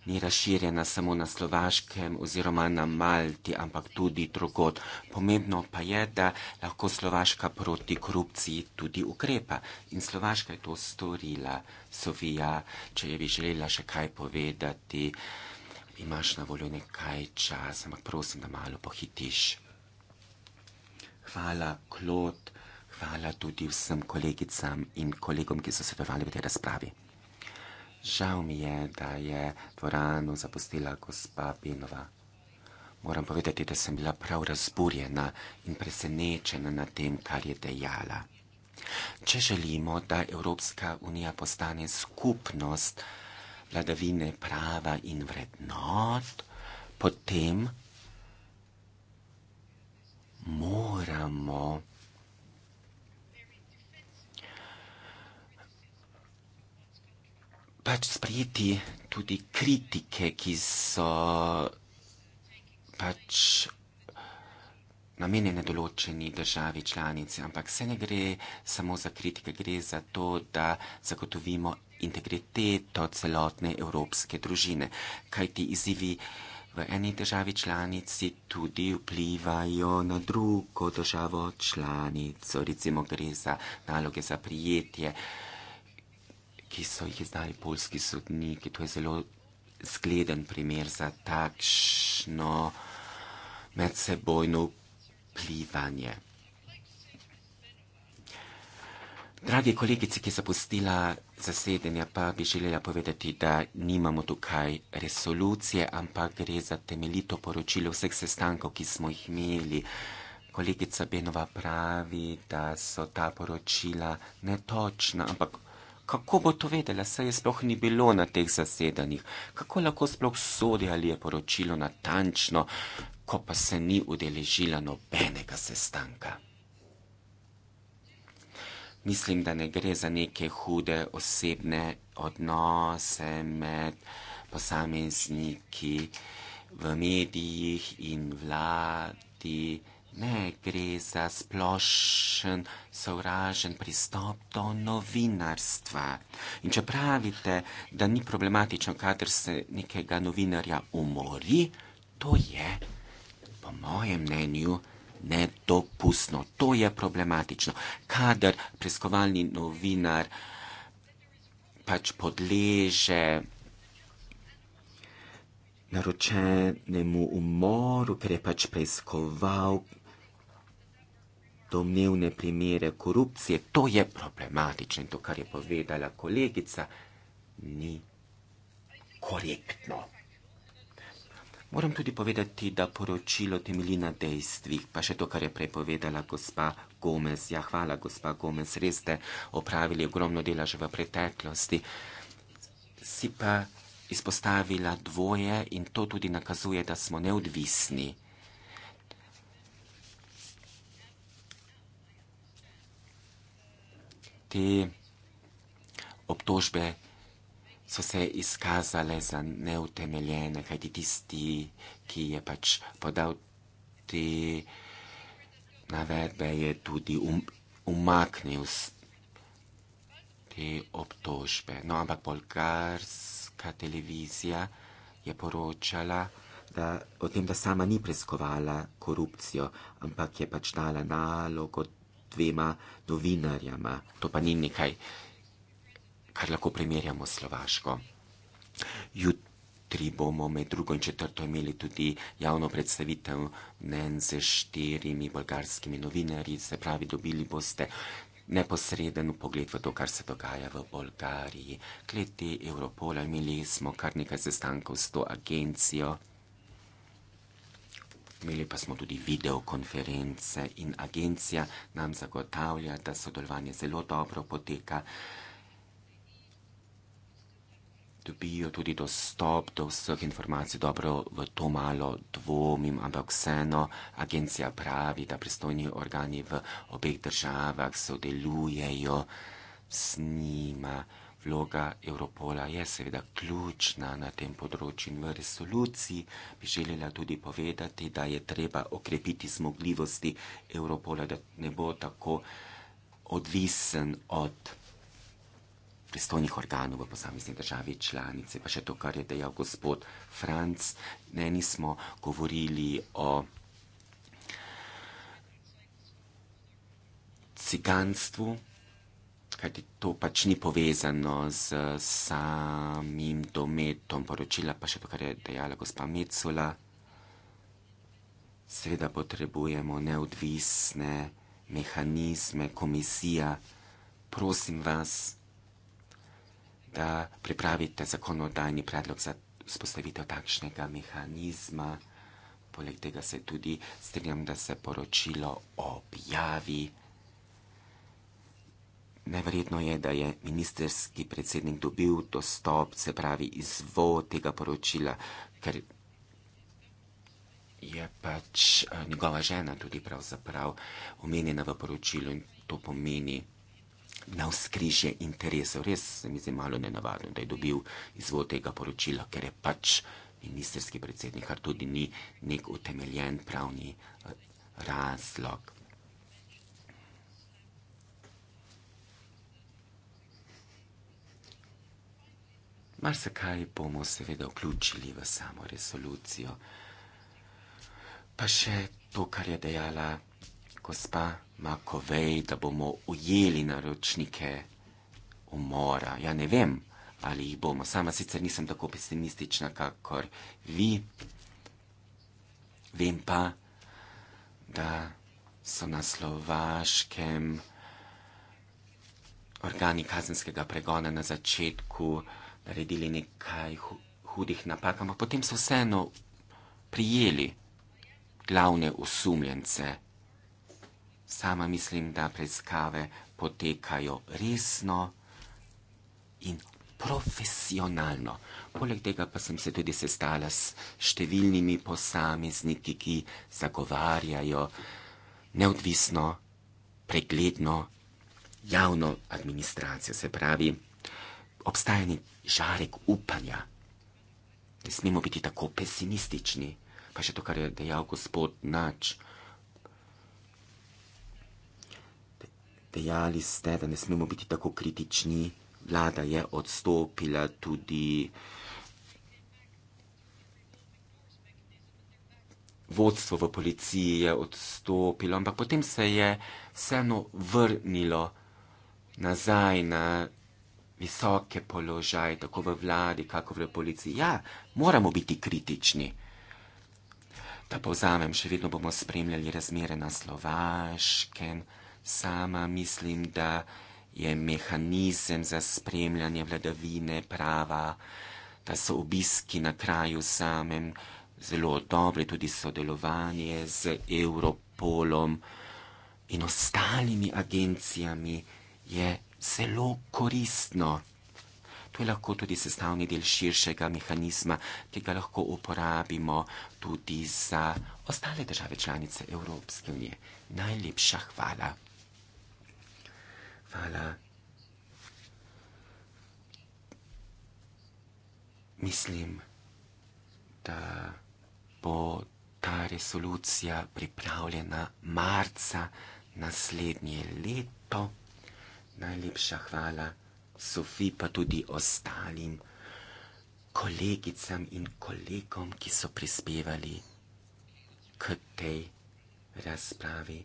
ni razširjena samo na Slovaškem oziroma na Malti, ampak tudi drugod. Pomembno pa je, da lahko Slovaška proti korupciji tudi ukrepa. In Slovaška je to storila. Sofija, če je bi želela še kaj povedati imaš na voljo nekaj časa, ampak prosim, da malo pohitiš. Hvala, Klot, hvala tudi vsem kolegicam in kolegom, ki so sodelovali v tej razpravi. Žal mi je, da je dvorano zapustila gospa Binova. Moram povedati, da sem bila prav razburjena in presenečena nad tem, kar je dejala. Če želimo, da Evropska unija postane skupnost, vladavine prava in vrednot, potem moramo pač sprijeti tudi kritike, ki so pač namenjene določeni državi članici, ampak se ne gre samo za kritike, gre za to, da zagotovimo integriteto celotne evropske družine, kaj ti izzivi v eni državi članici tudi vplivajo na drugo državo članico, recimo gre za naloge za prijetje, ki so jih izdali polski sodniki. To je zelo zgleden primer za takšno medsebojno vplivanje. Dragi kolegici, ki so postila zasedenja, pa bi želela povedati, da nimamo tukaj resolucije, ampak gre za temeljito poročilo vseh sestankov, ki smo jih imeli. Kolegica Benova pravi, da so ta poročila netočna, ampak kako bo to vedela, saj je sploh ni bilo na teh zasedanjih, kako lahko sploh sodi, ali je poročilo natančno, ko pa se ni udeležila nobenega sestanka mislim, da ne gre za neke hude osebne odnose med posamezniki v medijih in vladi. Ne gre za splošen, sovražen pristop do novinarstva. In če pravite, da ni problematično, kater se nekega novinarja umori, to je, po mojem mnenju, nedopustno. To je problematično. Kadar preiskovalni novinar pač podleže naročenemu umoru, ker je pač preiskoval domnevne primere korupcije, to je problematično. In to, kar je povedala kolegica, ni korektno. Moram tudi povedati, da poročilo temelji na dejstvih, pa še to, kar je prepovedala gospa Gomez. Ja, hvala, gospa Gomez, res ste opravili ogromno dela že v preteklosti. Si pa izpostavila dvoje in to tudi nakazuje, da smo neodvisni. Te obtožbe so se izkazale za neutemeljene, kajti tisti, ki je pač podal te navedbe, je tudi um, umaknil te obtožbe. No, ampak bolgarska televizija je poročala da, o tem, da sama ni preiskovala korupcijo, ampak je pač dala nalogo dvema novinarjama. To pa ni nekaj kar lahko primerjamo s Slovaško. Jutri bomo med drugo in četrto imeli tudi javno predstavitev mnen z štirimi bolgarskimi novinarji, se pravi, dobili boste neposreden pogled v to, kar se dogaja v Bolgariji. Kleti Europola imeli smo kar nekaj sestankov s to agencijo. Imeli pa smo tudi videokonference in agencija nam zagotavlja, da sodelovanje zelo dobro poteka dobijo tudi dostop do vseh informacij. Dobro, v to malo dvomim, ampak vseeno agencija pravi, da pristojni organi v obeh državah sodelujejo s njima. Vloga Evropola je seveda ključna na tem področju in v resoluciji bi želela tudi povedati, da je treba okrepiti zmogljivosti Evropola, da ne bo tako odvisen od pristojnih organov v posamezni državi članice. Pa še to, kar je dejal gospod Franc, meni smo govorili o ciganstvu, kajti to pač ni povezano z samim dometom poročila, pa še to, kar je dejala gospa Mecula. Seveda potrebujemo neodvisne mehanizme, komisija, prosim vas, da pripravite zakonodajni predlog za spostavitev takšnega mehanizma. Poleg tega se tudi strinjam, da se poročilo objavi. Neverjetno je, da je ministerski predsednik dobil dostop, se pravi izvod tega poročila, ker je pač eh, njegova žena tudi pravzaprav omenjena v poročilu in to pomeni, na skrižje interesov. Res se mi zdi malo nenavadno, da je dobil izvod tega poročila, ker je pač ministerski predsednik, kar tudi ni nek utemeljen pravni eh, razlog. Mar se kaj bomo seveda vključili v samo resolucijo. Pa še to, kar je dejala gospa Makovej, da bomo ujeli naročnike umora. Ja, ne vem, ali jih bomo. Sama sicer nisem tako pesimistična, kakor vi. Vem pa, da so na slovaškem organi kazenskega pregona na začetku naredili nekaj hudih napak, ampak potem so vseeno prijeli glavne usumljence. Sama mislim, da preiskave potekajo resno in profesionalno. Poleg tega pa sem se tudi sestala s številnimi posamezniki, ki zagovarjajo neodvisno, pregledno javno administracijo. Se pravi, obstaja nek žarek upanja. Ne smemo biti tako pesimistični, pa še to, kar je dejal gospod Nač. Dejali ste, da ne smemo biti tako kritični. Vlada je odstopila tudi vodstvo v policiji je odstopilo, ampak potem se je vseeno vrnilo nazaj na visoke položaje, tako v vladi, kako v policiji. Ja, moramo biti kritični. Da povzamem, še vedno bomo spremljali razmere na slovaškem sama mislim, da je mehanizem za spremljanje vladavine prava, da so obiski na kraju samem zelo dobre, tudi sodelovanje z Europolom in ostalimi agencijami je zelo koristno. To je lahko tudi sestavni del širšega mehanizma, ki ga lahko uporabimo tudi za ostale države članice Evropske unije. Najlepša hvala. Hvala. Mislim, da bo ta resolucija pripravljena marca naslednje leto. Najlepša hvala Sofi, pa tudi ostalim kolegicam in kolegom, ki so prispevali k tej razpravi.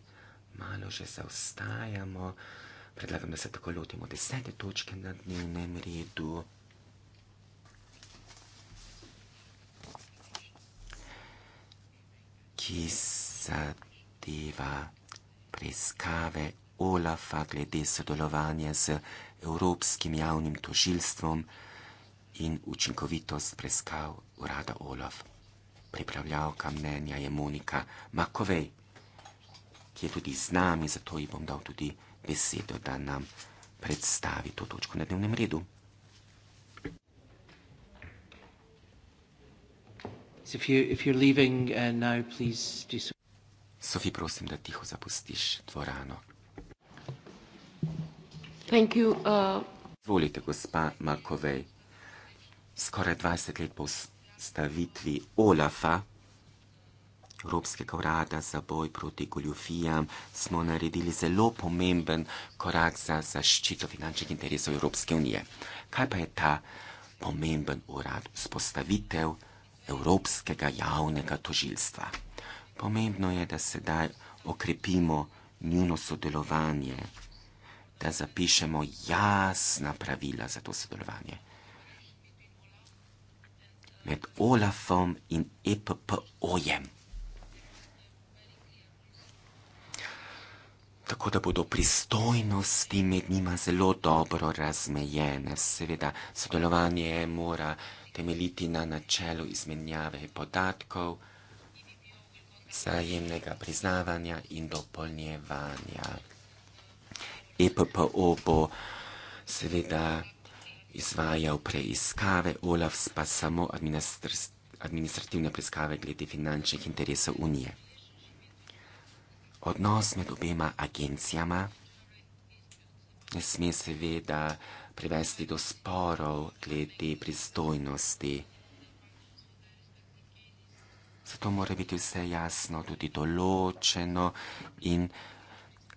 Malo že zaostajamo predlagam, da se tako lotimo desete točke na dnevnem redu. Ki zadeva preiskave Olafa glede sodelovanja z Evropskim javnim tožilstvom in učinkovitost preiskav urada Olaf. Pripravljavka mnenja je Monika Makovej, ki je tudi z nami, zato ji bom dal tudi besedo, da nam predstavi to točko na dnevnem redu. If you, if you're leaving, uh, now, so. Sophie, prosim, da tiho zapustiš dvorano. Zvolite, uh... gospa Makovej. Skoraj 20 let po ustavitvi Olafa Evropskega urada za boj proti goljufijam smo naredili zelo pomemben korak za zaščito finančnih interesov Evropske unije. Kaj pa je ta pomemben urad? Spostavitev Evropskega javnega tožilstva. Pomembno je, da sedaj okrepimo njuno sodelovanje, da zapišemo jasna pravila za to sodelovanje. Med Olafom in EPPO-jem. tako da bodo pristojnosti med njima zelo dobro razmejene. Seveda, sodelovanje mora temeljiti na načelu izmenjave podatkov, zajemnega priznavanja in dopolnjevanja. EPPO bo seveda izvajal preiskave, OLAF pa samo administrativne preiskave glede finančnih interesov Unije odnos med obema agencijama ne sme seveda privesti do sporov glede pristojnosti. Zato mora biti vse jasno, tudi določeno in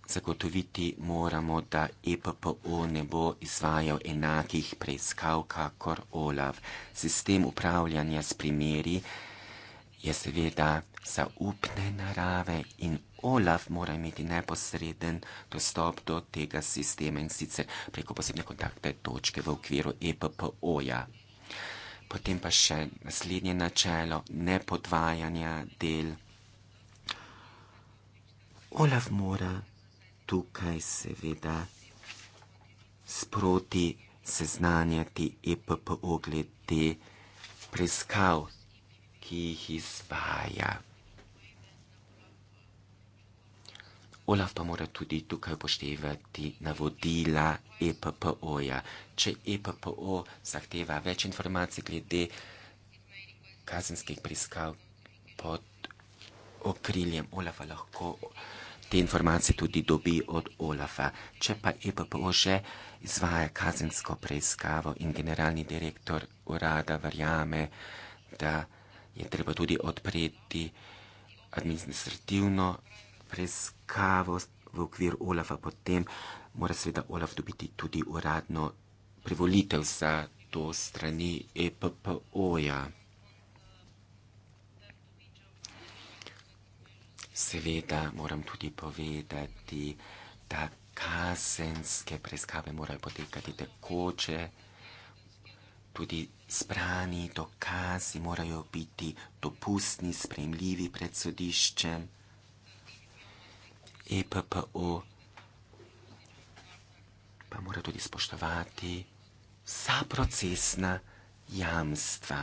zagotoviti moramo, da EPPO ne bo izvajal enakih preiskav, kakor OLAV. Sistem upravljanja s primeri je seveda zaupne narave in Olaf mora imeti neposreden dostop do tega sistema in sicer preko posebne kontakte točke v okviru EPPO-ja. Potem pa še naslednje načelo nepodvajanja del. Olaf mora tukaj seveda sproti seznanjati EPPO glede preiskav ki jih izvaja. Olaf pa mora tudi tukaj upoštevati navodila EPPO-ja. Če EPPO zahteva več informacij glede kazenskih preiskav pod okriljem Olafa, lahko te informacije tudi dobi od Olafa. Če pa EPPO že izvaja kazensko preiskavo in generalni direktor urada verjame, da je treba tudi odpreti administrativno preiskavo v okviru OLAF-a, potem mora seveda OLAF dobiti tudi uradno privolitev za to strani EPPO-ja. Seveda moram tudi povedati, da kazenske preiskave morajo potekati tekoče, tudi zbrani dokazi morajo biti dopustni, spremljivi pred sodiščem. EPPO pa mora tudi spoštovati vsa procesna jamstva.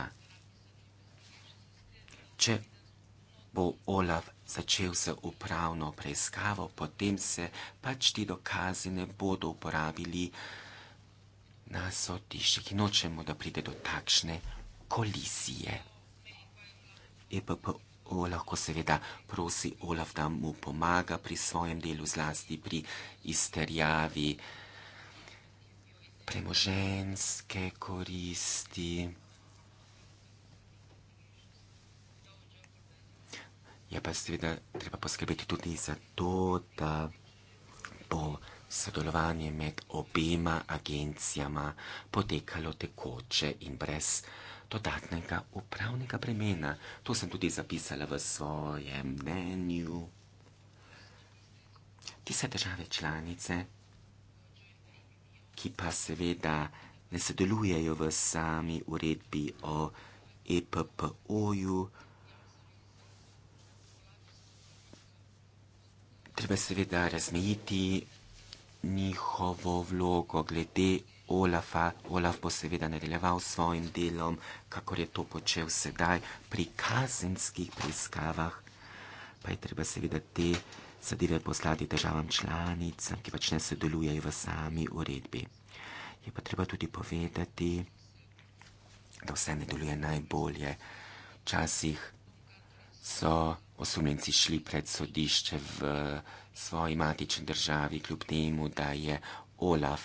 Če bo Olaf začel se upravno preiskavo, potem se pač ti dokazi ne bodo uporabili nas otišek in nočemo, da pride do takšne kolizije. EPPO lahko seveda prosi Olaf, da mu pomaga pri svojem delu, zlasti pri izterjavi premoženske koristi. Je pa seveda treba poskrbeti tudi za to, da bo sodelovanje med obema agencijama potekalo tekoče in brez dodatnega upravnega bremena. To sem tudi zapisala v svojem mnenju. Tiste države članice, ki pa seveda ne sodelujejo v sami uredbi o EPPO-ju, treba seveda razmejiti njihovo vlogo glede Olafa. Olaf bo seveda nadaljeval s svojim delom, kakor je to počel sedaj pri kazenskih preiskavah. Pa je treba seveda te zadeve poslati državam članicam, ki pač ne sodelujejo v sami uredbi. Je pa treba tudi povedati, da vse ne deluje najbolje. Včasih so osumljenci šli pred sodišče v svoji matični državi, kljub temu, da je Olaf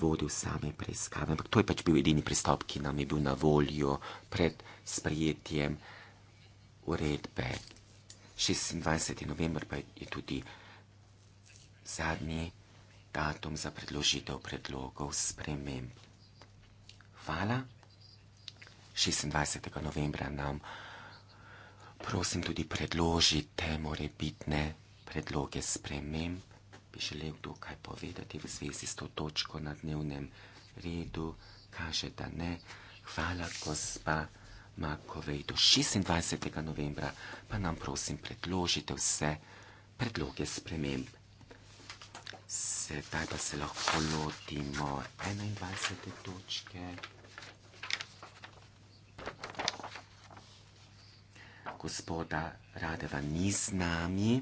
vodil same preiskave. Ampak to je pač bil edini pristop, ki nam je bil na voljo pred sprejetjem uredbe. 26. november pa je tudi zadnji datum za predložitev predlogov sprememb. Hvala. 26. novembra nam prosim tudi predložite morebitne predloge sprememb, bi želel tukaj povedati v zvezi s to točko na dnevnem redu, kaže, da ne. Hvala, gospa Makovej, do 26. novembra pa nam prosim predložite vse predloge sprememb. Sedaj pa se lahko lotimo 21. točke. Gospoda Radeva ni z nami.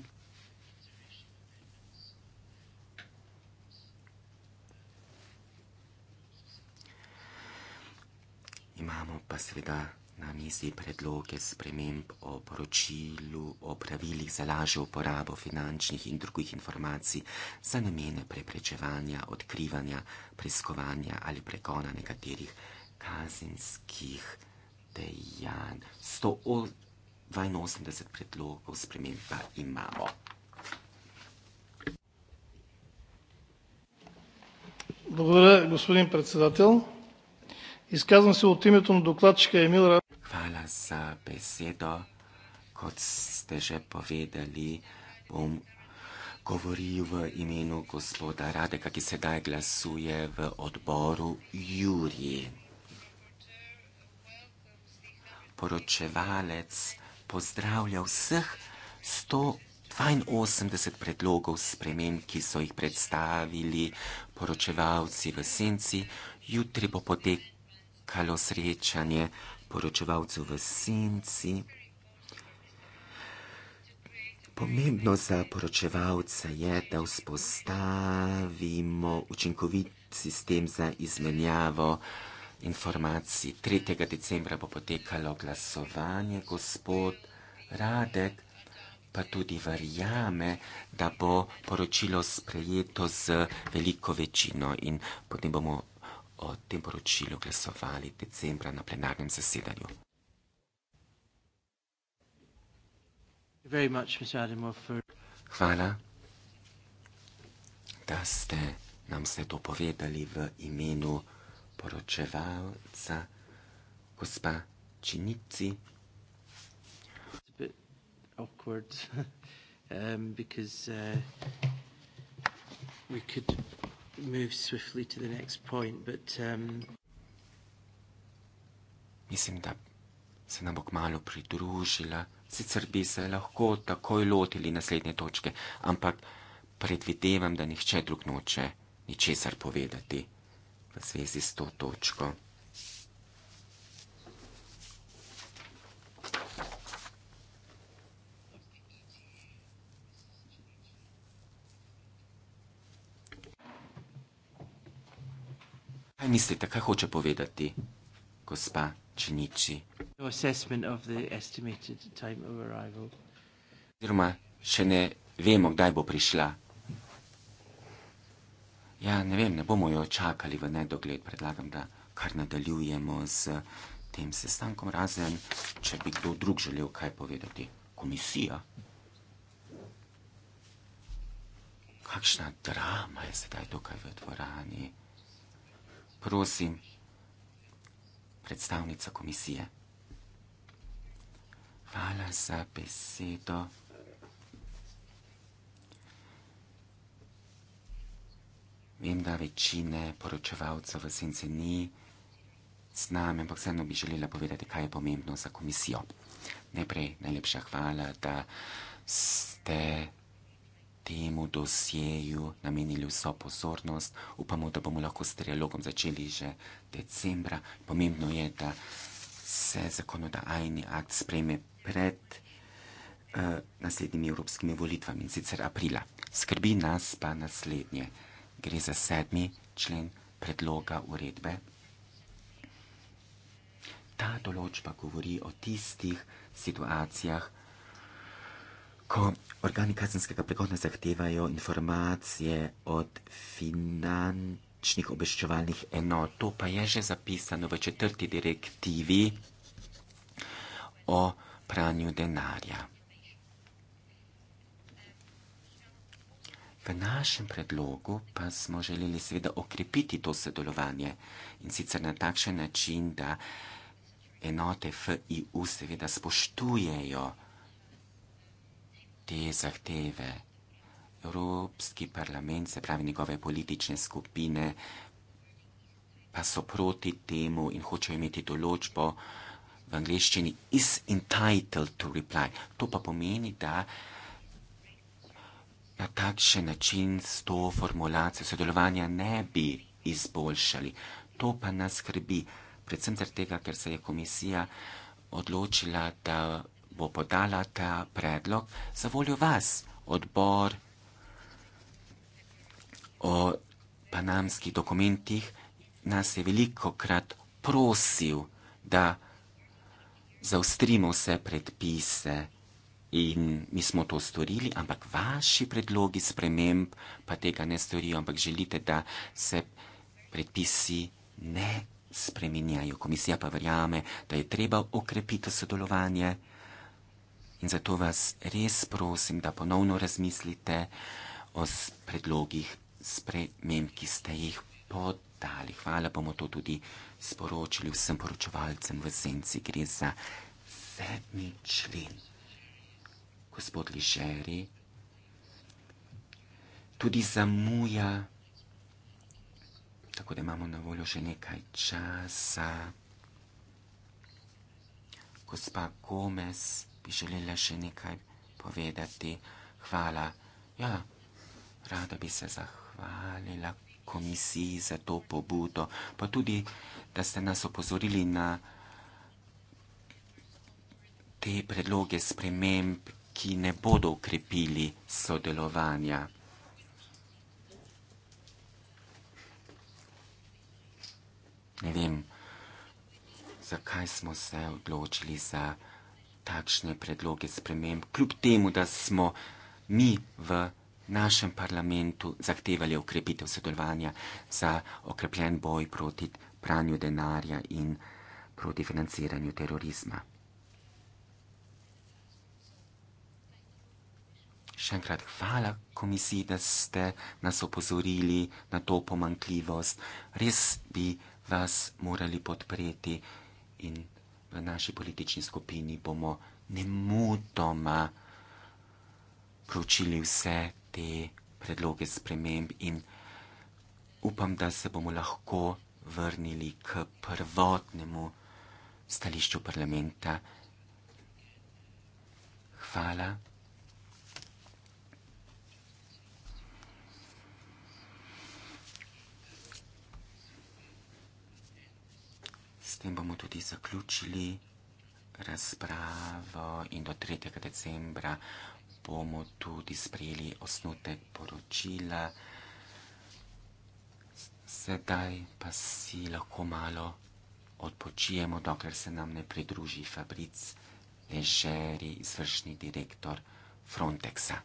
Imamo pa seveda na mizi predloge sprememb o poročilu, o pravilih za lažjo uporabo finančnih in drugih informacij za namene preprečevanja, odkrivanja, preiskovanja ali pregona nekaterih kazenskih dejanj. 182 predlogov sprememb pa imamo. Благодаря, господин председател. Изказвам се от името на докладчика Емил Ра... Хвала за беседо. Кот сте же поведали, бом говори в имено господа Раде, как и сега гласуе в отбору Юрий. Поручевалец поздравлял всех 182 предлогов спремен, ки со их представили поручевалци в сенци. Jutri bo potekal čakalo srečanje poročevalcev v senci. Pomembno za poročevalca je, da vzpostavimo učinkovit sistem za izmenjavo informacij. 3. decembra bo potekalo glasovanje, gospod Radek pa tudi verjame, da bo poročilo sprejeto z veliko večino in potem bomo o tem poročilu glasovali decembra na plenarnem zasedanju. Hvala, da ste nam vse to povedali v imenu poročevalca, gospa Činici. Um, because uh, we could move swiftly to the next point, but um... mislim, da se nam bo kmalo pridružila, sicer bi se lahko takoj lotili naslednje točke, ampak predvidevam, da nihče drug noče ničesar povedati v zvezi s to točko. Kaj mislite, kaj hoče povedati gospa Činiči? Oziroma, še ne vemo, kdaj bo prišla. Ja, ne vem, ne bomo jo čakali v nedogled. Predlagam, da kar nadaljujemo z tem sestankom, razen, če bi kdo drug želel kaj povedati. Komisija. Kakšna drama je sedaj tukaj v dvorani. Prosim, predstavnica komisije. Hvala za besedo. Vem, da večine poročevalcev v senci ni z nami, ampak vseeno bi želela povedati, kaj je pomembno za komisijo. Najprej najlepša hvala, da ste temu dosjeju namenili vso pozornost. Upamo, da bomo lahko s trialogom začeli že decembra. Pomembno je, da se zakonodajni akt sprejme pred uh, naslednjimi evropskimi volitvami, in sicer aprila. Skrbi nas pa naslednje. Gre za sedmi člen predloga uredbe. Ta določba govori o tistih situacijah, ko organi kazenskega pregona zahtevajo informacije od finančnih obveščevalnih enot, to pa je že zapisano v četrti direktivi o pranju denarja. V našem predlogu pa smo želeli seveda okrepiti to sodelovanje in sicer na takšen način, da enote FIU seveda spoštujejo te zahteve. Evropski parlament, se pravi njegove politične skupine, pa so proti temu in hočejo imeti določbo v angleščini is entitled to reply. To pa pomeni, da na takšen način s to formulacijo sodelovanja ne bi izboljšali. To pa nas skrbi, predvsem zaradi tega, ker se je komisija odločila, da bo podala ta predlog za voljo vas, odbor o panamskih dokumentih, nas je veliko krat prosil, da zaustrimo vse predpise in mi smo to storili, ampak vaši predlogi sprememb pa tega ne storijo, ampak želite, da se predpisi ne spreminjajo. Komisija pa verjame, da je treba okrepiti sodelovanje. In zato vas res prosim, da ponovno razmislite o predlogih sprememb, ki ste jih podali. Hvala, bomo to tudi sporočili vsem poročevalcem v senci. Gre za sedmi člen. Gospod Ližeri, tudi zamuja, tako da imamo na voljo že nekaj časa. Gospa Gomez, bi želela še nekaj povedati. Hvala. Ja, rada bi se zahvalila komisiji za to pobudo, pa tudi, da ste nas opozorili na te predloge sprememb, ki ne bodo ukrepili sodelovanja. Ne vem, zakaj smo se odločili za takšne predloge sprememb, kljub temu, da smo mi v našem parlamentu zahtevali okrepitev sodelovanja za okrepljen boj proti pranju denarja in proti financiranju terorizma. Še enkrat hvala komisiji, da ste nas opozorili na to pomankljivost. Res bi vas morali podpreti in v naši politični skupini bomo nemudoma vključili vse te predloge sprememb in upam, da se bomo lahko vrnili k prvotnemu stališču parlamenta. Hvala. tem bomo tudi zaključili razpravo in do 3. decembra bomo tudi sprejeli osnutek poročila. Sedaj pa si lahko malo odpočijemo, dokler se nam ne pridruži Fabric Ležeri, izvršni direktor Frontexa.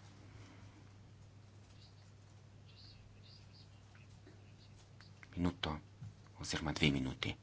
Minuto oziroma dve minuti.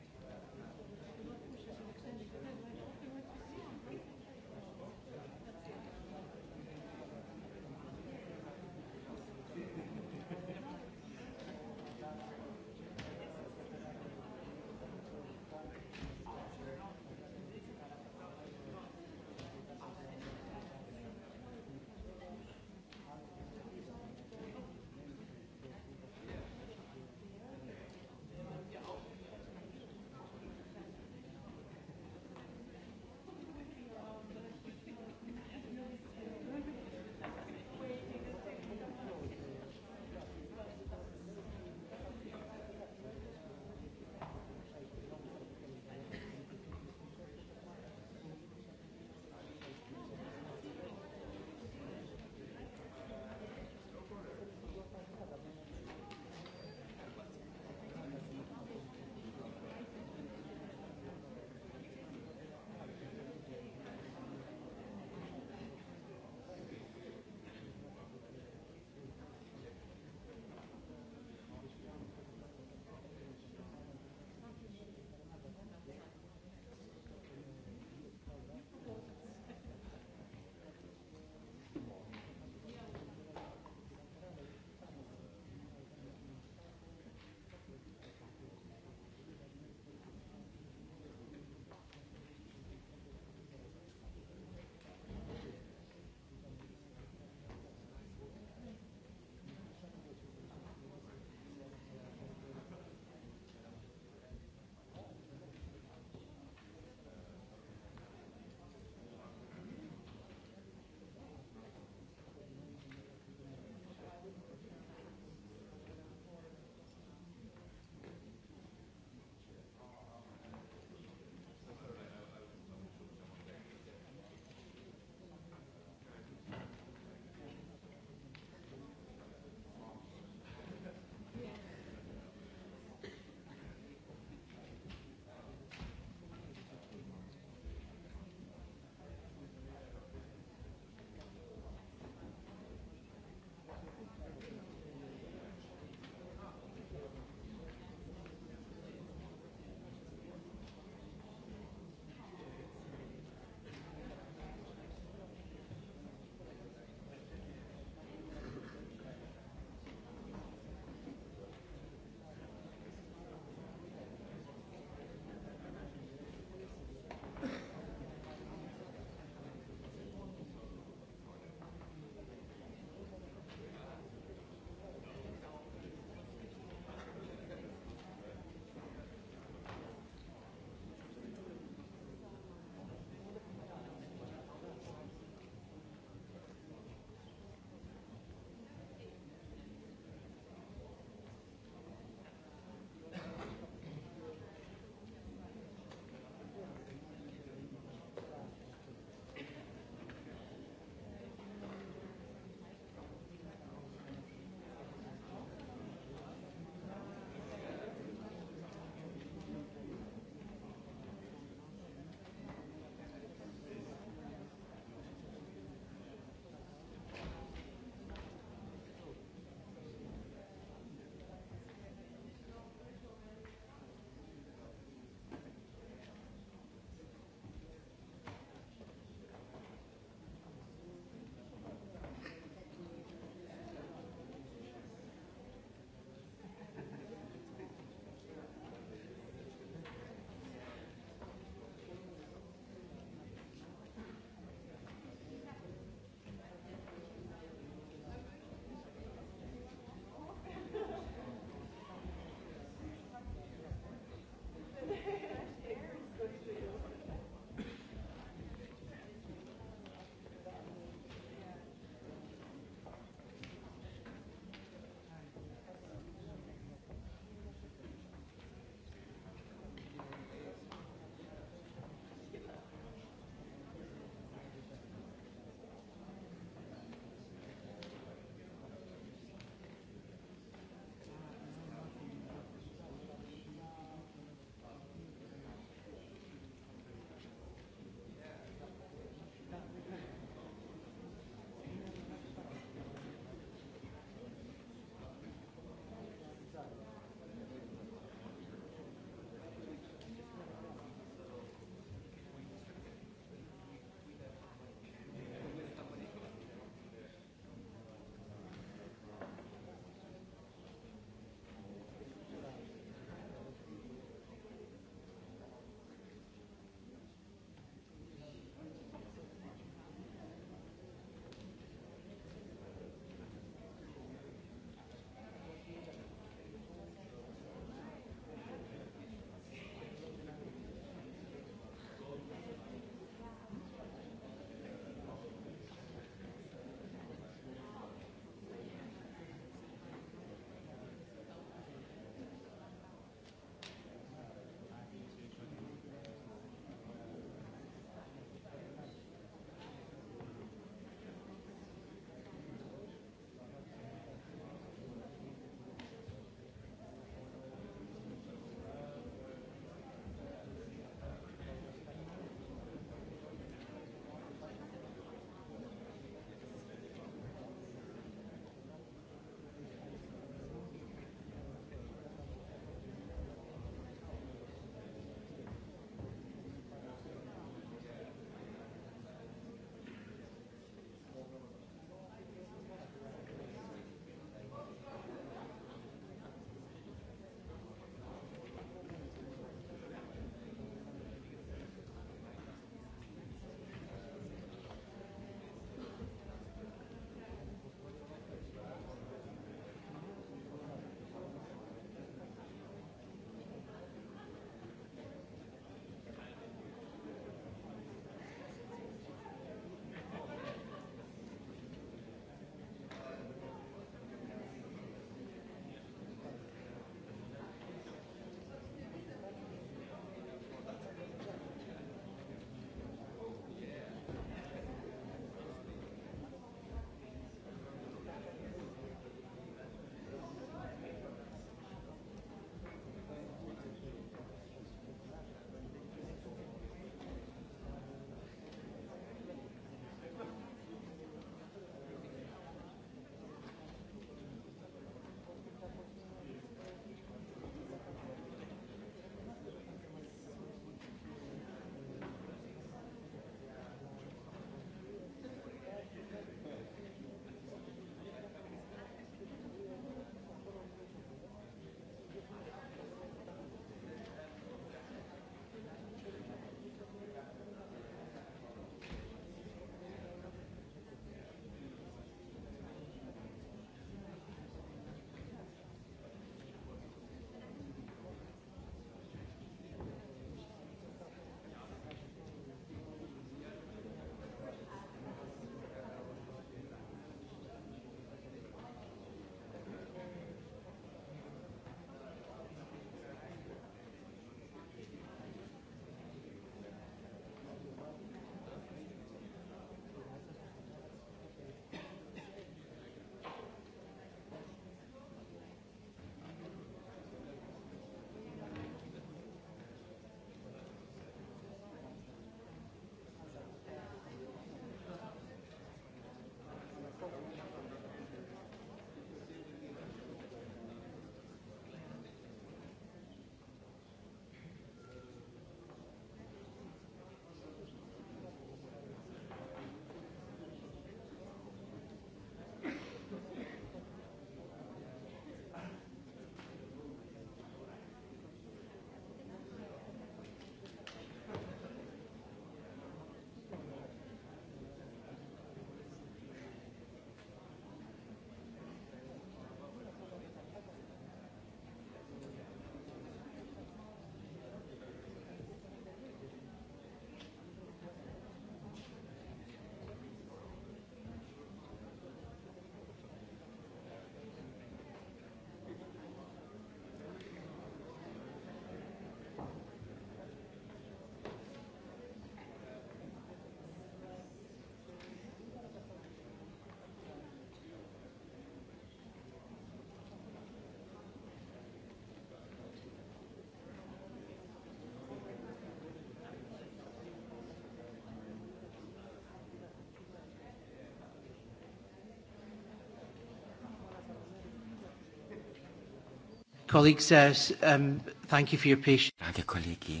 Colleagues, uh, um, thank you for your patience. Drage kolegi,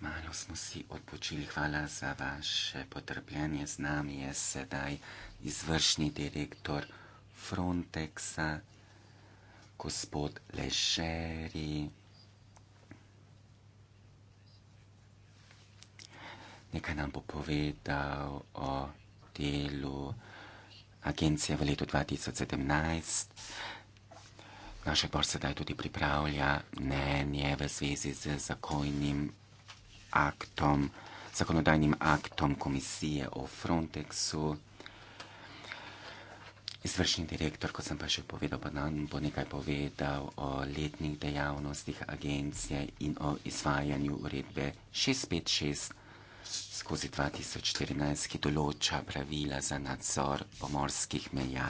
malo smo si odpočili. Hvala za vaše potrpljenje. Z nami je sedaj izvršni direktor Frontexa, gospod Ležeri. Nekaj nam bo povedal o delu agencije v letu 2017. Naš odbor sedaj tudi pripravlja mnenje v zvezi z zakonnim aktom, zakonodajnim aktom komisije o Frontexu. Izvršni direktor, kot sem pa že povedal, pa nam bo nekaj povedal o letnih dejavnostih agencije in o izvajanju uredbe 656 skozi 2014, ki določa pravila za nadzor pomorskih meja.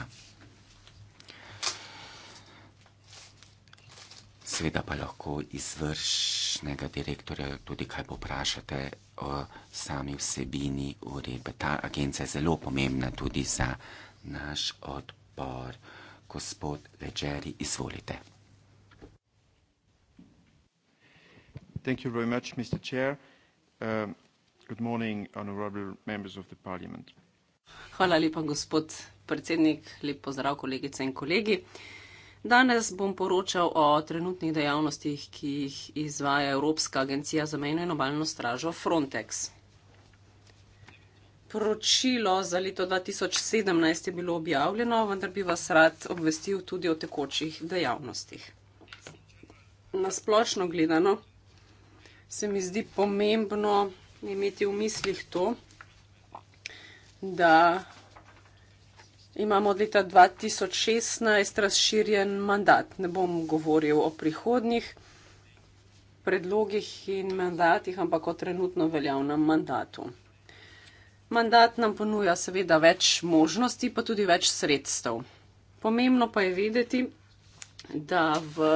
seveda pa lahko izvršnega direktorja tudi kaj poprašate o sami vsebini uredbe. Ta agencija je zelo pomembna tudi za naš odpor. Gospod Leđeri, izvolite. Thank you very much, Mr. Chair. Um, good morning, honorable members of the parliament. Hvala lepa, gospod predsednik. Lep pozdrav, kolegice in kolegi. Uh, Danes bom poročal o trenutnih dejavnostih, ki jih izvaja Evropska agencija za mejno in obaljno stražo Frontex. Poročilo za leto 2017 je bilo objavljeno, vendar bi vas rad obvestil tudi o tekočih dejavnostih. Nasplošno gledano se mi zdi pomembno imeti v mislih to, da Imamo od leta 2016 razširjen mandat. Ne bom govoril o prihodnih predlogih in mandatih, ampak o trenutno veljavnem mandatu. Mandat nam ponuja seveda več možnosti, pa tudi več sredstev. Pomembno pa je vedeti, da v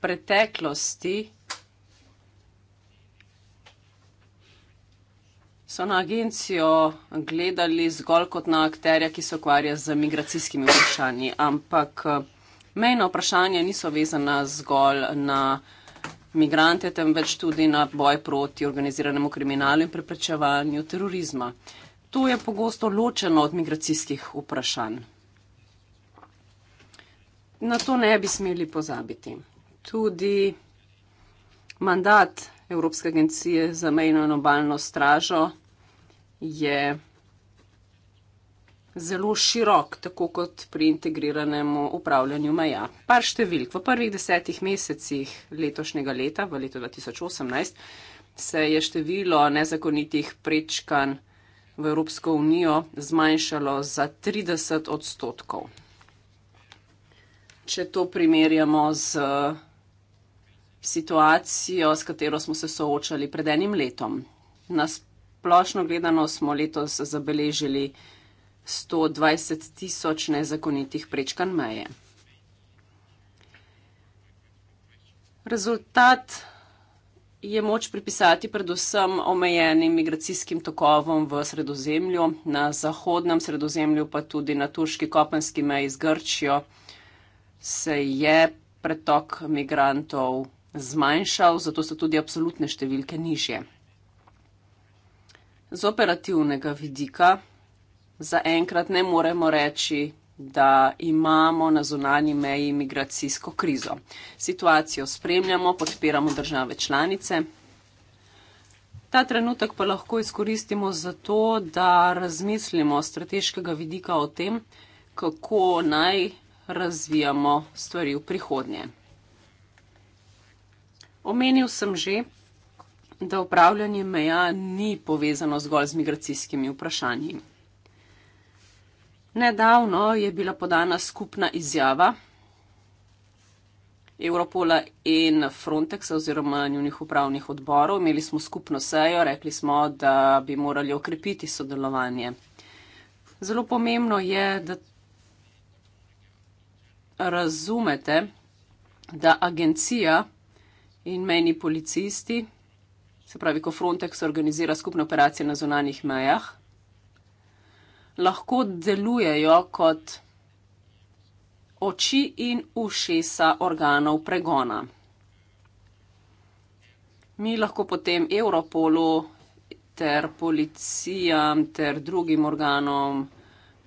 preteklosti so na agencijo gledali zgolj kot na akterja, ki se ukvarja z migracijskimi vprašanji, ampak eh, mejna vprašanja niso vezana zgolj na migrante, temveč tudi na boj proti organiziranemu kriminalu in preprečevanju terorizma. To je pogosto ločeno od migracijskih vprašanj. Na to ne bi smeli pozabiti. Tudi mandat Evropske agencije za mejno in obaljno stražo je zelo širok, tako kot pri integriranem upravljanju meja. Par številk. V prvih desetih mesecih letošnjega leta, v letu 2018, se je število nezakonitih prečkanj v Evropsko unijo zmanjšalo za 30 odstotkov. Če to primerjamo z situacijo, s katero smo se soočali pred enim letom, nas splošno gledano smo letos zabeležili 120 tisoč nezakonitih prečkan meje. Rezultat je moč pripisati predvsem omejenim migracijskim tokovom v sredozemlju, na zahodnem sredozemlju pa tudi na turški kopenski meji z Grčijo se je pretok migrantov zmanjšal, zato so tudi absolutne številke nižje. Z operativnega vidika zaenkrat ne moremo reči, da imamo na zunanji meji migracijsko krizo. Situacijo spremljamo, podpiramo države članice. Ta trenutek pa lahko izkoristimo za to, da razmislimo strateškega vidika o tem, kako naj razvijamo stvari v prihodnje. Omenil sem že, da upravljanje meja ni povezano zgolj z migracijskimi vprašanji. Nedavno je bila podana skupna izjava Europola in Frontexa oziroma njunih upravnih odborov. Imeli smo skupno sejo, rekli smo, da bi morali okrepiti sodelovanje. Zelo pomembno je, da razumete, da agencija in meni policisti se pravi, ko Frontex organizira skupne operacije na zunanjih mejah, lahko delujejo kot oči in ušesa organov pregona. Mi lahko potem Europolu ter policijam ter drugim organom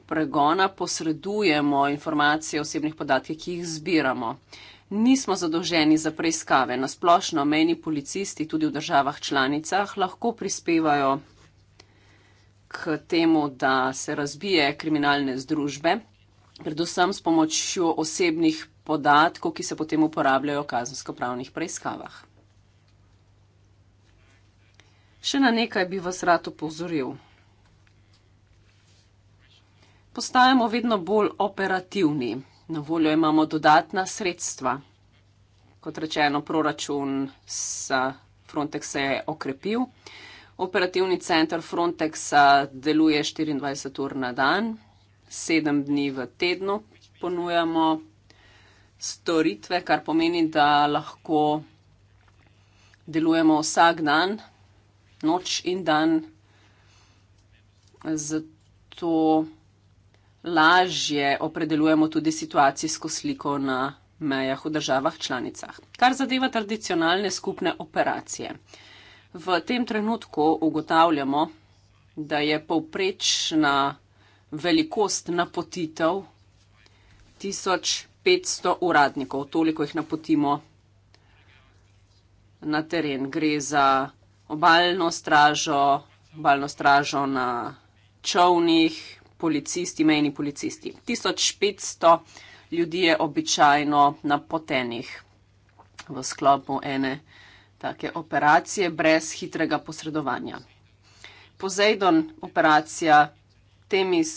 pregona posredujemo informacije osebnih podatkih, ki jih zbiramo nismo zadolženi za preiskave. Na splošno meni policisti tudi v državah članicah lahko prispevajo k temu, da se razbije kriminalne združbe, predvsem s pomočjo osebnih podatkov, ki se potem uporabljajo v kazensko-pravnih preiskavah. Še na nekaj bi vas rad upozoril. Postajamo vedno bolj operativni. Na voljo imamo dodatna sredstva. Kot rečeno, proračun s Frontex se je okrepil. Operativni center Frontexa deluje 24 ur na dan, 7 dni v tednu ponujamo storitve, kar pomeni, da lahko delujemo vsak dan, noč in dan. Zato lažje opredeljujemo tudi situacijsko sliko na mejah v državah članicah. Kar zadeva tradicionalne skupne operacije. V tem trenutku ugotavljamo, da je povprečna velikost napotitev 1500 uradnikov, toliko jih napotimo na teren. Gre za obaljno stražo, obaljno stražo na čovnih, policisti, mejni policisti. 1500 ljudi je običajno napotenih v sklopu ene take operacije brez hitrega posredovanja. Pozejdon operacija, temis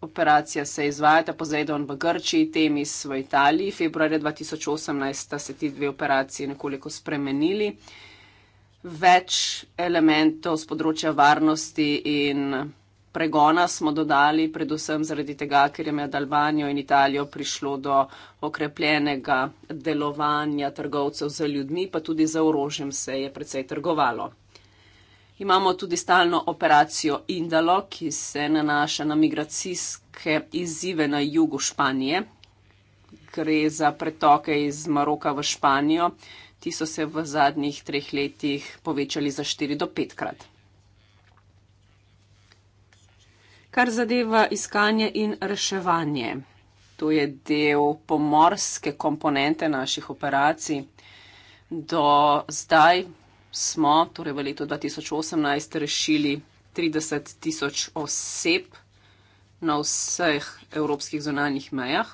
operacija se izvajata, pozejdon v Grčiji, temis v Italiji. Februarja 2018 sta se ti dve operaciji nekoliko spremenili. Več elementov z področja varnosti in pregona smo dodali, predvsem zaradi tega, ker je med Albanijo in Italijo prišlo do okrepljenega delovanja trgovcev z ljudmi, pa tudi za orožjem se je precej trgovalo. Imamo tudi stalno operacijo Indalo, ki se nanaša na migracijske izzive na jugu Španije. Gre za pretoke iz Maroka v Španijo. Ti so se v zadnjih treh letih povečali za 4 do 5 krat. kar zadeva iskanje in reševanje. To je del pomorske komponente naših operacij. Do zdaj smo, torej v letu 2018, rešili 30 tisoč oseb na vseh evropskih zonalnih mejah.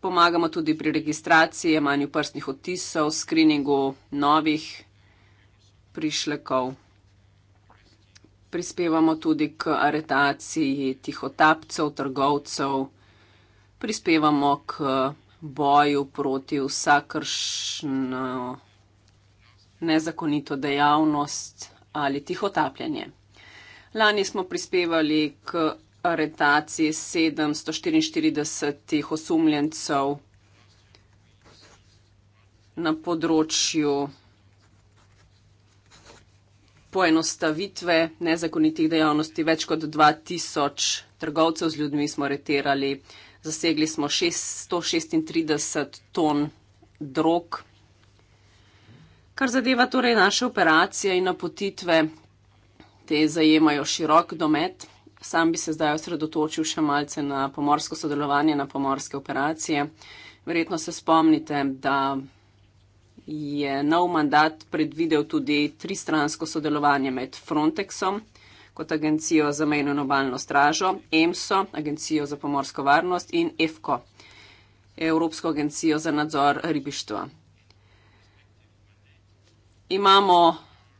Pomagamo tudi pri registraciji, manju prstnih odtisov, skriningu novih prišlekov prispevamo tudi k aretaciji tihotapcev, trgovcev, prispevamo k boju proti vsakršni nezakonito dejavnost ali tihotapljanje. Lani smo prispevali k aretaciji 744 osumljencev na področju poenostavitve nezakonitih dejavnosti. Več kot 2000 trgovcev z ljudmi smo reterali, zasegli smo 136 ton drog. Kar zadeva torej naše operacije in napotitve, te zajemajo širok domet. Sam bi se zdaj osredotočil še malce na pomorsko sodelovanje, na pomorske operacije. Verjetno se spomnite, da je nov mandat predvidel tudi tristransko sodelovanje med Frontexom kot agencijo za mejno in obaljno stražo, EMSO, agencijo za pomorsko varnost in EFKO, Evropsko agencijo za nadzor ribištva. Imamo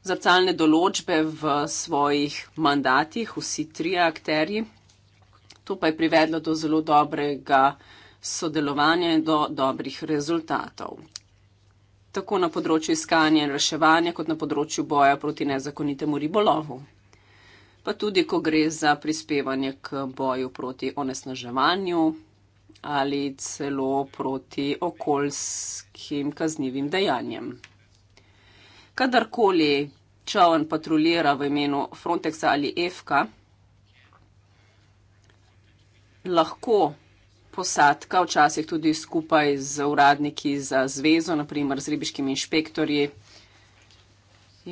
zrcalne določbe v svojih mandatih, vsi tri akterji. To pa je privedlo do zelo dobrega sodelovanja in do dobrih rezultatov tako na področju iskanja in reševanja, kot na področju boja proti nezakonitemu ribolovu. Pa tudi, ko gre za prispevanje k boju proti onesnaževanju ali celo proti okoljskim kaznjivim dejanjem. Kadarkoli čovn patrulira v imenu Frontexa ali EFK, lahko posadka, včasih tudi skupaj z uradniki za zvezo, naprimer z ribiškimi inšpektorji.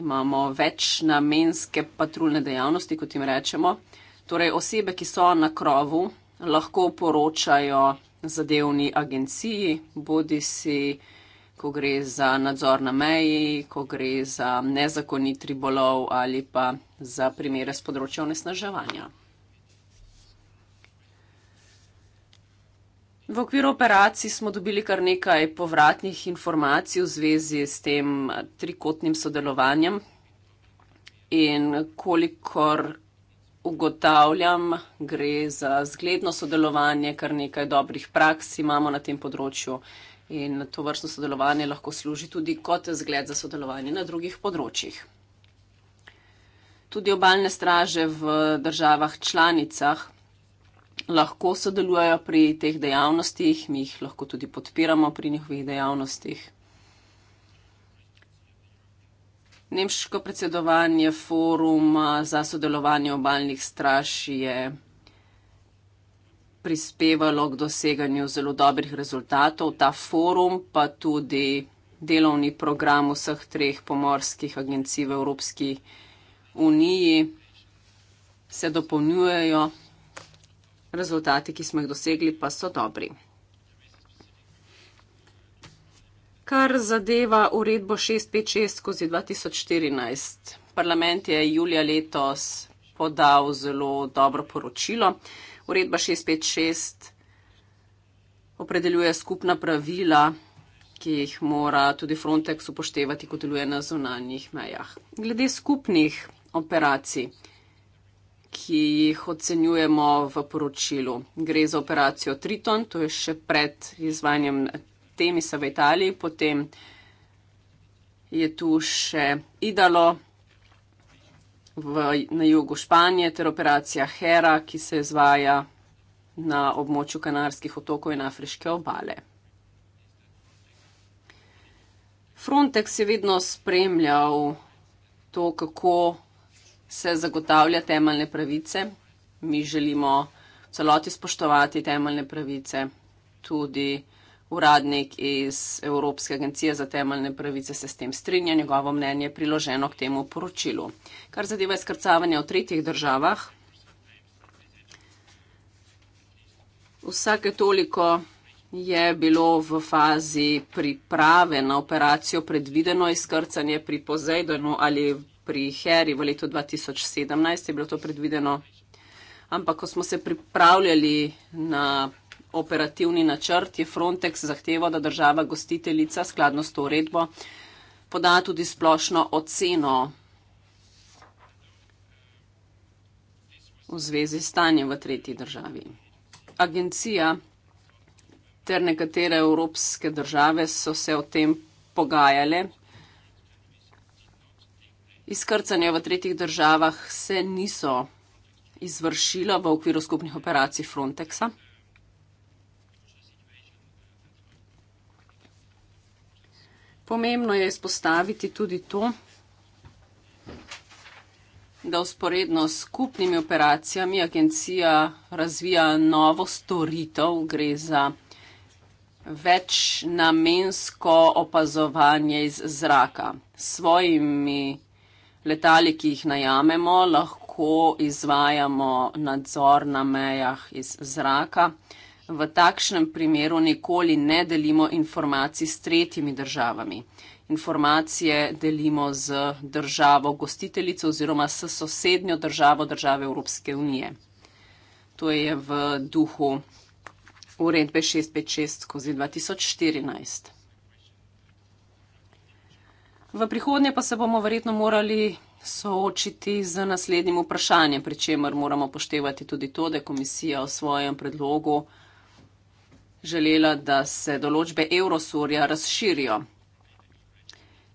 Imamo večnamenske patruljne dejavnosti, kot jim rečemo. Torej, osebe, ki so na krovu, lahko poročajo zadevni agenciji, bodi si, ko gre za nadzor na meji, ko gre za nezakonit ribolov ali pa za primere z področja onesnaževanja. V okviru operacij smo dobili kar nekaj povratnih informacij v zvezi s tem trikotnim sodelovanjem. In kolikor ugotavljam, gre za zgledno sodelovanje, kar nekaj dobrih praks imamo na tem področju. In to vrstno sodelovanje lahko služi tudi kot zgled za sodelovanje na drugih področjih. Tudi obaljne straže v državah članicah lahko sodelujejo pri teh dejavnostih, mi jih lahko tudi podpiramo pri njihovih dejavnostih. Nemško predsedovanje foruma za sodelovanje obaljnih straž je prispevalo k doseganju zelo dobrih rezultatov. Ta forum pa tudi delovni program vseh treh pomorskih agencij v Evropski uniji se dopolnjujejo rezultati, ki smo jih dosegli, pa so dobri. Kar zadeva uredbo 656 skozi 2014, parlament je julija letos podal zelo dobro poročilo. Uredba 656 opredeljuje skupna pravila, ki jih mora tudi Frontex upoštevati, ko deluje na zunanjih mejah. Glede skupnih operacij ki jih ocenjujemo v poročilu. Gre za operacijo Triton, to je še pred izvajanjem Temisa v Italiji, potem je tu še Idalo v, na jugu Španije ter operacija Hera, ki se izvaja na območju Kanarskih otokov in Afriške obale. Frontex je vedno spremljal to, kako se zagotavlja temeljne pravice. Mi želimo v celoti spoštovati temeljne pravice. Tudi uradnik iz Evropske agencije za temeljne pravice se s tem strinja, njegovo mnenje je priloženo k temu poročilu. Kar zadeva izkrcavanje v tretjih državah, vsake toliko je bilo v fazi priprave na operacijo predvideno izkrcanje pri Pozejdenu ali pri Heri v letu 2017 je bilo to predvideno. Ampak, ko smo se pripravljali na operativni načrt, je Frontex zahteval, da država gostiteljica skladno s to uredbo poda tudi splošno oceno v zvezi s stanjem v tretji državi. Agencija ter nekatere evropske države so se o tem pogajale, Izkrcanja v tretjih državah se niso izvršila v okviru skupnih operacij Frontexa. Pomembno je izpostaviti tudi to, da usporedno s skupnimi operacijami agencija razvija novo storitev, gre za večnamensko opazovanje iz zraka s svojimi letali, ki jih najamemo, lahko izvajamo nadzor na mejah iz zraka. V takšnem primeru nikoli ne delimo informacij s tretjimi državami. Informacije delimo z državo gostiteljico oziroma s sosednjo državo države Evropske unije. To je v duhu uredbe 656 skozi 2014. V prihodnje pa se bomo verjetno morali soočiti z naslednjim vprašanjem, pri čemer moramo poštevati tudi to, da je komisija v svojem predlogu želela, da se določbe Eurosurja razširijo.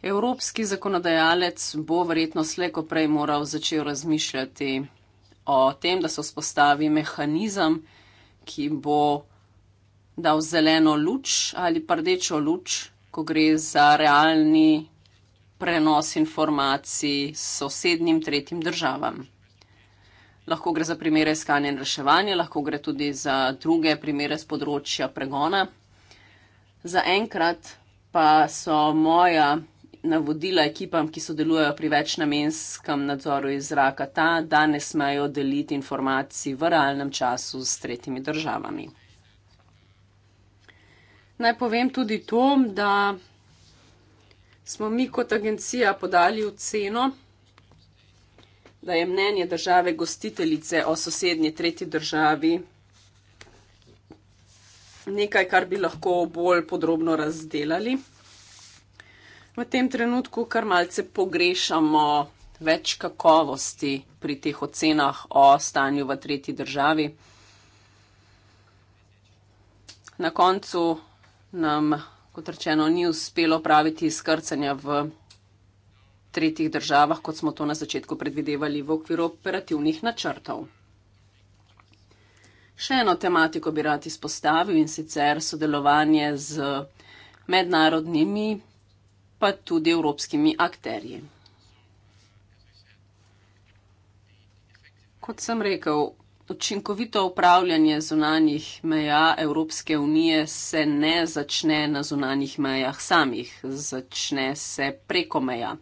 Evropski zakonodajalec bo verjetno sleko prej moral začel razmišljati o tem, da se vzpostavi mehanizem, ki bo dal zeleno luč ali pa rdečo luč, ko gre za realni prenos informacij s sosednjim tretjim državam. Lahko gre za primere iskanja in reševanja, lahko gre tudi za druge primere z področja pregona. Za enkrat pa so moja navodila ekipam, ki sodelujejo pri večnamenskem nadzoru iz zraka, ta, da ne smejo deliti informacij v realnem času s tretjimi državami. Naj povem tudi to, da smo mi kot agencija podali oceno, da je mnenje države gostiteljice o sosednji tretji državi nekaj, kar bi lahko bolj podrobno razdelali. V tem trenutku kar malce pogrešamo več kakovosti pri teh ocenah o stanju v tretji državi. Na koncu nam kot rečeno, ni uspelo praviti skrcanja v tretjih državah, kot smo to na začetku predvidevali v okviru operativnih načrtov. Še eno tematiko bi rad izpostavil in sicer sodelovanje z mednarodnimi, pa tudi evropskimi akterji. Kot sem rekel, Učinkovito upravljanje zunanjih meja Evropske unije se ne začne na zunanjih mejah samih, začne se preko meja.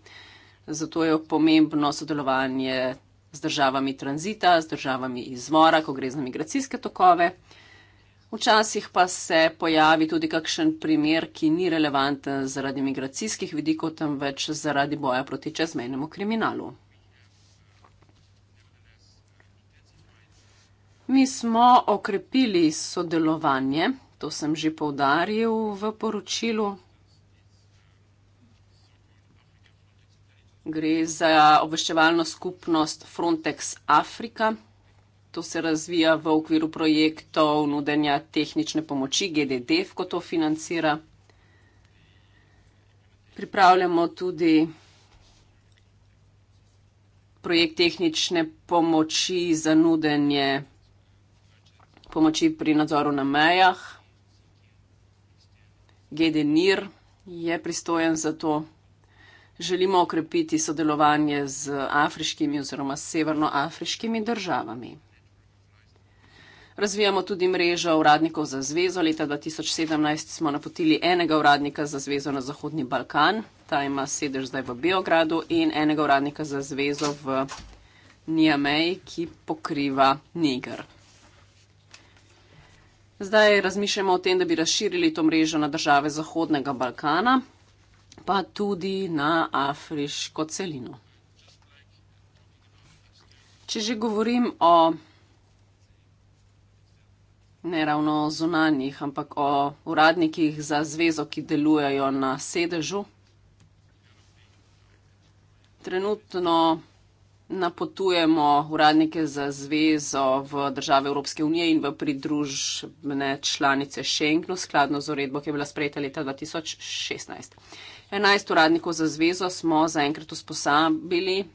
Zato je pomembno sodelovanje z državami tranzita, z državami izvora, ko gre za migracijske tokove. Včasih pa se pojavi tudi kakšen primer, ki ni relevanten zaradi migracijskih vidikov, temveč zaradi boja proti čezmejnemu kriminalu. Mi smo okrepili sodelovanje, to sem že povdaril v poročilu. Gre za obveščevalno skupnost Frontex Afrika. To se razvija v okviru projektov nudenja tehnične pomoči GDD, ko to financira. Pripravljamo tudi projekt tehnične pomoči za nudenje pomoči pri nadzoru na mejah. GDNIR je pristojen za to. Želimo okrepiti sodelovanje z afriškimi oziroma severnoafriškimi državami. Razvijamo tudi mrežo uradnikov za zvezo. Leta 2017 smo napotili enega uradnika za zvezo na Zahodni Balkan, ta ima sedež zdaj v Beogradu, in enega uradnika za zvezo v Niamej, ki pokriva Niger. Zdaj razmišljamo o tem, da bi razširili to mrežo na države Zahodnega Balkana, pa tudi na afriško celino. Če že govorim o ne ravno zunanjih, ampak o uradnikih za zvezo, ki delujejo na sedežu, trenutno napotujemo uradnike za zvezo v države Evropske unije in v pridružbene članice Schengenu, skladno z uredbo, ki je bila sprejeta leta 2016. 11 uradnikov za zvezo smo zaenkrat usposabili,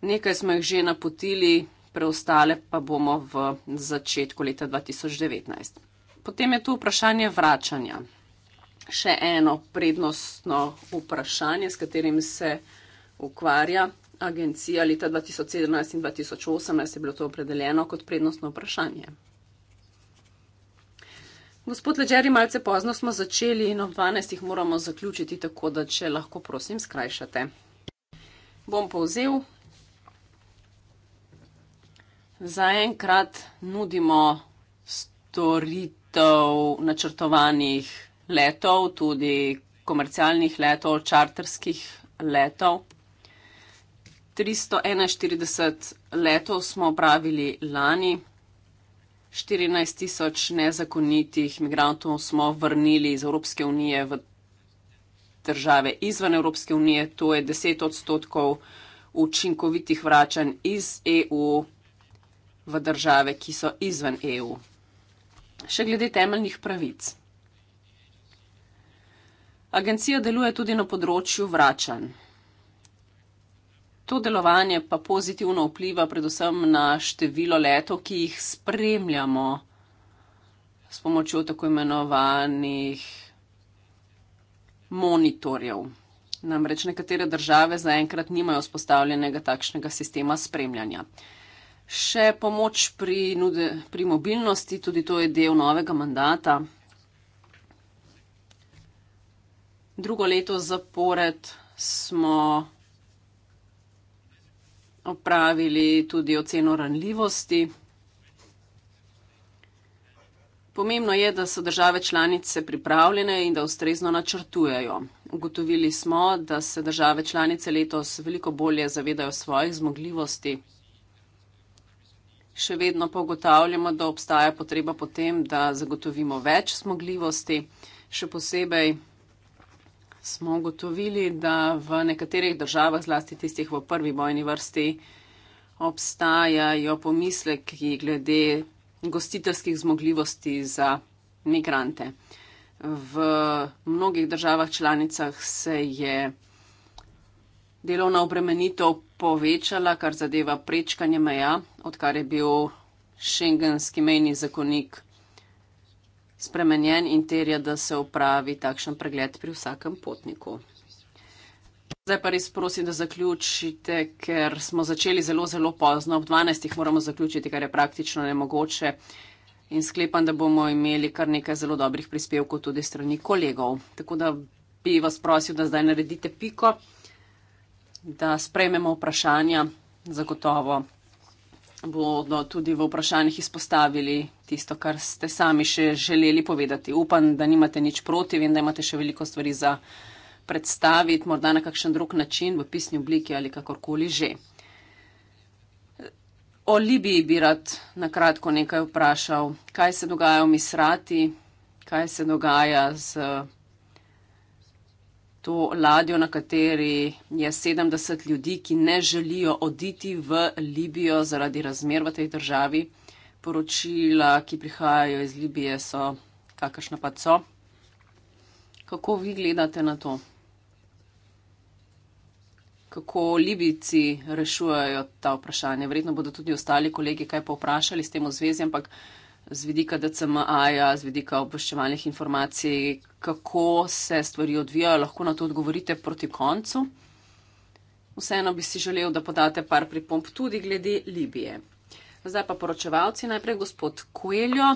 nekaj smo jih že napotili, preostale pa bomo v začetku leta 2019. Potem je tu vprašanje vračanja. Še eno prednostno vprašanje, s katerim se ukvarja agencija leta 2017 in 2018, je bilo to opredeljeno kot prednostno vprašanje. Gospod Leđeri, malce pozno smo začeli in ob 12. moramo zaključiti, tako da če lahko prosim skrajšate. Bom povzel. Zaenkrat nudimo storitev načrtovanih letov, tudi komercialnih letov, čarterskih letov 341 letov smo opravili lani, 14 tisoč nezakonitih migrantov smo vrnili iz Evropske unije v države izven Evropske unije, to je 10 odstotkov učinkovitih vračanj iz EU v države, ki so izven EU. Še glede temeljnih pravic. Agencija deluje tudi na področju vračanj. To delovanje pa pozitivno vpliva predvsem na število letov, ki jih spremljamo s pomočjo tako imenovanih monitorjev. Namreč nekatere države zaenkrat nimajo vzpostavljenega takšnega sistema spremljanja. Še pomoč pri, nude, pri mobilnosti, tudi to je del novega mandata. Drugo leto zapored smo opravili tudi oceno ranljivosti. Pomembno je, da so države članice pripravljene in da ustrezno načrtujejo. Ugotovili smo, da se države članice letos veliko bolje zavedajo svojih zmogljivosti. Še vedno pa ugotavljamo, da obstaja potreba potem, da zagotovimo več zmogljivosti, še posebej smo ugotovili, da v nekaterih državah, zlasti tistih v prvi bojni vrsti, obstajajo pomisleki glede gostiteljskih zmogljivosti za migrante. V mnogih državah članicah se je delovna obremenitev povečala, kar zadeva prečkanje meja, odkar je bil šengenski mejni zakonik spremenjen in terja, da se upravi takšen pregled pri vsakem potniku. Zdaj pa res prosim, da zaključite, ker smo začeli zelo, zelo pozno. Ob 12. moramo zaključiti, kar je praktično nemogoče. In sklepam, da bomo imeli kar nekaj zelo dobrih prispevkov tudi strani kolegov. Tako da bi vas prosil, da zdaj naredite piko, da sprejmemo vprašanja. Zagotovo bodo tudi v vprašanjih izpostavili tisto, kar ste sami še želeli povedati. Upam, da nimate nič proti, vem, da imate še veliko stvari za predstaviti, morda na kakšen drug način, v pisni obliki ali kakorkoli že. O Libiji bi rad na kratko nekaj vprašal. Kaj se dogaja v Misrati, kaj se dogaja z to ladjo, na kateri je 70 ljudi, ki ne želijo oditi v Libijo zaradi razmer v tej državi. Poročila, ki prihajajo iz Libije, so kakršna pa so. Kako vi gledate na to? Kako Libijci rešujejo ta vprašanja? Verjetno bodo tudi ostali kolegi kaj povprašali s tem v zvezi, ampak z vidika DCMA-ja, z vidika obveščevalnih informacij, kako se stvari odvijajo, lahko na to odgovorite proti koncu. Vseeno bi si želel, da podate par pripomp tudi glede Libije. Zdaj pa poročevalci, najprej gospod Kueljo.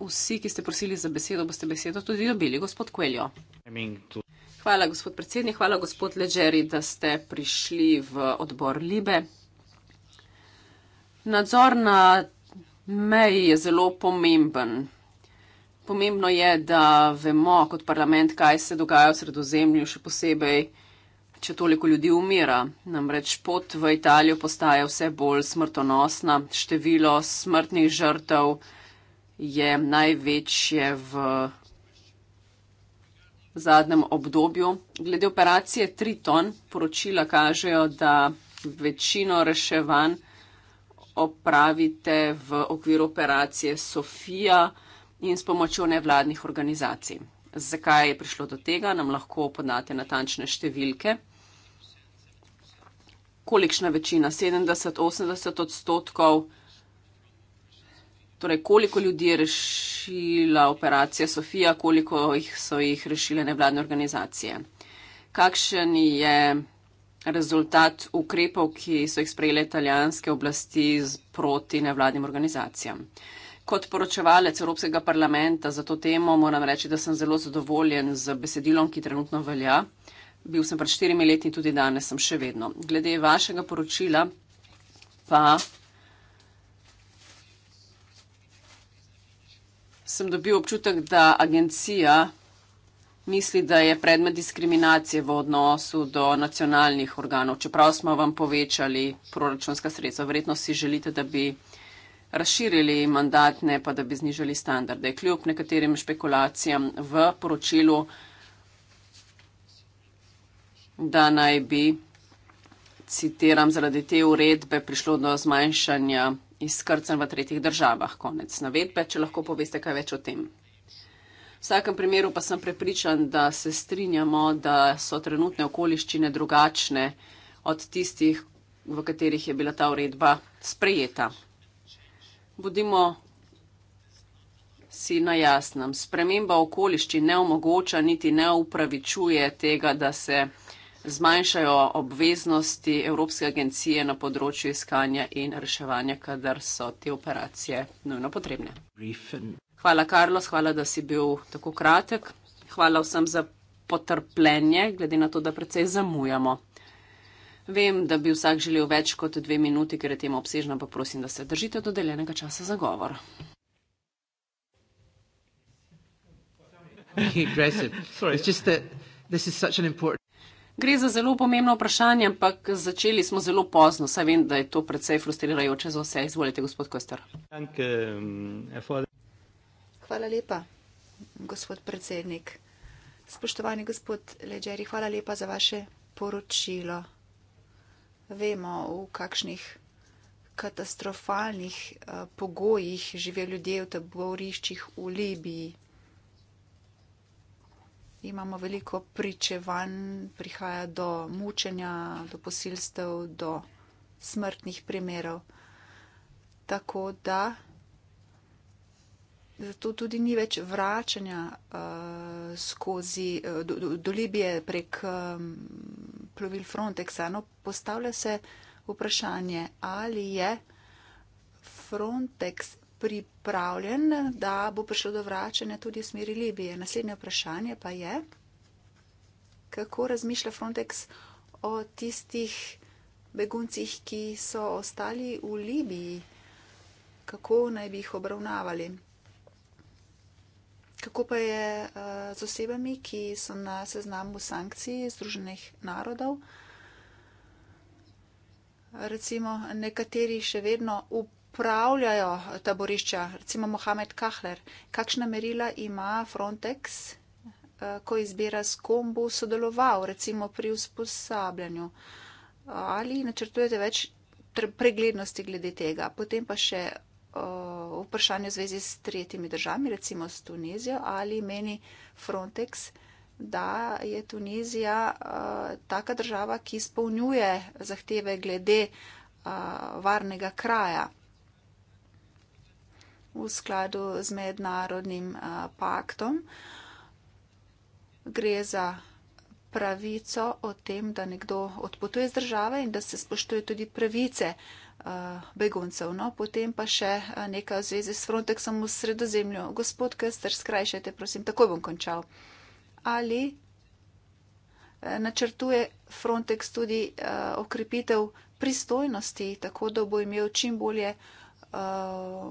Vsi, ki ste prosili za besedo, boste besedo tudi dobili, gospod Kueljo. Hvala, gospod predsednik, hvala, gospod Leđeri, da ste prišli v odbor Libe. Nadzor nad mej je zelo pomemben. Pomembno je, da vemo kot parlament, kaj se dogaja v sredozemlju, še posebej, če toliko ljudi umira. Namreč pot v Italijo postaja vse bolj smrtonosna. Število smrtnih žrtev je največje v zadnjem obdobju. Glede operacije Triton, poročila kažejo, da večino reševanj opravite v okviru operacije Sofija in s pomočjo nevladnih organizacij. Zakaj je prišlo do tega, nam lahko podate natančne številke. Kolikšna večina, 70-80 odstotkov, torej koliko ljudi je rešila operacija Sofija, koliko jih so jih rešile nevladne organizacije. Kakšen je rezultat ukrepov, ki so jih sprejele italijanske oblasti proti nevladnim organizacijam. Kot poročevalec Evropskega parlamenta za to temo moram reči, da sem zelo zadovoljen z besedilom, ki trenutno velja. Bil sem pred štirimi leti in tudi danes sem še vedno. Glede vašega poročila pa sem dobil občutek, da agencija misli, da je predmet diskriminacije v odnosu do nacionalnih organov. Čeprav smo vam povečali proračunska sredstva, verjetno si želite, da bi razširili mandat, ne pa da bi znižali standarde. Kljub nekaterim špekulacijam v poročilu, da naj bi, citiram, zaradi te uredbe prišlo do zmanjšanja izkrcanj v tretjih državah. Konec navedbe, če lahko poveste kaj več o tem. V vsakem primeru pa sem prepričan, da se strinjamo, da so trenutne okoliščine drugačne od tistih, v katerih je bila ta uredba sprejeta. Budimo si na jasnem. Sprememba okoliščin ne omogoča niti ne upravičuje tega, da se zmanjšajo obveznosti Evropske agencije na področju iskanja in reševanja, kadar so te operacije nujno potrebne. Hvala, Karlos, hvala, da si bil tako kratek. Hvala vsem za potrpljenje, glede na to, da precej zamujamo. Vem, da bi vsak želel več kot dve minuti, ker je tema obsežna, pa prosim, da se držite dodeljenega časa za govor. Gre za zelo pomembno vprašanje, ampak začeli smo zelo pozno. Saj vem, da je to precej frustrirajoče za vse. Izvolite, gospod Koster. Thank, um, eh, Hvala lepa, gospod predsednik. Spoštovani gospod Leđeri, hvala lepa za vaše poročilo. Vemo, v kakšnih katastrofalnih eh, pogojih žive ljudje v taboriščih v Libiji. Imamo veliko pričevanj, prihaja do mučenja, do posilstev, do smrtnih primerov. Tako da. Zato tudi ni več vračanja uh, skozi eh, do, do, do Libije prek um, plovil Frontexa. No, postavlja se vprašanje, ali je Frontex pripravljen, da bo prišlo do vračanja tudi v smeri Libije. Naslednje vprašanje pa je, kako razmišlja Frontex o tistih beguncih, ki so ostali v Libiji, kako naj bi jih obravnavali. Kako pa je uh, z osebami, ki so na seznamu sankcij Združenih narodov? Recimo, nekateri še vedno upravljajo taborišča, recimo Mohamed Kahler. Kakšna merila ima Frontex, eh, ko izbira, s kom bo sodeloval, recimo pri usposabljanju? Ali načrtujete več preglednosti glede tega? Potem pa še. Uh, vprašanje v zvezi s tretjimi državami, recimo s Tunizijo, ali meni Frontex, da je Tunizija uh, taka država, ki izpolnjuje zahteve glede uh, varnega kraja v skladu z mednarodnim uh, paktom. Gre za pravico o tem, da nekdo odpotuje z države in da se spoštuje tudi pravice uh, Eh, beguncev. No, potem pa še eh, nekaj v zvezi s Frontexom v sredozemlju. Gospod Kester, skrajšajte, prosim, takoj bom končal. Ali eh, načrtuje Frontex tudi uh, okrepitev pristojnosti, tako da bo imel čim bolje uh,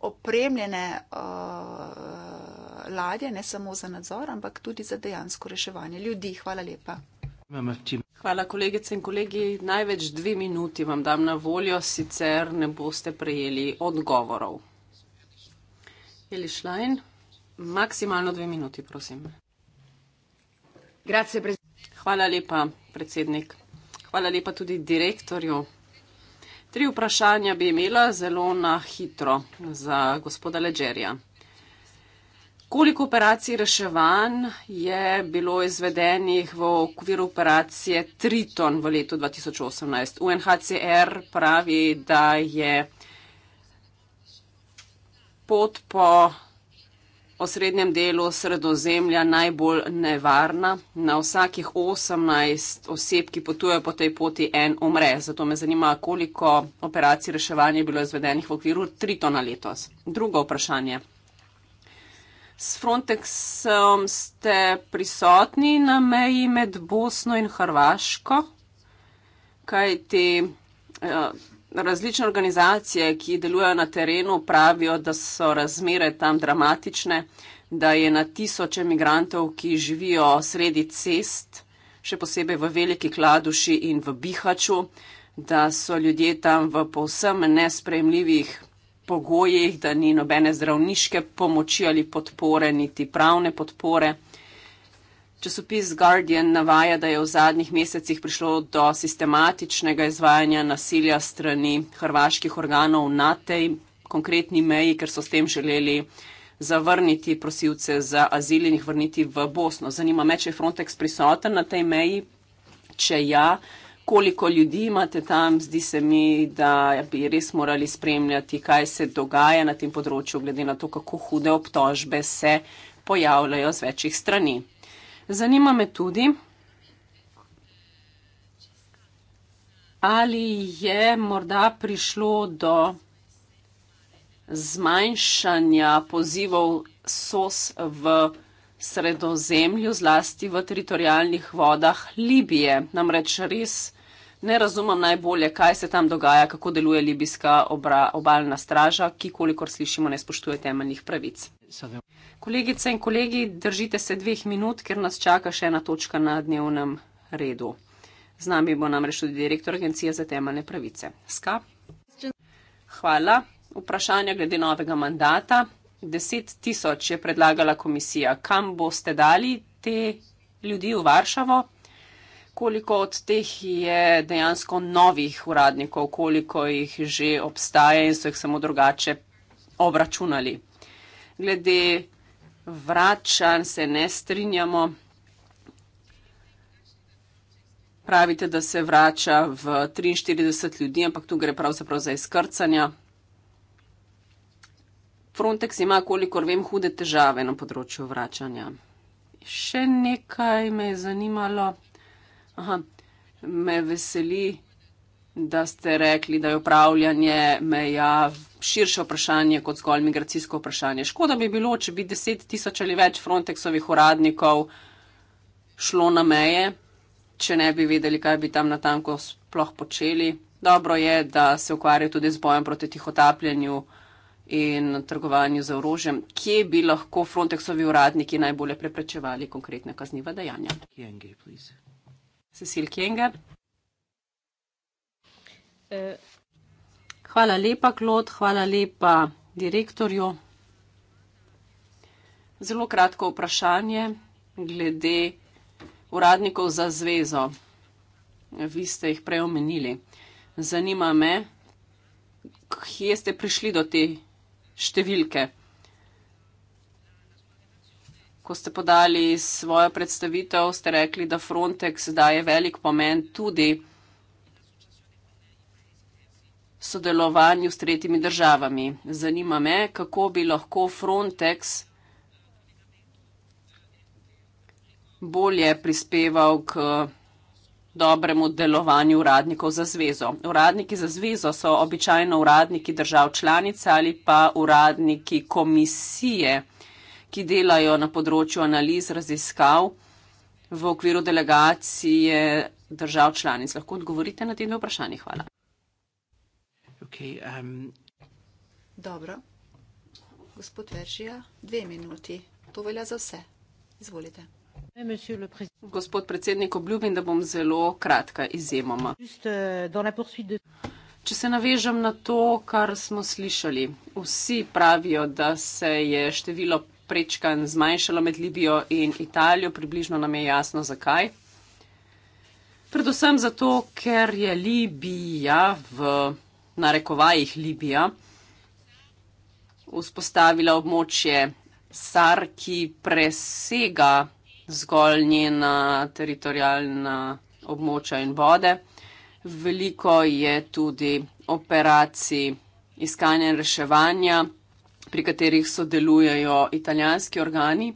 opremljene uh, ladje, ne samo za nadzor, ampak tudi za dejansko reševanje ljudi? Hvala lepa. Hvala, kolegice in kolegi. Največ dve minuti vam dam na voljo, sicer ne boste prejeli odgovorov. Eli Šlajn, maksimalno dve minuti, prosim. Hvala lepa, predsednik. Hvala lepa tudi direktorju. Tri vprašanja bi imela zelo na hitro za gospoda Leđerja. Koliko operacij reševanj je bilo izvedenih v okviru operacije Triton v letu 2018? UNHCR pravi, da je pot po osrednjem delu sredozemlja najbolj nevarna. Na vsakih 18 oseb, ki potujejo po tej poti, en umre. Zato me zanima, koliko operacij reševanja je bilo izvedenih v okviru Tritona letos. Drugo vprašanje. S Frontexom ste prisotni na meji med Bosno in Hrvaško, kaj te eh, različne organizacije, ki delujejo na terenu, pravijo, da so razmere tam dramatične, da je na tisoče migrantov, ki živijo sredi cest, še posebej v Veliki Kladuši in v Bihaču, da so ljudje tam v povsem nespremljivih pogojih, da ni nobene zdravniške pomoči ali podpore, niti pravne podpore. Časopis Guardian navaja, da je v zadnjih mesecih prišlo do sistematičnega izvajanja nasilja strani hrvaških organov na tej konkretni meji, ker so s tem želeli zavrniti prosilce za azil in jih vrniti v Bosno. Zanima me, če je Frontex prisoten na tej meji, če ja, koliko ljudi imate tam, zdi se mi, da bi res morali spremljati, kaj se dogaja na tem področju, glede na to, kako hude obtožbe se pojavljajo z večjih strani. Zanima me tudi, ali je morda prišlo do zmanjšanja pozivov SOS v sredozemlju, zlasti v teritorijalnih vodah Libije. Namreč res ne razumem najbolje, kaj se tam dogaja, kako deluje libijska obra, obaljna straža, ki, kolikor slišimo, ne spoštuje temeljnih pravic. Kolegice in kolegi, držite se dveh minut, ker nas čaka še ena točka na dnevnem redu. Z nami bo namreč tudi direktor Agencije za temeljne pravice. Ska? Hvala. Vprašanje glede novega mandata. 10 tisoč je predlagala komisija. Kam boste dali te ljudi v Varšavo? koliko od teh je dejansko novih uradnikov, koliko jih že obstaja in so jih samo drugače obračunali. Glede vračan se ne strinjamo. Pravite, da se vrača v 43 ljudi, ampak tu gre pravzaprav za izkrcanja. Frontex ima, kolikor vem, hude težave na področju vračanja. Še nekaj me je zanimalo. Aha. Me veseli, da ste rekli, da je upravljanje meja širše vprašanje kot zgolj migracijsko vprašanje. Škoda bi bilo, če bi deset tisoč ali več Frontexovih uradnikov šlo na meje, če ne bi vedeli, kaj bi tam na tanko sploh počeli. Dobro je, da se ukvarjajo tudi z bojem proti tihotapljenju in trgovanju za orožjem. Kje bi lahko Frontexovi uradniki najbolje preprečevali konkretne kaznjiva dejanja? Yeah, engage, Cecil Kenger. Eh. Hvala lepa, Klod, hvala lepa direktorju. Zelo kratko vprašanje glede uradnikov za zvezo. Vi ste jih prej omenili. Zanima me, kje ste prišli do te številke ko ste podali svojo predstavitev, ste rekli, da Frontex daje velik pomen tudi sodelovanju s tretjimi državami. Zanima me, kako bi lahko Frontex bolje prispeval k dobremu delovanju uradnikov za zvezo. Uradniki za zvezo so običajno uradniki držav članic ali pa uradniki komisije državljanov ki delajo na področju analiz, raziskav v okviru delegacije držav članic. Lahko odgovorite na te dve vprašanje. Hvala. Okay, um... Dobro. Gospod Veržija, dve minuti. To velja za vse. Izvolite. Gospod predsednik, obljubim, da bom zelo kratka izjemoma. Uh, Če se navežem na to, kar smo slišali, vsi pravijo, da se je število prečkanj zmanjšala med Libijo in Italijo, približno nam je jasno zakaj. Predvsem zato, ker je Libija v narekovajih Libija vzpostavila območje SAR, ki presega zgolj njena teritorijalna območja in vode. Veliko je tudi operacij iskanja in reševanja, pri katerih sodelujejo italijanski organi,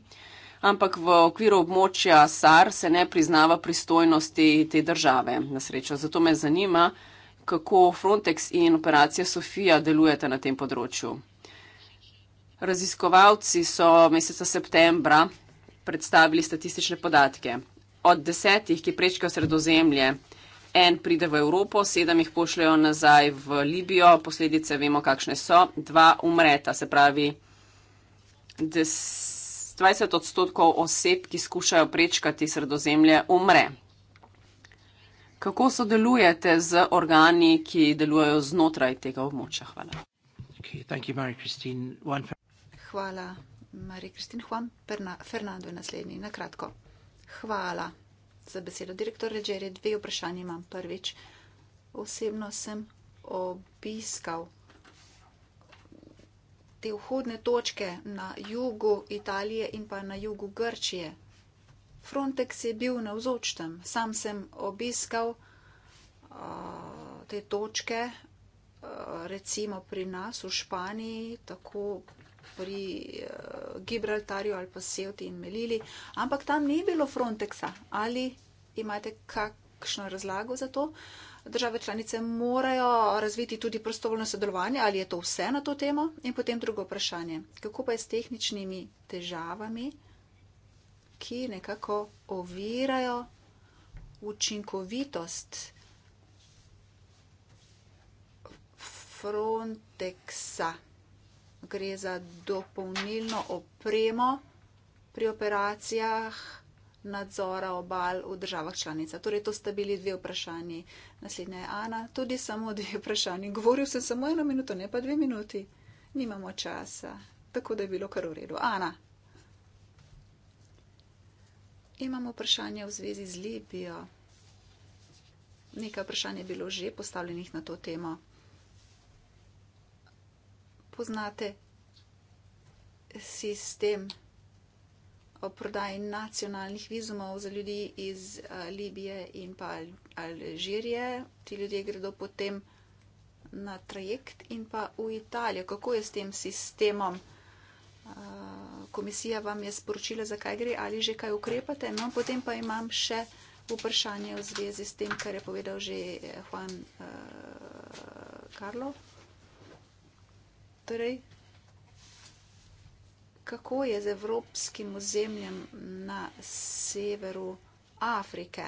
ampak v okviru območja SAR se ne priznava pristojnosti te države. Nasrečo. Zato me zanima, kako Frontex in operacija Sofija delujeta na tem področju. Raziskovalci so meseca septembra predstavili statistične podatke. Od desetih, ki prečkajo sredozemlje, en pride v Evropo, sedem jih pošljajo nazaj v Libijo, posledice vemo, kakšne so, dva umreta, se pravi. Des 20 odstotkov oseb, ki skušajo prečkati sredozemlje, umre. Kako sodelujete z organi, ki delujejo znotraj tega območja? Hvala. Okay, Hvala, Marija Kristin Juan Fernando je naslednji, na kratko. Hvala za besedo. Direktor Ređerje, dve vprašanje imam. Prvič, osebno sem obiskal te vhodne točke na jugu Italije in pa na jugu Grčije. Frontex je bil na vzočtem. Sam sem obiskal uh, te točke, uh, recimo pri nas v Španiji, tako pri uh, Gibraltarju ali pa Sevti in Melili, ampak tam ni bilo Frontexa. Ali imate kakšno razlago za to? Države članice morajo razviti tudi prostovoljno sodelovanje, ali je to vse na to temo? In potem drugo vprašanje, kako pa je s tehničnimi težavami, ki nekako ovirajo učinkovitost Frontexa? gre za dopolnilno opremo pri operacijah nadzora obal v državah članica. Torej, to sta bili dve vprašanji. Naslednja je Ana, tudi samo dve vprašanji. Govoril sem samo eno minuto, ne pa dve minuti. Nimamo časa, tako da je bilo kar v redu. Ana. Imamo vprašanje v zvezi z Libijo. Nekaj vprašanj je bilo že postavljenih na to temo poznate sistem o prodaji nacionalnih vizumov za ljudi iz eh, Libije in pa Alžirije. Ti ljudje gredo potem na trajekt in pa v Italijo. Kako je s tem sistemom? Eh, komisija vam je sporočila, zakaj gre ali že kaj ukrepate. No, potem pa imam še vprašanje v zvezi s tem, kar je povedal že eh, Juan uh, Carlo. Torej, kako je z evropskim ozemljem na severu Afrike?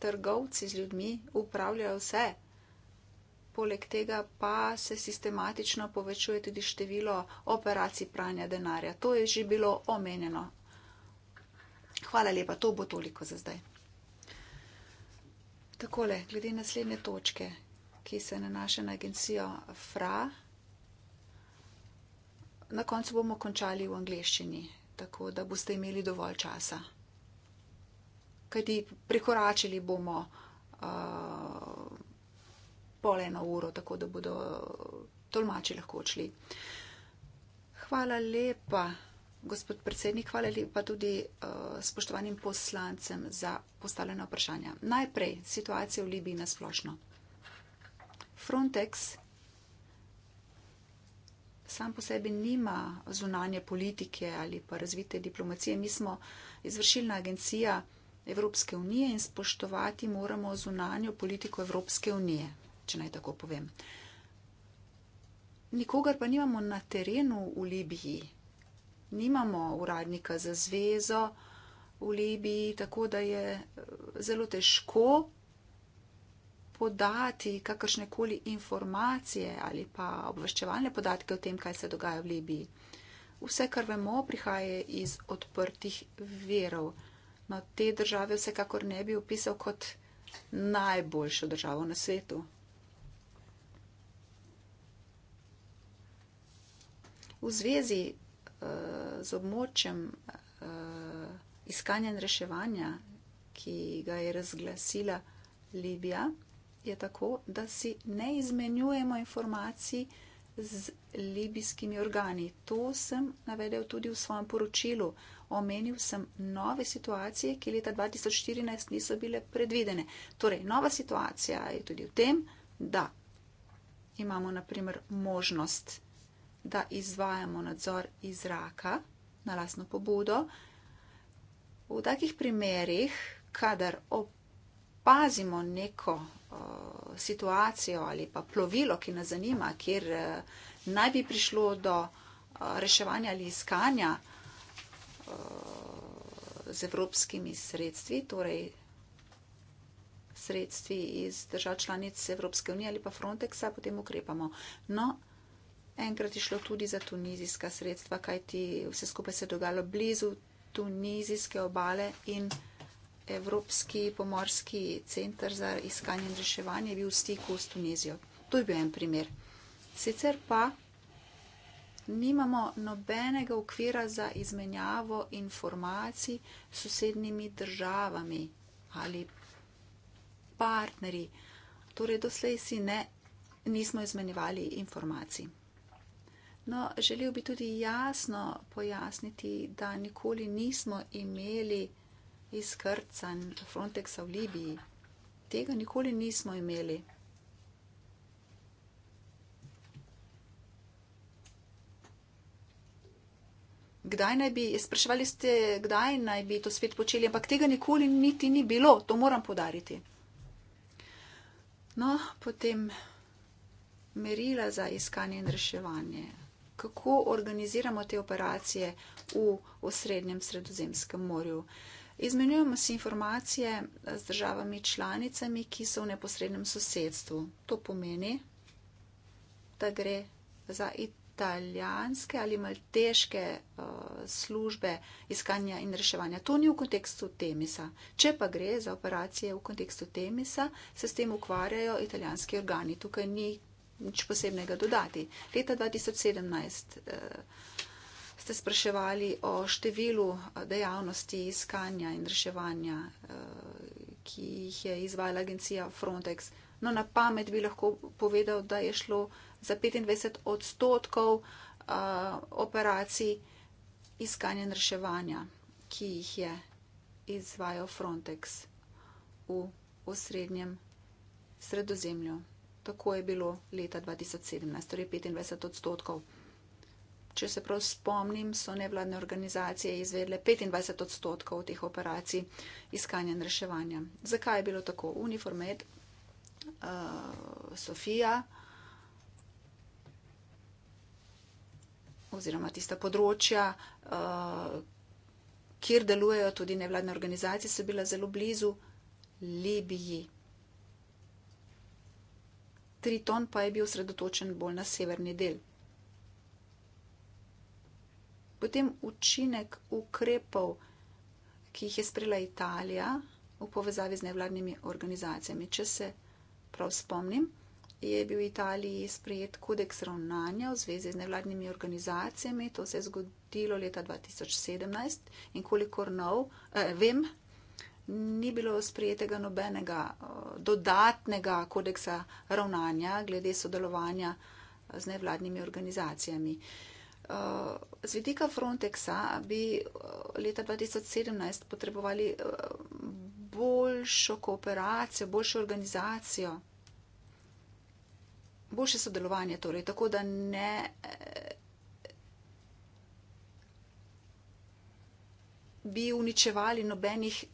Trgovci z ljudmi upravljajo vse. Poleg tega pa se sistematično povečuje tudi število operacij pranja denarja. To je že bilo omenjeno. Hvala lepa, to bo toliko za zdaj. Takole, glede naslednje točke, ki se nanaša na agencijo FRA na koncu bomo končali v angleščini, tako da boste imeli dovolj časa. Kajti prekoračili bomo uh, pol eno uro, tako da bodo tolmači lahko odšli. Hvala lepa, gospod predsednik, hvala lepa tudi uh, spoštovanim poslancem za postavljena vprašanja. Najprej situacija v Libiji nasplošno. Frontex sam po sebi nima zunanje politike ali pa razvite diplomacije. Mi smo izvršilna agencija Evropske unije in spoštovati moramo zunanjo politiko Evropske unije, če naj tako povem. Nikogar pa nimamo na terenu v Libiji. Nimamo uradnika za zvezo v Libiji, tako da je eh, zelo težko podati kakršne koli informacije ali pa obveščevalne podatke o tem, kaj se dogaja v Libiji. Vse, kar vemo, prihaja iz odprtih verov. No, te države vsekakor ne bi opisal kot najboljšo državo na svetu. V zvezi uh, z območjem uh, iskanja in reševanja, ki ga je razglasila Libija, je tako, da si ne izmenjujemo informacij z libijskimi organi. To sem navedel tudi v svojem poročilu. Omenil sem nove situacije, ki leta 2014 niso bile predvidene. Torej, nova situacija je tudi v tem, da imamo naprimer možnost, da izvajamo nadzor iz raka na lastno pobudo. V takih primerjih, kadar ob pazimo neko uh, situacijo ali pa plovilo, ki nas zanima, kjer uh, naj bi prišlo do uh, reševanja ali iskanja uh, z evropskimi sredstvi, torej sredstvi iz držav članic Evropske unije ali pa Frontexa, potem ukrepamo. No, enkrat je šlo tudi za tunizijska sredstva, kajti vse skupaj se je dogajalo blizu tunizijske obale in. Evropski pomorski centr za iskanje in reševanje bil v stiku s Tunizijo. To je bil en primer. Sicer pa nimamo nobenega ukvira za izmenjavo informacij s sosednjimi državami ali partnerji. Torej, doslej si ne, nismo izmenjevali informacij. No, želel bi tudi jasno pojasniti, da nikoli nismo imeli izkrcanj Frontexa v Libiji. Tega nikoli nismo imeli. Kdaj naj bi, spraševali ste, kdaj naj bi to svet počeli, ampak tega nikoli niti ni bilo, to moram podariti. No, potem merila za iskanje in reševanje. Kako organiziramo te operacije v osrednjem sredozemskem morju? Uh, Izmenjujemo si informacije z državami članicami, ki so v neposrednem sosedstvu. To pomeni, da gre za italijanske ali malteške uh, službe iskanja in reševanja. To ni v kontekstu Temisa. Če pa gre za operacije v kontekstu Temisa, se s tem ukvarjajo italijanski organi. Tukaj ni nič posebnega dodati. Leta 2017. Uh, ste spraševali o številu eh, dejavnosti iskanja in reševanja, eh, ki jih je izvajala agencija Frontex. No, na pamet bi lahko povedal, da je šlo za 25 odstotkov eh, operacij iskanja in reševanja, ki jih je izvajal Frontex v osrednjem sredozemlju. Tako je bilo leta 2017, torej 25 odstotkov če se prav spomnim, so nevladne organizacije izvedle 25 odstotkov teh operacij iskanja in reševanja. Zakaj je bilo tako? Uniformed, uh, eh, Sofija oziroma tista področja, uh, kjer delujejo tudi nevladne organizacije, so bila zelo blizu Libiji. Triton pa je bil osredotočen bolj na severni del. Potem učinek ukrepov, ki jih je sprejela Italija v povezavi z nevladnimi organizacijami. Če se prav spomnim, je bil v Italiji sprejet kodeks ravnanja v zvezi z nevladnimi organizacijami. To se je zgodilo leta 2017 in kolikor nov, eh, vem, ni bilo sprejetega nobenega eh, dodatnega kodeksa ravnanja glede sodelovanja eh, z nevladnimi organizacijami. Eh, Z vidika Frontexa bi eh, leta 2017 potrebovali eh, boljšo kooperacijo, boljšo organizacijo, boljše sodelovanje, torej, tako da ne. Eh, bi uničevali nobenih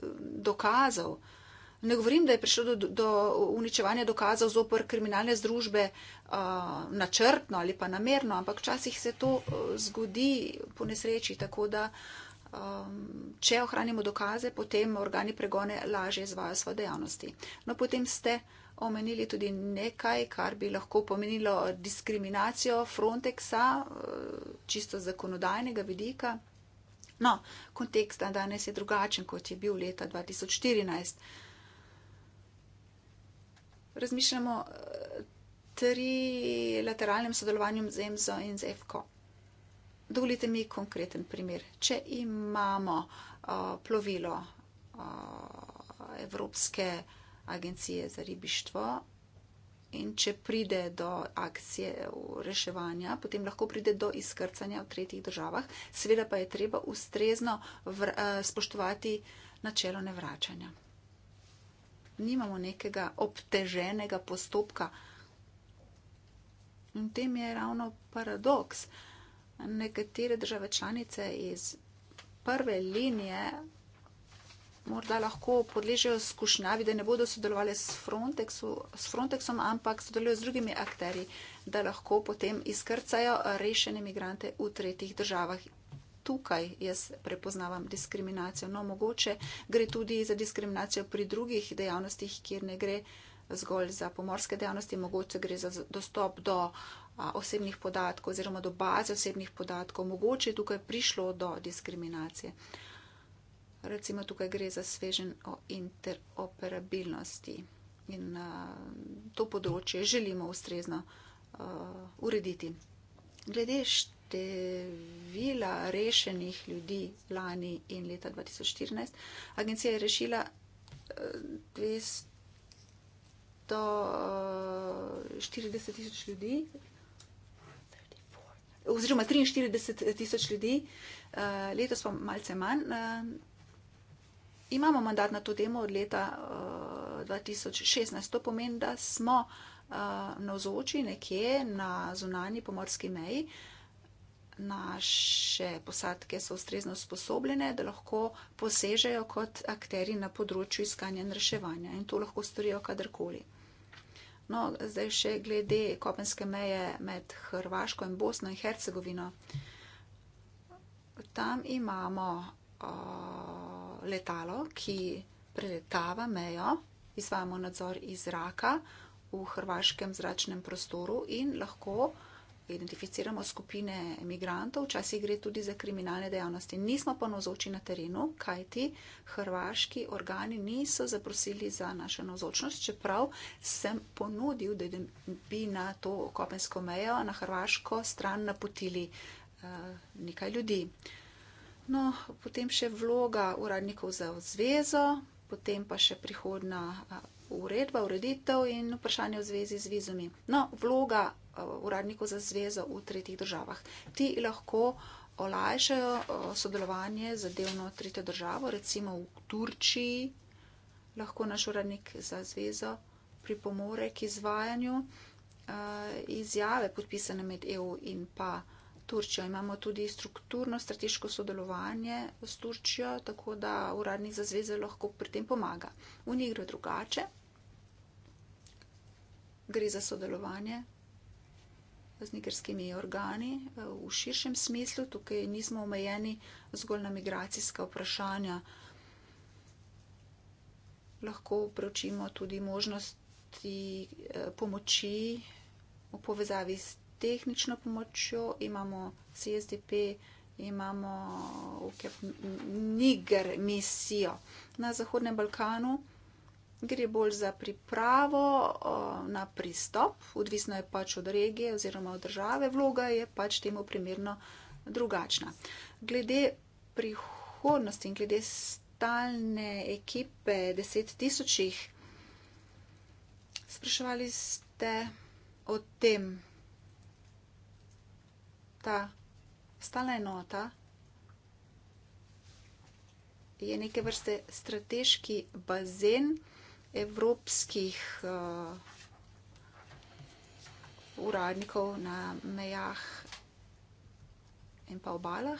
dokazov, Ne govorim, da je prišlo do, do uničevanja dokazov zopr kriminalne združbe uh, načrtno ali pa namerno, ampak včasih se to zgodi po nesreči, tako da um, če ohranimo dokaze, potem organi pregone lažje izvajo svoje dejavnosti. No, potem ste omenili tudi nekaj, kar bi lahko pomenilo diskriminacijo Frontexa, čisto zakonodajnega vidika. No, kontekst danes je drugačen, kot je bil leta 2014 razmišljamo eh, tri lateralnem sodelovanju z EMSO in z EFKO. Dovolite mi konkreten primer. Če imamo uh, plovilo uh, Evropske agencije za ribištvo in če pride do akcije reševanja, potem lahko pride do izkrcanja v tretjih državah. Seveda pa je treba ustrezno vr, uh, spoštovati načelo nevračanja nimamo nekega obteženega postopka. In tem je ravno paradoks. Nekatere države članice iz prve linije morda lahko podležejo skušnjavi, da ne bodo sodelovali s, Frontexu, s Frontexom, ampak sodelujo z drugimi akteri, da lahko potem izkrcajo rešene migrante v tretjih državah tukaj jaz prepoznavam diskriminacijo. No, mogoče gre tudi za diskriminacijo pri drugih dejavnostih, kjer ne gre zgolj za pomorske dejavnosti, mogoče gre za dostop do a, osebnih podatkov oziroma do baze osebnih podatkov, mogoče je tukaj prišlo do diskriminacije. Recimo tukaj gre za svežen o interoperabilnosti in a, to področje želimo ustrezno a, urediti. Glede števila rešenih ljudi lani in leta 2014. Agencija je rešila 240 eh, eh, tisoč ljudi. Oziroma 43 tisoč ljudi, eh, letos pa malce manj. Imamo mandat na to temo od leta 2016. To pomeni, da smo navzoči nekje na zunanji pomorski meji naše posadke so ustrezno sposobljene, da lahko posežejo kot akteri na področju iskanja in reševanja in to lahko storijo kadarkoli. No, zdaj še glede kopenske meje med Hrvaško in Bosno in Hercegovino. Tam imamo o, letalo, ki preletava mejo, izvajamo nadzor iz zraka v hrvaškem zračnem prostoru in lahko identificiramo skupine emigrantov, včasih gre tudi za kriminalne dejavnosti. Nismo pa navzoči na terenu, kajti hrvaški organi niso zaprosili za našo navzočnost, čeprav sem ponudil, da bi na to kopensko mejo na hrvaško stran napotili uh, nekaj ljudi. No, potem še vloga uradnikov za zvezo, potem pa še prihodna. Uh, Uredba, ureditev in vprašanje v zvezi z vizumi. No, vloga Eh, uradnikov za zvezo v tretjih državah. Ti lahko olajšajo eh, sodelovanje z delno tretjo državo, recimo v Turčiji lahko naš uradnik za zvezo pripomore k izvajanju eh, izjave podpisane med EU in pa Turčijo. Imamo tudi strukturno strateško sodelovanje s Turčijo, tako da uradnik za zveze lahko pri tem pomaga. V njih gre drugače. Gre za sodelovanje z nigerskimi organi eh, v širšem smislu. Tukaj nismo omejeni zgolj na migracijska vprašanja. Lahko preučimo tudi možnosti eh, pomoči v povezavi s tehnično pomočjo. Imamo CSDP, imamo Niger misijo na Zahodnem Balkanu gre bolj za pripravo na pristop, odvisno je pač od regije oziroma od države, vloga je pač temu primerno drugačna. Glede prihodnosti in glede stalne ekipe deset tisočih, spraševali ste o tem, ta stalna enota je neke vrste strateški bazen, evropskih uh, uradnikov na mejah in pa obalah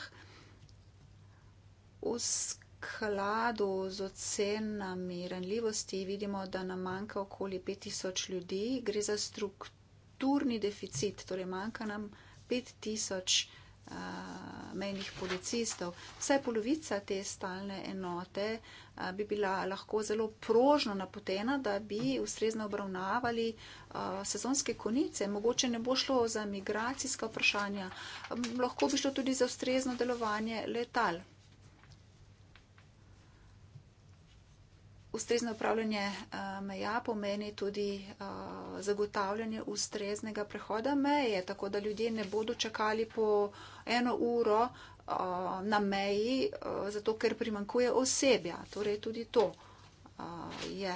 v skladu z ocenami ranljivosti vidimo, da nam manjka okoli 5000 ljudi. Gre za strukturni deficit, torej manjka nam 5000 ljudi mejnih policistov. Vse polovica te stalne enote a, bi bila lahko zelo prožno napotena, da bi ustrezno obravnavali a, sezonske konice. Mogoče ne bo šlo za migracijska vprašanja, a, lahko bi šlo tudi za ustrezno delovanje letal. Ustrezno upravljanje eh, meja pomeni tudi eh, zagotavljanje ustreznega prehoda meje, tako da ljudje ne bodo čakali po eno uro eh, na meji, zato ker primankuje osebja. Torej tudi to je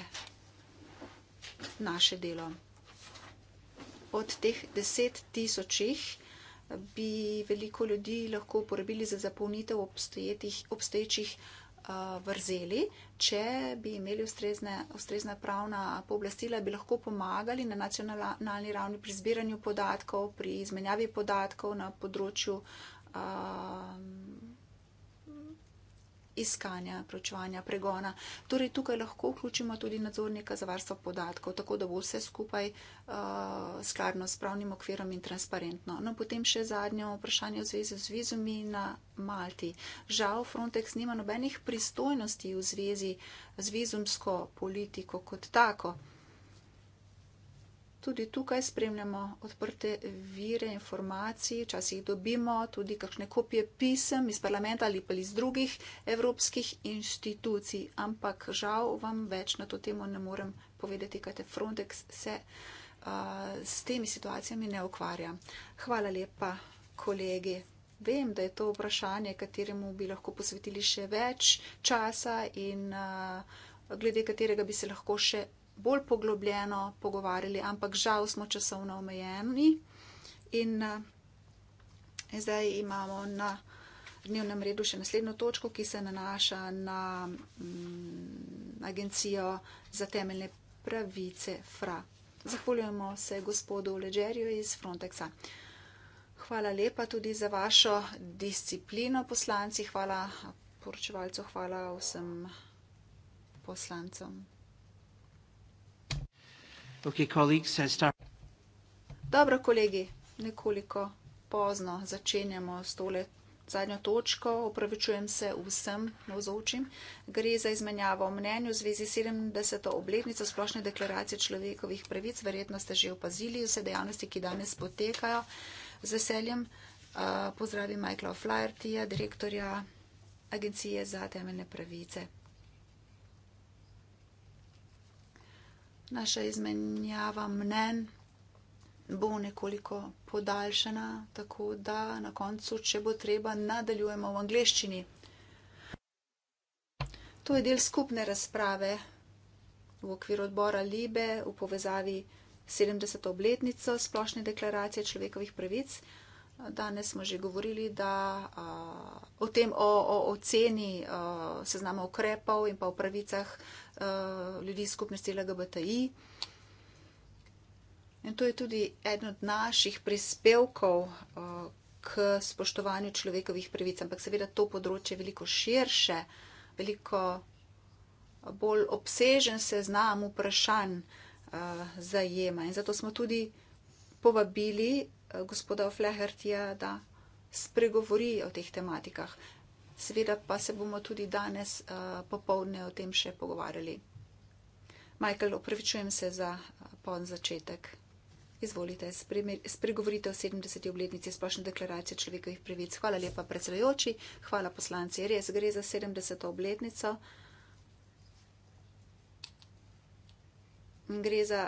naše delo. Od teh deset tisočih bi veliko ljudi lahko uporabili za zapolnitev obstoječih vrzeli. Če bi imeli ustrezne, ustrezne pravna pooblastila, bi lahko pomagali na nacionalni ravni pri zbiranju podatkov, pri izmenjavi podatkov na področju. Uh, iskanja, pročevanja, pregona. Torej, tukaj lahko vključimo tudi nadzornika za varstvo podatkov, tako da bo vse skupaj uh, skladno s pravnim okvirom in transparentno. No, potem še zadnje vprašanje v zvezi z vizumi na Malti. Žal, Frontex nima nobenih pristojnosti v zvezi z vizumsko politiko kot tako. Tudi tukaj spremljamo odprte vire informacij, včasih dobimo tudi kakšne kopije pisem iz parlamenta ali pa iz drugih evropskih inštitucij, ampak žal vam več na to temo ne morem povedati, kaj te Frontex se uh, s temi situacijami ne ukvarja. Hvala lepa, kolegi. Vem, da je to vprašanje, kateremu bi lahko posvetili še več časa in uh, glede katerega bi se lahko še bolj poglobljeno pogovarjali, ampak žal smo časovno omejeni. In uh, zdaj imamo na dnevnem redu še naslednjo točko, ki se nanaša na mm, Agencijo za temeljne pravice FRA. Zahvaljujemo se gospodu Leđerju iz Frontexa. Hvala lepa tudi za vašo disciplino, poslanci. Hvala poročevalcu, hvala vsem poslancom. Dobro, kolegi, nekoliko pozno začenjamo s tole zadnjo točko. Opravičujem se vsem navzočim. Gre za izmenjavo mnenju v zvezi 70. obletnico splošne deklaracije človekovih pravic. Verjetno ste že opazili vse dejavnosti, ki danes potekajo. Z veseljem uh, pozdravim Michaela Flaherty, direktorja Agencije za temeljne pravice. naša izmenjava mnen bo nekoliko podaljšana, tako da na koncu, če bo treba, nadaljujemo v angleščini. To je del skupne razprave v okviru odbora Libe v povezavi 70. obletnico splošne deklaracije človekovih pravic. Danes smo že govorili da, a, o tem, o, o oceni seznama ukrepov in pa o pravicah a, ljudi skupnosti LGBTI. In to je tudi eden od naših prispevkov a, k spoštovanju človekovih pravic, ampak seveda to področje je veliko širše, veliko bolj obsežen seznam vprašanj a, zajema. In zato smo tudi povabili Eh, gospoda Flehertija, da spregovori o teh tematikah. Seveda pa se bomo tudi danes eh, popovdne o tem še pogovarjali. Michael, opravičujem se za eh, pon začetek. Izvolite, spregovorite o 70. obletnici splošne deklaracije človekovih pravic. Hvala lepa, predsedujoči, hvala poslanci. Res gre za 70. obletnico. Gre za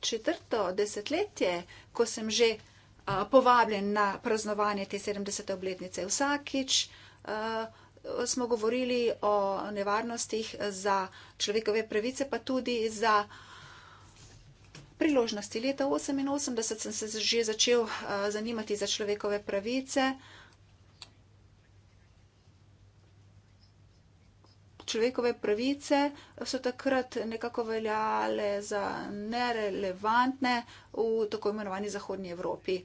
četrto desetletje, ko sem že a, povabljen na praznovanje te 70. obletnice. Vsakič a, smo govorili o nevarnostih za človekove pravice, pa tudi za priložnosti. Leta 1988 sem se že začel a, zanimati za človekove pravice. A, človekove pravice so takrat nekako veljale za nerelevantne v tako imenovani Zahodnji Evropi.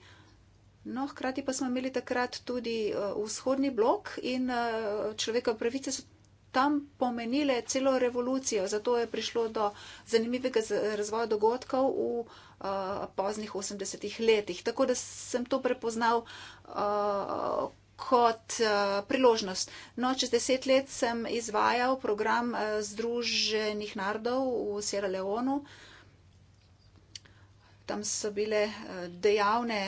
No, hkrati pa smo imeli takrat tudi eh, vzhodni blok in eh, človekove pravice so tam pomenile celo revolucijo. Zato je prišlo do zanimivega razvoja dogodkov v eh, poznih 80-ih letih. Tako da sem to prepoznal kot eh, priložnost. No, čez deset let sem izvajal program eh, Združenih narodov v Sierra Leonu. Tam so bile eh, dejavne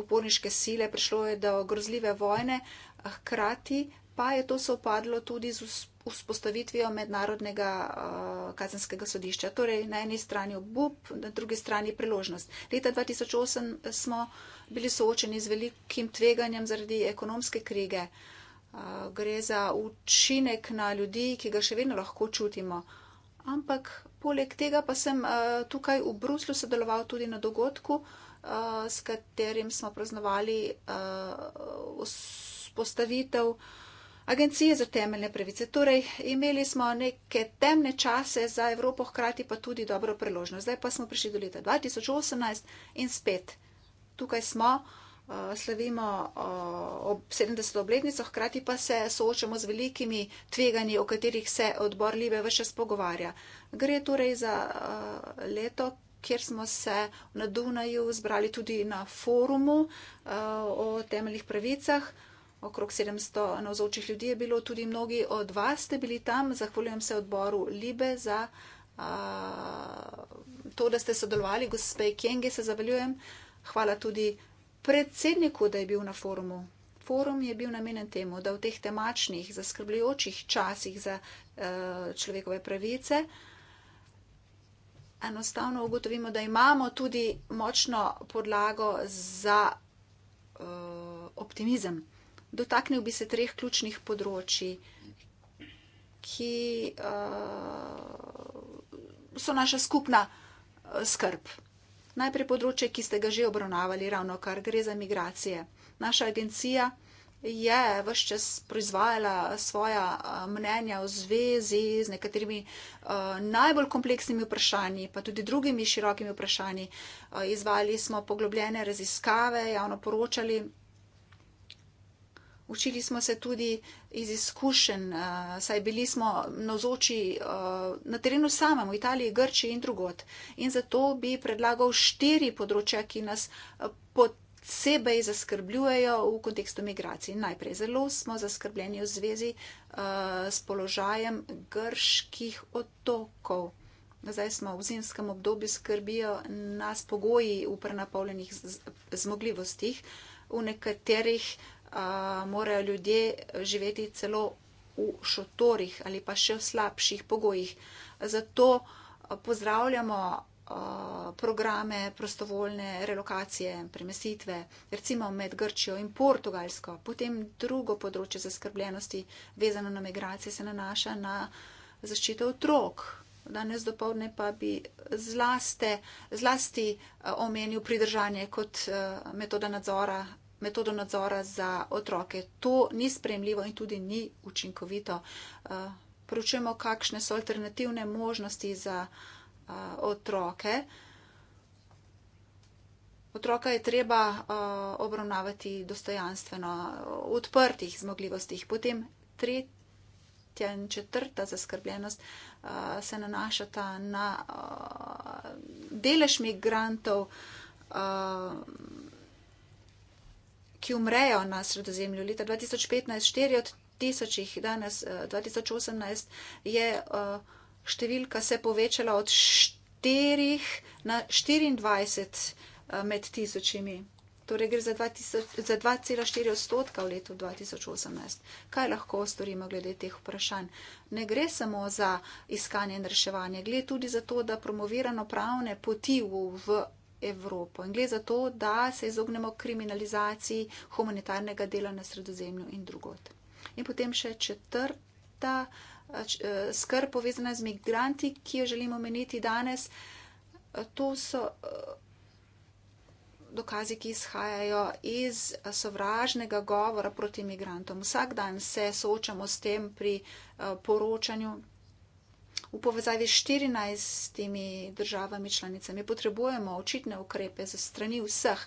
oporniške sile, prišlo je do grozljive vojne, hkrati pa je to sopadlo tudi z uspešnostjo vzpostavitvijo mednarodnega eh, kazenskega sodišča. Torej, na eni strani obup, na drugi strani priložnost. Leta 2008 smo bili soočeni z velikim tveganjem zaradi ekonomske krige. Eh, gre za učinek na ljudi, ki ga še vedno lahko čutimo. Ampak poleg tega pa sem eh, tukaj v Bruslju sodeloval tudi na dogodku, s katerim smo praznovali vzpostavitev Agencije za temeljne pravice. Torej, imeli smo neke temne čase za Evropo, hkrati pa tudi dobro priložnost. Zdaj pa smo prišli do leta 2018 in spet tukaj smo, eh, slavimo eh, ob 70. obletnico, hkrati pa se soočamo z velikimi tveganji, o katerih se odbor Libe vse spogovarja. Gre torej za eh, leto, kjer smo se na Dunaju zbrali tudi na forumu o temeljnih pravicah okrog 700 navzočih ljudi je bilo, tudi mnogi od vas ste bili tam. Zahvaljujem se odboru Libe za a, to, da ste sodelovali, gospe Kenge se zavaljujem. Hvala tudi predsedniku, da je bil na forumu. Forum je bil namenjen temu, da v teh temačnih, zaskrbljujočih časih za a, človekove pravice enostavno ugotovimo, da imamo tudi močno podlago za a, optimizem dotaknil bi se treh ključnih področji, ki uh, so naša skupna eh, skrb. Najprej področje, ki ste ga že obravnavali, ravno kar gre za migracije. Naša agencija je vse čas proizvajala svoja eh, mnenja v zvezi z nekaterimi najbolj kompleksnimi vprašanji, pa tudi drugimi širokimi vprašanji. Izvali smo poglobljene raziskave, javno poročali Učili smo se tudi iz izkušenj, uh, saj bili smo navzoči uh, na terenu samem, v Italiji, Grči in drugot. In zato bi predlagal štiri področja, ki nas eh, posebej zaskrbljujejo v kontekstu migracij. Najprej zelo smo zaskrbljeni v zvezi uh, s položajem grških otokov. Zdaj smo v zimskem obdobju, skrbijo nas pogoji v prenapolnjenih zmogljivostih, v nekaterih uh, morajo ljudje živeti celo v šotorih ali pa še v slabših pogojih. Zato pozdravljamo programe prostovoljne relokacije, premestitve, recimo med Grčijo in Portugalsko. Potem drugo področje zaskrbljenosti vezano na migracije se nanaša na zaščito otrok. Danes dopovdne pa bi zlaste, zlasti omenil pridržanje kot metoda nadzora metodo nadzora za otroke. To ni spremljivo in tudi ni učinkovito. Eh, Pročujemo, kakšne so alternativne možnosti za eh, otroke. Otroka je treba eh, obravnavati dostojanstveno, v odprtih zmogljivostih. Potem tretja in četrta zaskrbljenost se nanašata na delež migrantov ki umrejo na sredozemlju. Leta 2015, 4 od tisočih, danes 2018 eh, je eh, številka se povečala od 4 na 24 eh, med tisočimi. Torej gre za 2,4 odstotka v letu 2018. Kaj lahko storimo glede teh vprašanj? Ne gre samo za iskanje in reševanje, gre tudi za to, da promovirano pravne poti v Evropo. In gre za to, da se izognemo kriminalizaciji humanitarnega dela na sredozemlju in drugot. In potem še četrta eh, eh, skrb povezana z migranti, ki jo želimo omeniti danes. To so eh, dokazi, ki izhajajo iz sovražnega govora proti migrantom. Vsak dan se soočamo s tem pri poročanju v povezavi s 14 državami članicami potrebujemo očitne ukrepe za strani vseh,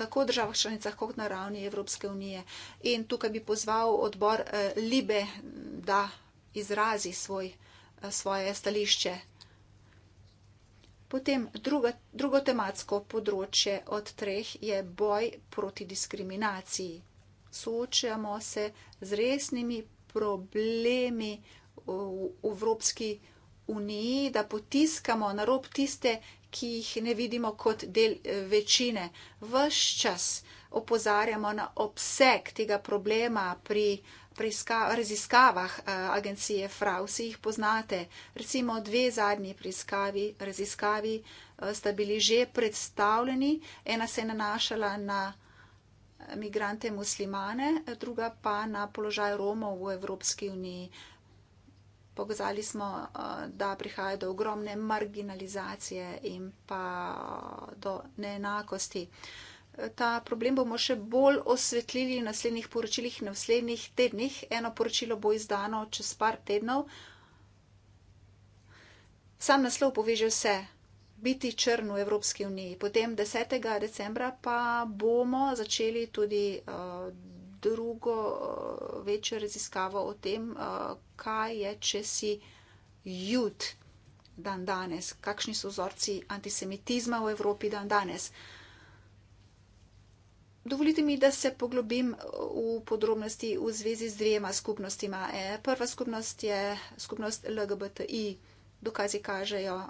tako v državah članicah, kot na ravni Evropske unije. In tukaj bi pozval odbor e, Libe, da izrazi svoj, e, svoje stališče. Potem druga, drugo tematsko področje od treh je boj proti diskriminaciji. Soočamo se z resnimi problemi, v Evropski uniji, da potiskamo na rob tiste, ki jih ne vidimo kot del eh, večine. Vš čas opozarjamo na obseg tega problema pri raziskavah eh, agencije FRA. Vsi jih poznate. Recimo dve zadnji preiskavi, raziskavi eh, sta bili že predstavljeni. Ena se je nanašala na migrante muslimane, druga pa na položaj Romov v Evropski uniji pokazali smo, eh, da prihaja do ogromne marginalizacije in pa eh, do neenakosti. Ta problem bomo še bolj osvetlili v naslednjih poročilih in v naslednjih tednih. Eno poročilo bo izdano čez par tednov. Sam naslov poveže vse. Biti črn v Evropski uniji. Potem 10. decembra pa bomo začeli tudi. Uh, drugo eh, večjo raziskavo o tem, eh, kaj je, če si jut dan danes, kakšni so vzorci antisemitizma v Evropi dan danes. Dovolite mi, da se poglobim eh, v podrobnosti v zvezi z dvema skupnostima. Prva skupnost je skupnost LGBTI dokazi kažejo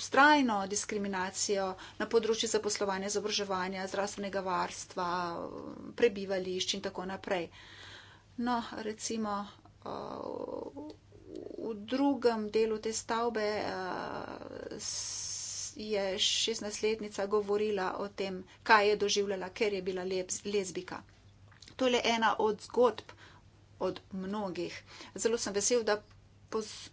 strajno diskriminacijo na področju zaposlovanja, izobraževanja, zdravstvenega varstva, prebivališč in tako naprej. No, recimo v drugem delu te stavbe je 16-letnica govorila o tem, kaj je doživljala, ker je bila lezbika. To je le ena od zgodb, od mnogih. Zelo sem vesel, da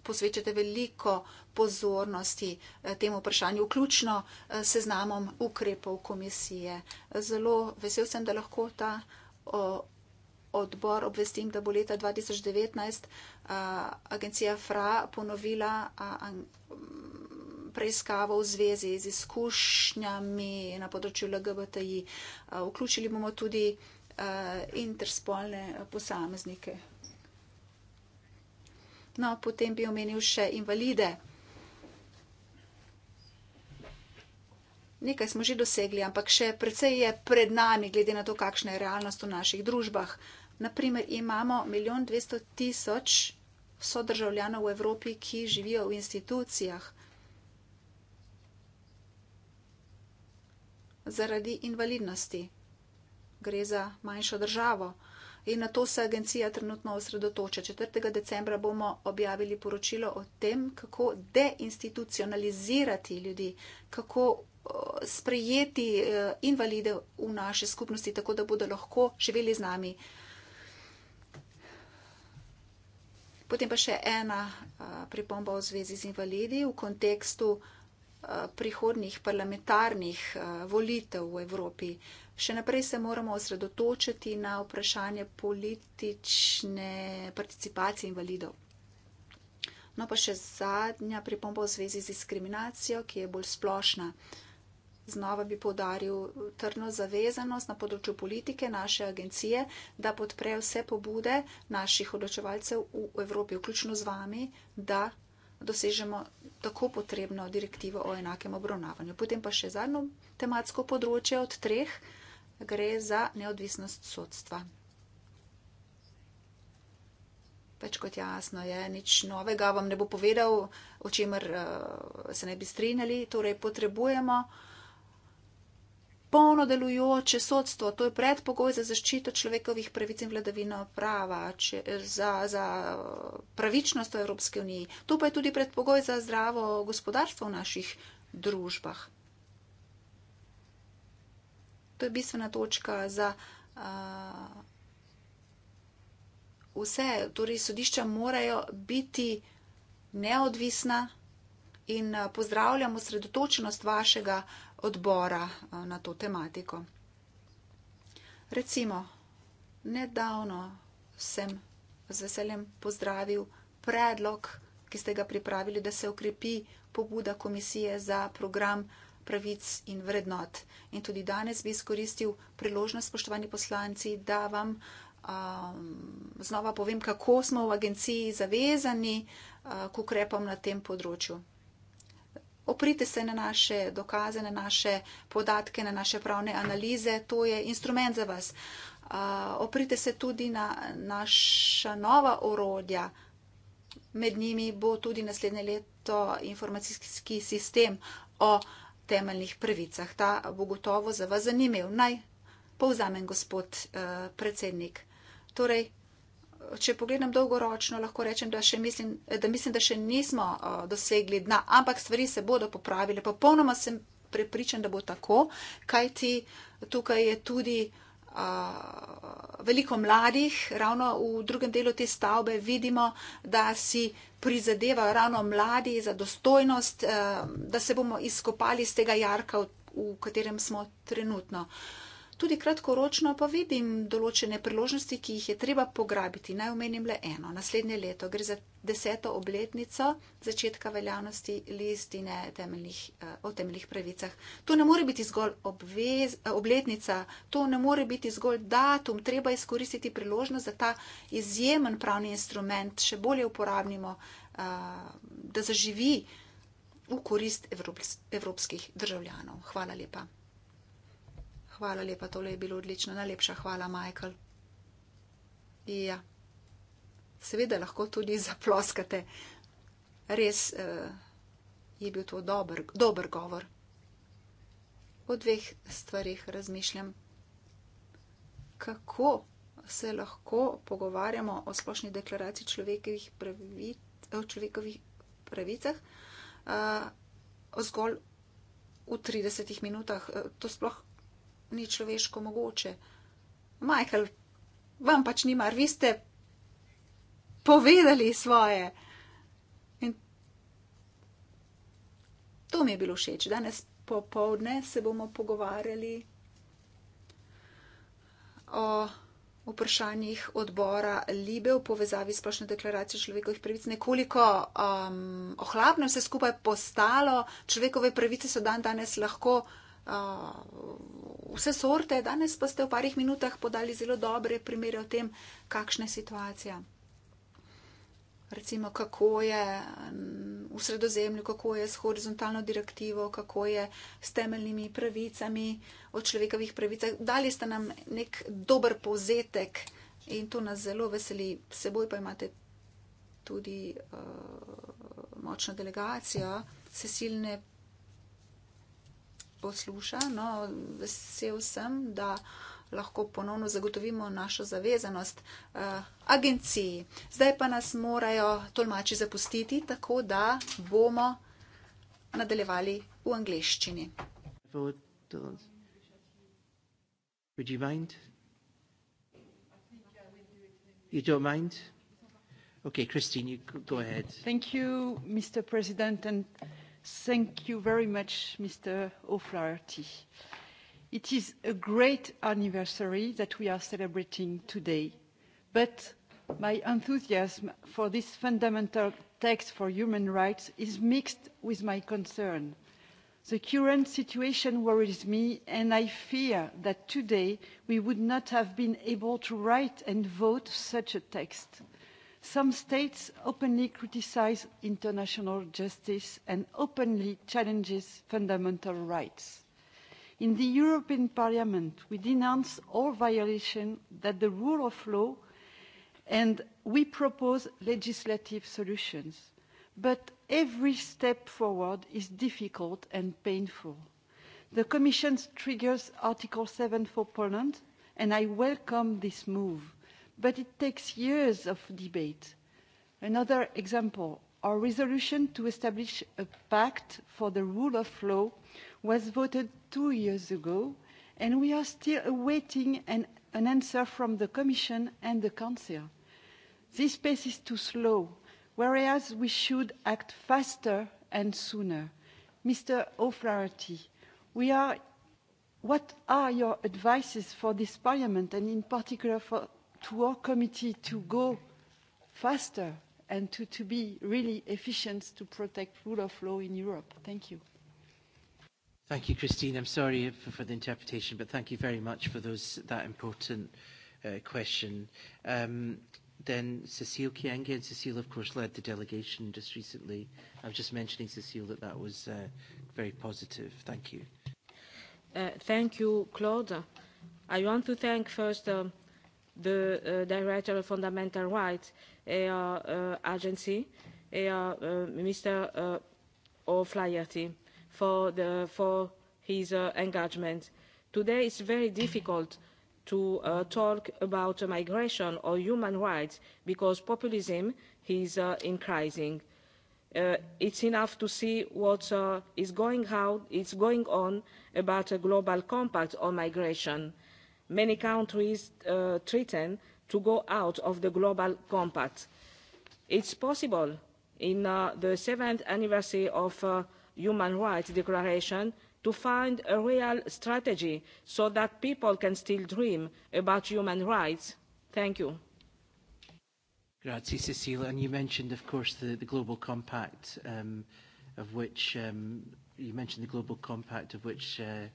posvečate veliko pozornosti eh, temu vprašanju, vključno eh, seznamom ukrepov komisije. Zelo vesel sem, da lahko ta odbor obvestim, da bo leta 2019 eh, agencija FRA ponovila preiskavo v zvezi z izkušnjami na področju LGBTI. Vključili bomo tudi interspolne posameznike. No, potem bi omenil še invalide. Nekaj smo že dosegli, ampak še precej je pred nami, glede na to, kakšna je realnost v naših družbah. Naprimer, imamo milijon dvesto tisoč sodržavljanov v Evropi, ki živijo v institucijah zaradi invalidnosti. Gre za manjšo državo in na to se agencija trenutno osredotoča. 4. decembra bomo objavili poročilo o tem, kako deinstitucionalizirati ljudi, kako sprejeti e, invalide v naše skupnosti, tako da bodo lahko živeli z nami. Potem pa še ena pripomba v zvezi z invalidi v kontekstu prihodnih parlamentarnih eh, volitev v Evropi. Še naprej se moramo osredotočiti na vprašanje politične participacije invalidov. No pa še zadnja pripomba v zvezi z diskriminacijo, ki je bolj splošna. Znova bi podaril trdno zavezanost na področju politike naše agencije, da podpre vse pobude naših odločevalcev v Evropi, vključno z vami, da dosežemo tako potrebno direktivo o enakem obravnavanju. Potem pa še zadnjo tematsko področje od treh gre za neodvisnost sodstva. Več kot jasno je, nič novega vam ne bo povedal, o čemer eh, se ne bi strinjali. Torej, potrebujemo uh, polno delujoče sodstvo, to je predpogoj za zaščito človekovih pravic in vladavino prava, če, za, za pravičnost v Evropske uniji. To pa je tudi predpogoj za zdravo gospodarstvo v naših družbah. To je bistvena točka za uh, vse. Torej, sodišča morajo biti neodvisna in uh, pozdravljamo sredotočenost vašega uh, odbora eh, na to tematiko. Recimo, nedavno sem z veseljem pozdravil predlog, ki ste ga pripravili, da se okrepi pobuda komisije za program pravic in vrednot. In tudi danes bi izkoristil priložnost, spoštovani poslanci, da vam um, znova povem, kako smo v agenciji zavezani uh, k ukrepom na tem področju. Oprite se na naše dokaze, na naše podatke, na naše pravne analize, to je instrument za vas. Oprite se tudi na naša nova orodja, med njimi bo tudi naslednje leto informacijski sistem o temeljnih prvicah. Ta bo gotovo za vas zanimiv. Naj povzamem, gospod eh, predsednik. Torej, če pogledam dolgoročno, lahko rečem, da, mislim da, mislim, da še nismo uh, dosegli dna, ampak stvari se bodo popravile. Popolnoma sem prepričan, da bo tako, kajti tukaj je tudi uh, veliko mladih, ravno v drugem delu te stavbe vidimo, da si prizadevajo ravno mladi za dostojnost, uh, da se bomo izkopali iz tega jarka, v katerem smo trenutno. Uh, Tudi kratkoročno pa vidim določene priložnosti, ki jih je treba pograbiti. Naj omenim le eno. Naslednje leto gre za deseto obletnico začetka veljavnosti listine temeljnih, eh, o temeljnih pravicah. To ne more biti zgolj obvez, eh, obletnica, to ne more biti zgolj datum. Treba izkoristiti priložnost, da ta izjemen pravni instrument še bolje uporabnimo, eh, da zaživi v korist evropskih državljanov. Hvala lepa. Hvala lepa, tole je bilo odlično. Najlepša hvala, Michael. Ja, seveda lahko tudi zaploskate. Res eh, je bil to dober, dober govor. O dveh stvarih razmišljam. Kako se lahko pogovarjamo o splošni deklaraciji pravic, o človekovih pravicah eh, o zgolj v 30 minutah. Eh, to sploh ni človeško mogoče. Michael, vam pač ni mar, vi ste povedali svoje. In to mi je bilo všeč. Danes popovdne se bomo pogovarjali o vprašanjih odbora Libe v povezavi s Plošno deklaracijo človekovih pravic. Nekoliko um, ohlapno je vse skupaj postalo, človekove pravice so dan danes lahko. Eh, vse sorte, danes pa ste v parih minutah podali zelo dobre primere o tem, kakšna je situacija. Recimo, kako je mm, v sredozemlju, kako je s horizontalno direktivo, kako je s temeljnimi pravicami, o človekovih pravicah. Dali ste nam nek dober povzetek in to nas zelo veseli. Seboj pa imate tudi uh, močno delegacijo, sesilne posluša. No, vesel sem, da lahko ponovno zagotovimo našo zavezanost uh, agenciji. Zdaj pa nas morajo tolmači zapustiti, tako da bomo nadaljevali v angleščini. Would you mind? You don't mind? Okay, Christine, you go ahead. Thank you, Mr. President. And Thank you very much, Mr. O'Flaherty. It is a great anniversary that we are celebrating today, but my enthusiasm for this fundamental text for human rights is mixed with my concern. The current situation worries me, and I fear that today we would not have been able to write and vote such a text some states openly criticize international justice and openly challenges fundamental rights. In the European Parliament, we denounce all violation that the rule of law and we propose legislative solutions. But every step forward is difficult and painful. The Commission triggers Article 7 for Poland, and I welcome this move but it takes years of debate. Another example our resolution to establish a pact for the rule of law was voted two years ago, and we are still awaiting an, an answer from the Commission and the Council. This pace is too slow, whereas we should act faster and sooner. Mr. O'Flaherty, we are, what are your advices for this Parliament and in particular for to our committee to go faster and to, to be really efficient to protect rule of law in Europe. Thank you. Thank you, Christine. I'm sorry for, for the interpretation, but thank you very much for those that important uh, question. Um, then Cecile Kienge, and Cecile, of course, led the delegation just recently. I was just mentioning, Cecile, that that was uh, very positive. Thank you. Uh, thank you, Claude. I want to thank first uh, the uh, director of fundamental rights uh, uh, agency, uh, uh, Mr. Uh, O'Flaherty, for, the, for his uh, engagement. Today it's very difficult to uh, talk about uh, migration or human rights because populism is uh, increasing. Uh, it's enough to see what uh, is going, out, it's going on about a global compact on migration. Uh, many countries uh, threaten to go out of the global compact. It's possible in uh, the seventh anniversary of uh, Human Rights Declaration to find a real strategy so that people can still dream about human rights. Thank you. Grazie, Cecile. And you mentioned, of course, the, the Global Compact, um, of which um, you mentioned the Global Compact, of which. Uh,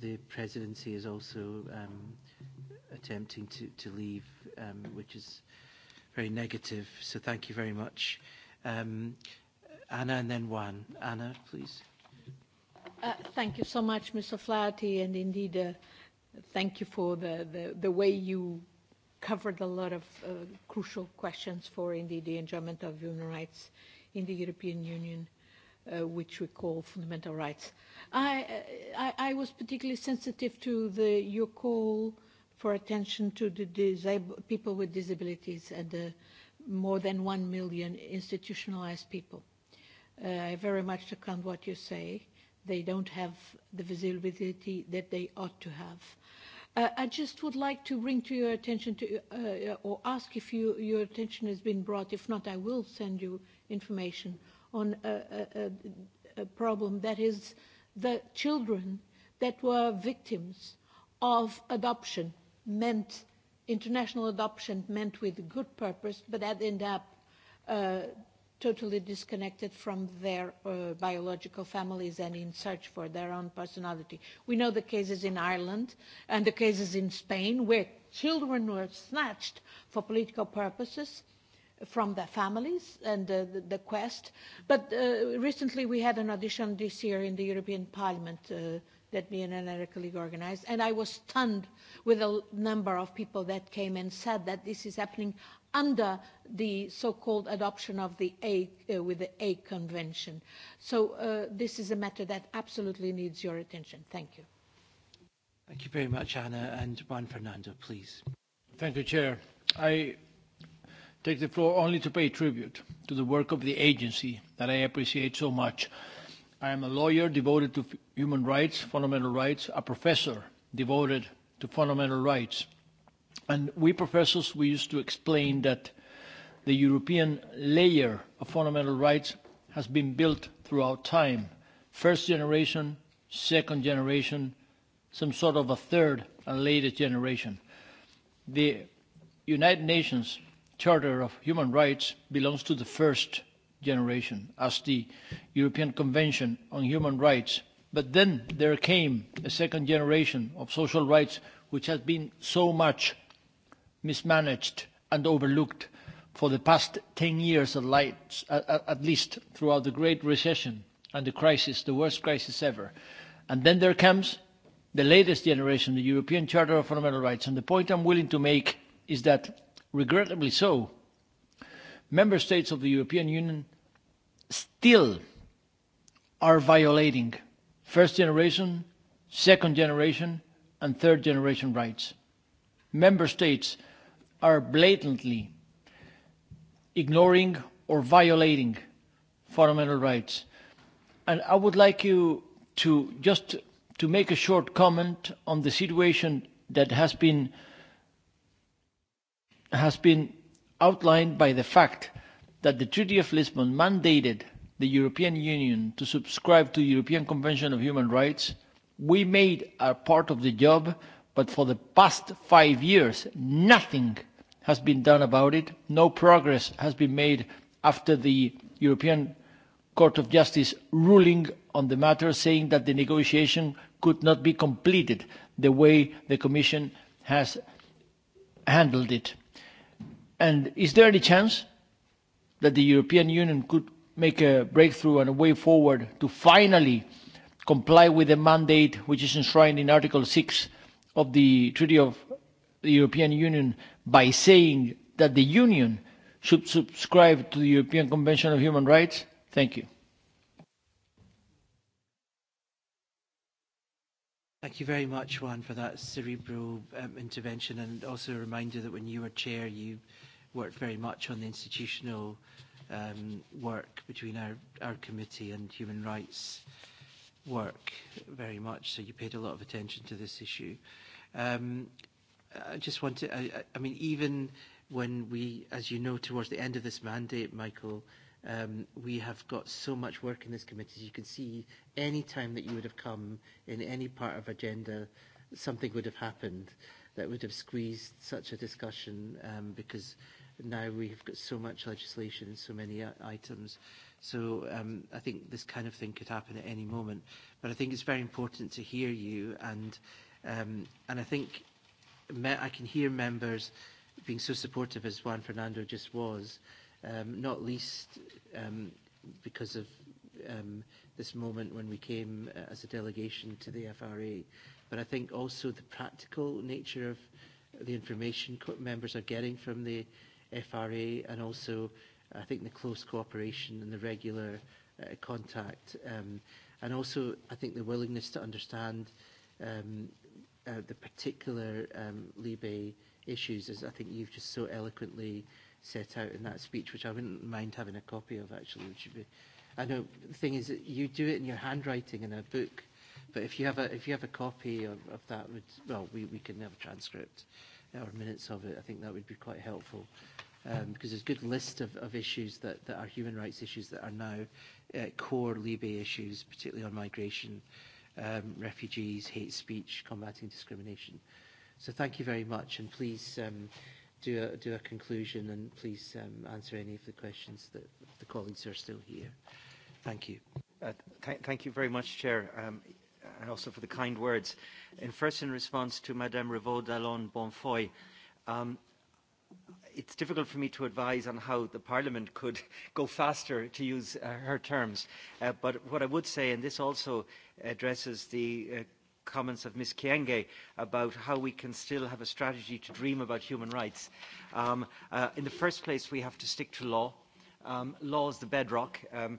the presidency is also um, attempting to, to leave, um, which is very negative. So thank you very much. Um, Anna and then Juan. Anna, please. Uh, thank you so much, Mr. Flaherty, and indeed uh, thank you for the, the, the way you covered a lot of uh, crucial questions for indeed the enjoyment of human rights in the European Union, uh, which we call fundamental rights. Uh, I, I, I was particularly sensitive to the, your call for attention to the disabled, people with disabilities and the more than one million institutionalized people. Uh, I very much second what you say. They don't have the visibility that they ought to have. Uh, I just would like to bring to your attention to, uh, or ask if you, your attention has been brought. If not, I will send you information on a, a, a problem that is uh, the children that were victims of adoption meant international adoption meant with good purpose but that end up uh, totally disconnected from their uh, biological families and in search for their own personality. We know the cases in Ireland and the cases in Spain where children were snatched for political purposes from their families and uh, the, the quest. But uh, recently we had an audition this year in the European Parliament uh, that me and another colleague organized, and I was stunned with a number of people that came and said that this is happening under the so-called adoption of the A uh, with the A convention. So uh, this is a matter that absolutely needs your attention. Thank you. Thank you very much, Anna. And Juan Fernando, please. Thank you, Chair. I take the floor only to pay tribute to the work of the agency that I appreciate so much. I am a lawyer devoted to f- human rights, fundamental rights, a professor devoted to fundamental rights. And we professors, we used to explain that the European layer of fundamental rights has been built throughout time. First generation, second generation, some sort of a third and latest generation. The United Nations Charter of Human Rights belongs to the first generation, as the European Convention on Human Rights. But then there came a second generation of social rights which has been so much mismanaged and overlooked for the past 10 years at, light, at least throughout the Great Recession and the crisis, the worst crisis ever. And then there comes the latest generation, the European Charter of Fundamental Rights. And the point I'm willing to make is that regrettably so, member states of the European Union still are violating first generation, second generation, and third generation rights. Member states are blatantly ignoring or violating fundamental rights. And I would like you to just to make a short comment on the situation that has been uh, has been outlined by the fact that the Treaty of Lisbon mandated the European Union to subscribe to the European Convention of Human Rights. We made our part of the job, but for the past five years, nothing has been done about it. No progress has been made after the European Court of Justice ruling on the matter, saying that the negotiation could not be completed the way the Commission has handled it. Is there any chance that the European Union could make a breakthrough and a way forward to finally comply with the mandate which is enshrined in Article 6 of the Treaty of the European Union by saying that the Union should subscribe to the European Convention on Human Rights? Thank you. Thank you very much, Juan, for that cerebral um, intervention and also a reminder that when you were chair, you worked very much on the institutional um, work between our, our committee and human rights work very much. So you paid a lot of attention to this issue. Um, I just want to, I, I mean, even when we, as you know, towards the end of this mandate, Michael, um, we have got so much work in this committee. As you can see, any time that you would have come in any part of agenda, something would have happened that would have squeezed such a discussion um, because now we've got so much legislation and so many uh, items. So um, I think this kind of thing could happen at any moment. But I think it's very important to hear you. And, um, and I think me- I can hear members being so supportive as Juan Fernando just was, um, not least um, because of um, this moment when we came uh, as a delegation to the FRA. But I think also the practical nature of the information co- members are getting from the FRA and also I think the close cooperation and the regular uh, contact um, and also I think the willingness to understand um, uh, the particular um, Libe issues as I think you've just so eloquently set out in that speech which I wouldn't mind having a copy of actually which would be I know the thing is that you do it in your handwriting in a book but if you have a if you have a copy of, of that would well we, we can have a transcript uh, or minutes of it, I think that would be quite helpful. Um, because there's a good list of, of issues that, that are human rights issues that are now uh, core Libya issues, particularly on migration, um, refugees, hate speech, combating discrimination. So thank you very much, and please um, do, a, do a conclusion and please um, answer any of the questions that the colleagues are still here. Thank you. Uh, th- thank you very much, Chair. Um, and also for the kind words. And first, in response to Madame Revault d'Allon Bonfoy, um, it's difficult for me to advise on how the Parliament could go faster, to use uh, her terms. Uh, but what I would say, and this also addresses the uh, comments of Ms. Kienge about how we can still have a strategy to dream about human rights. Um, uh, in the first place, we have to stick to law. Um, law is the bedrock. Um,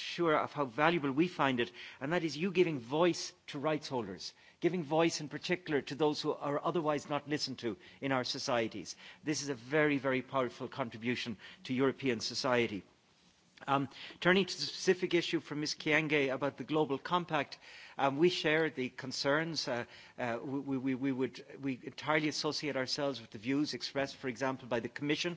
sure of how valuable we find it, and that is you giving voice to rights holders, giving voice in particular to those who are otherwise not listened to in our societies. This is a very, very powerful contribution to European society. Um, turning to the specific issue from Ms. Kienge about the Global Compact, um, we share the concerns. Uh, uh, we, we, we, would, we entirely associate ourselves with the views expressed, for example, by the Commission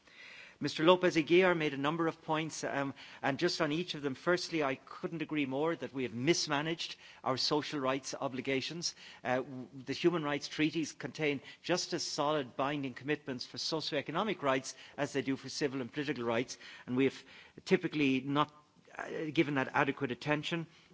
Mr. Lopez Aguiar made a number of points, um, and just on each of them, firstly, I couldn't agree more that we have mismanaged our social rights obligations. Uh, the human rights treaties contain just as solid binding commitments for socioeconomic rights as they do for civil and political rights, and we have typically not uh, given that adequate attention. Uh,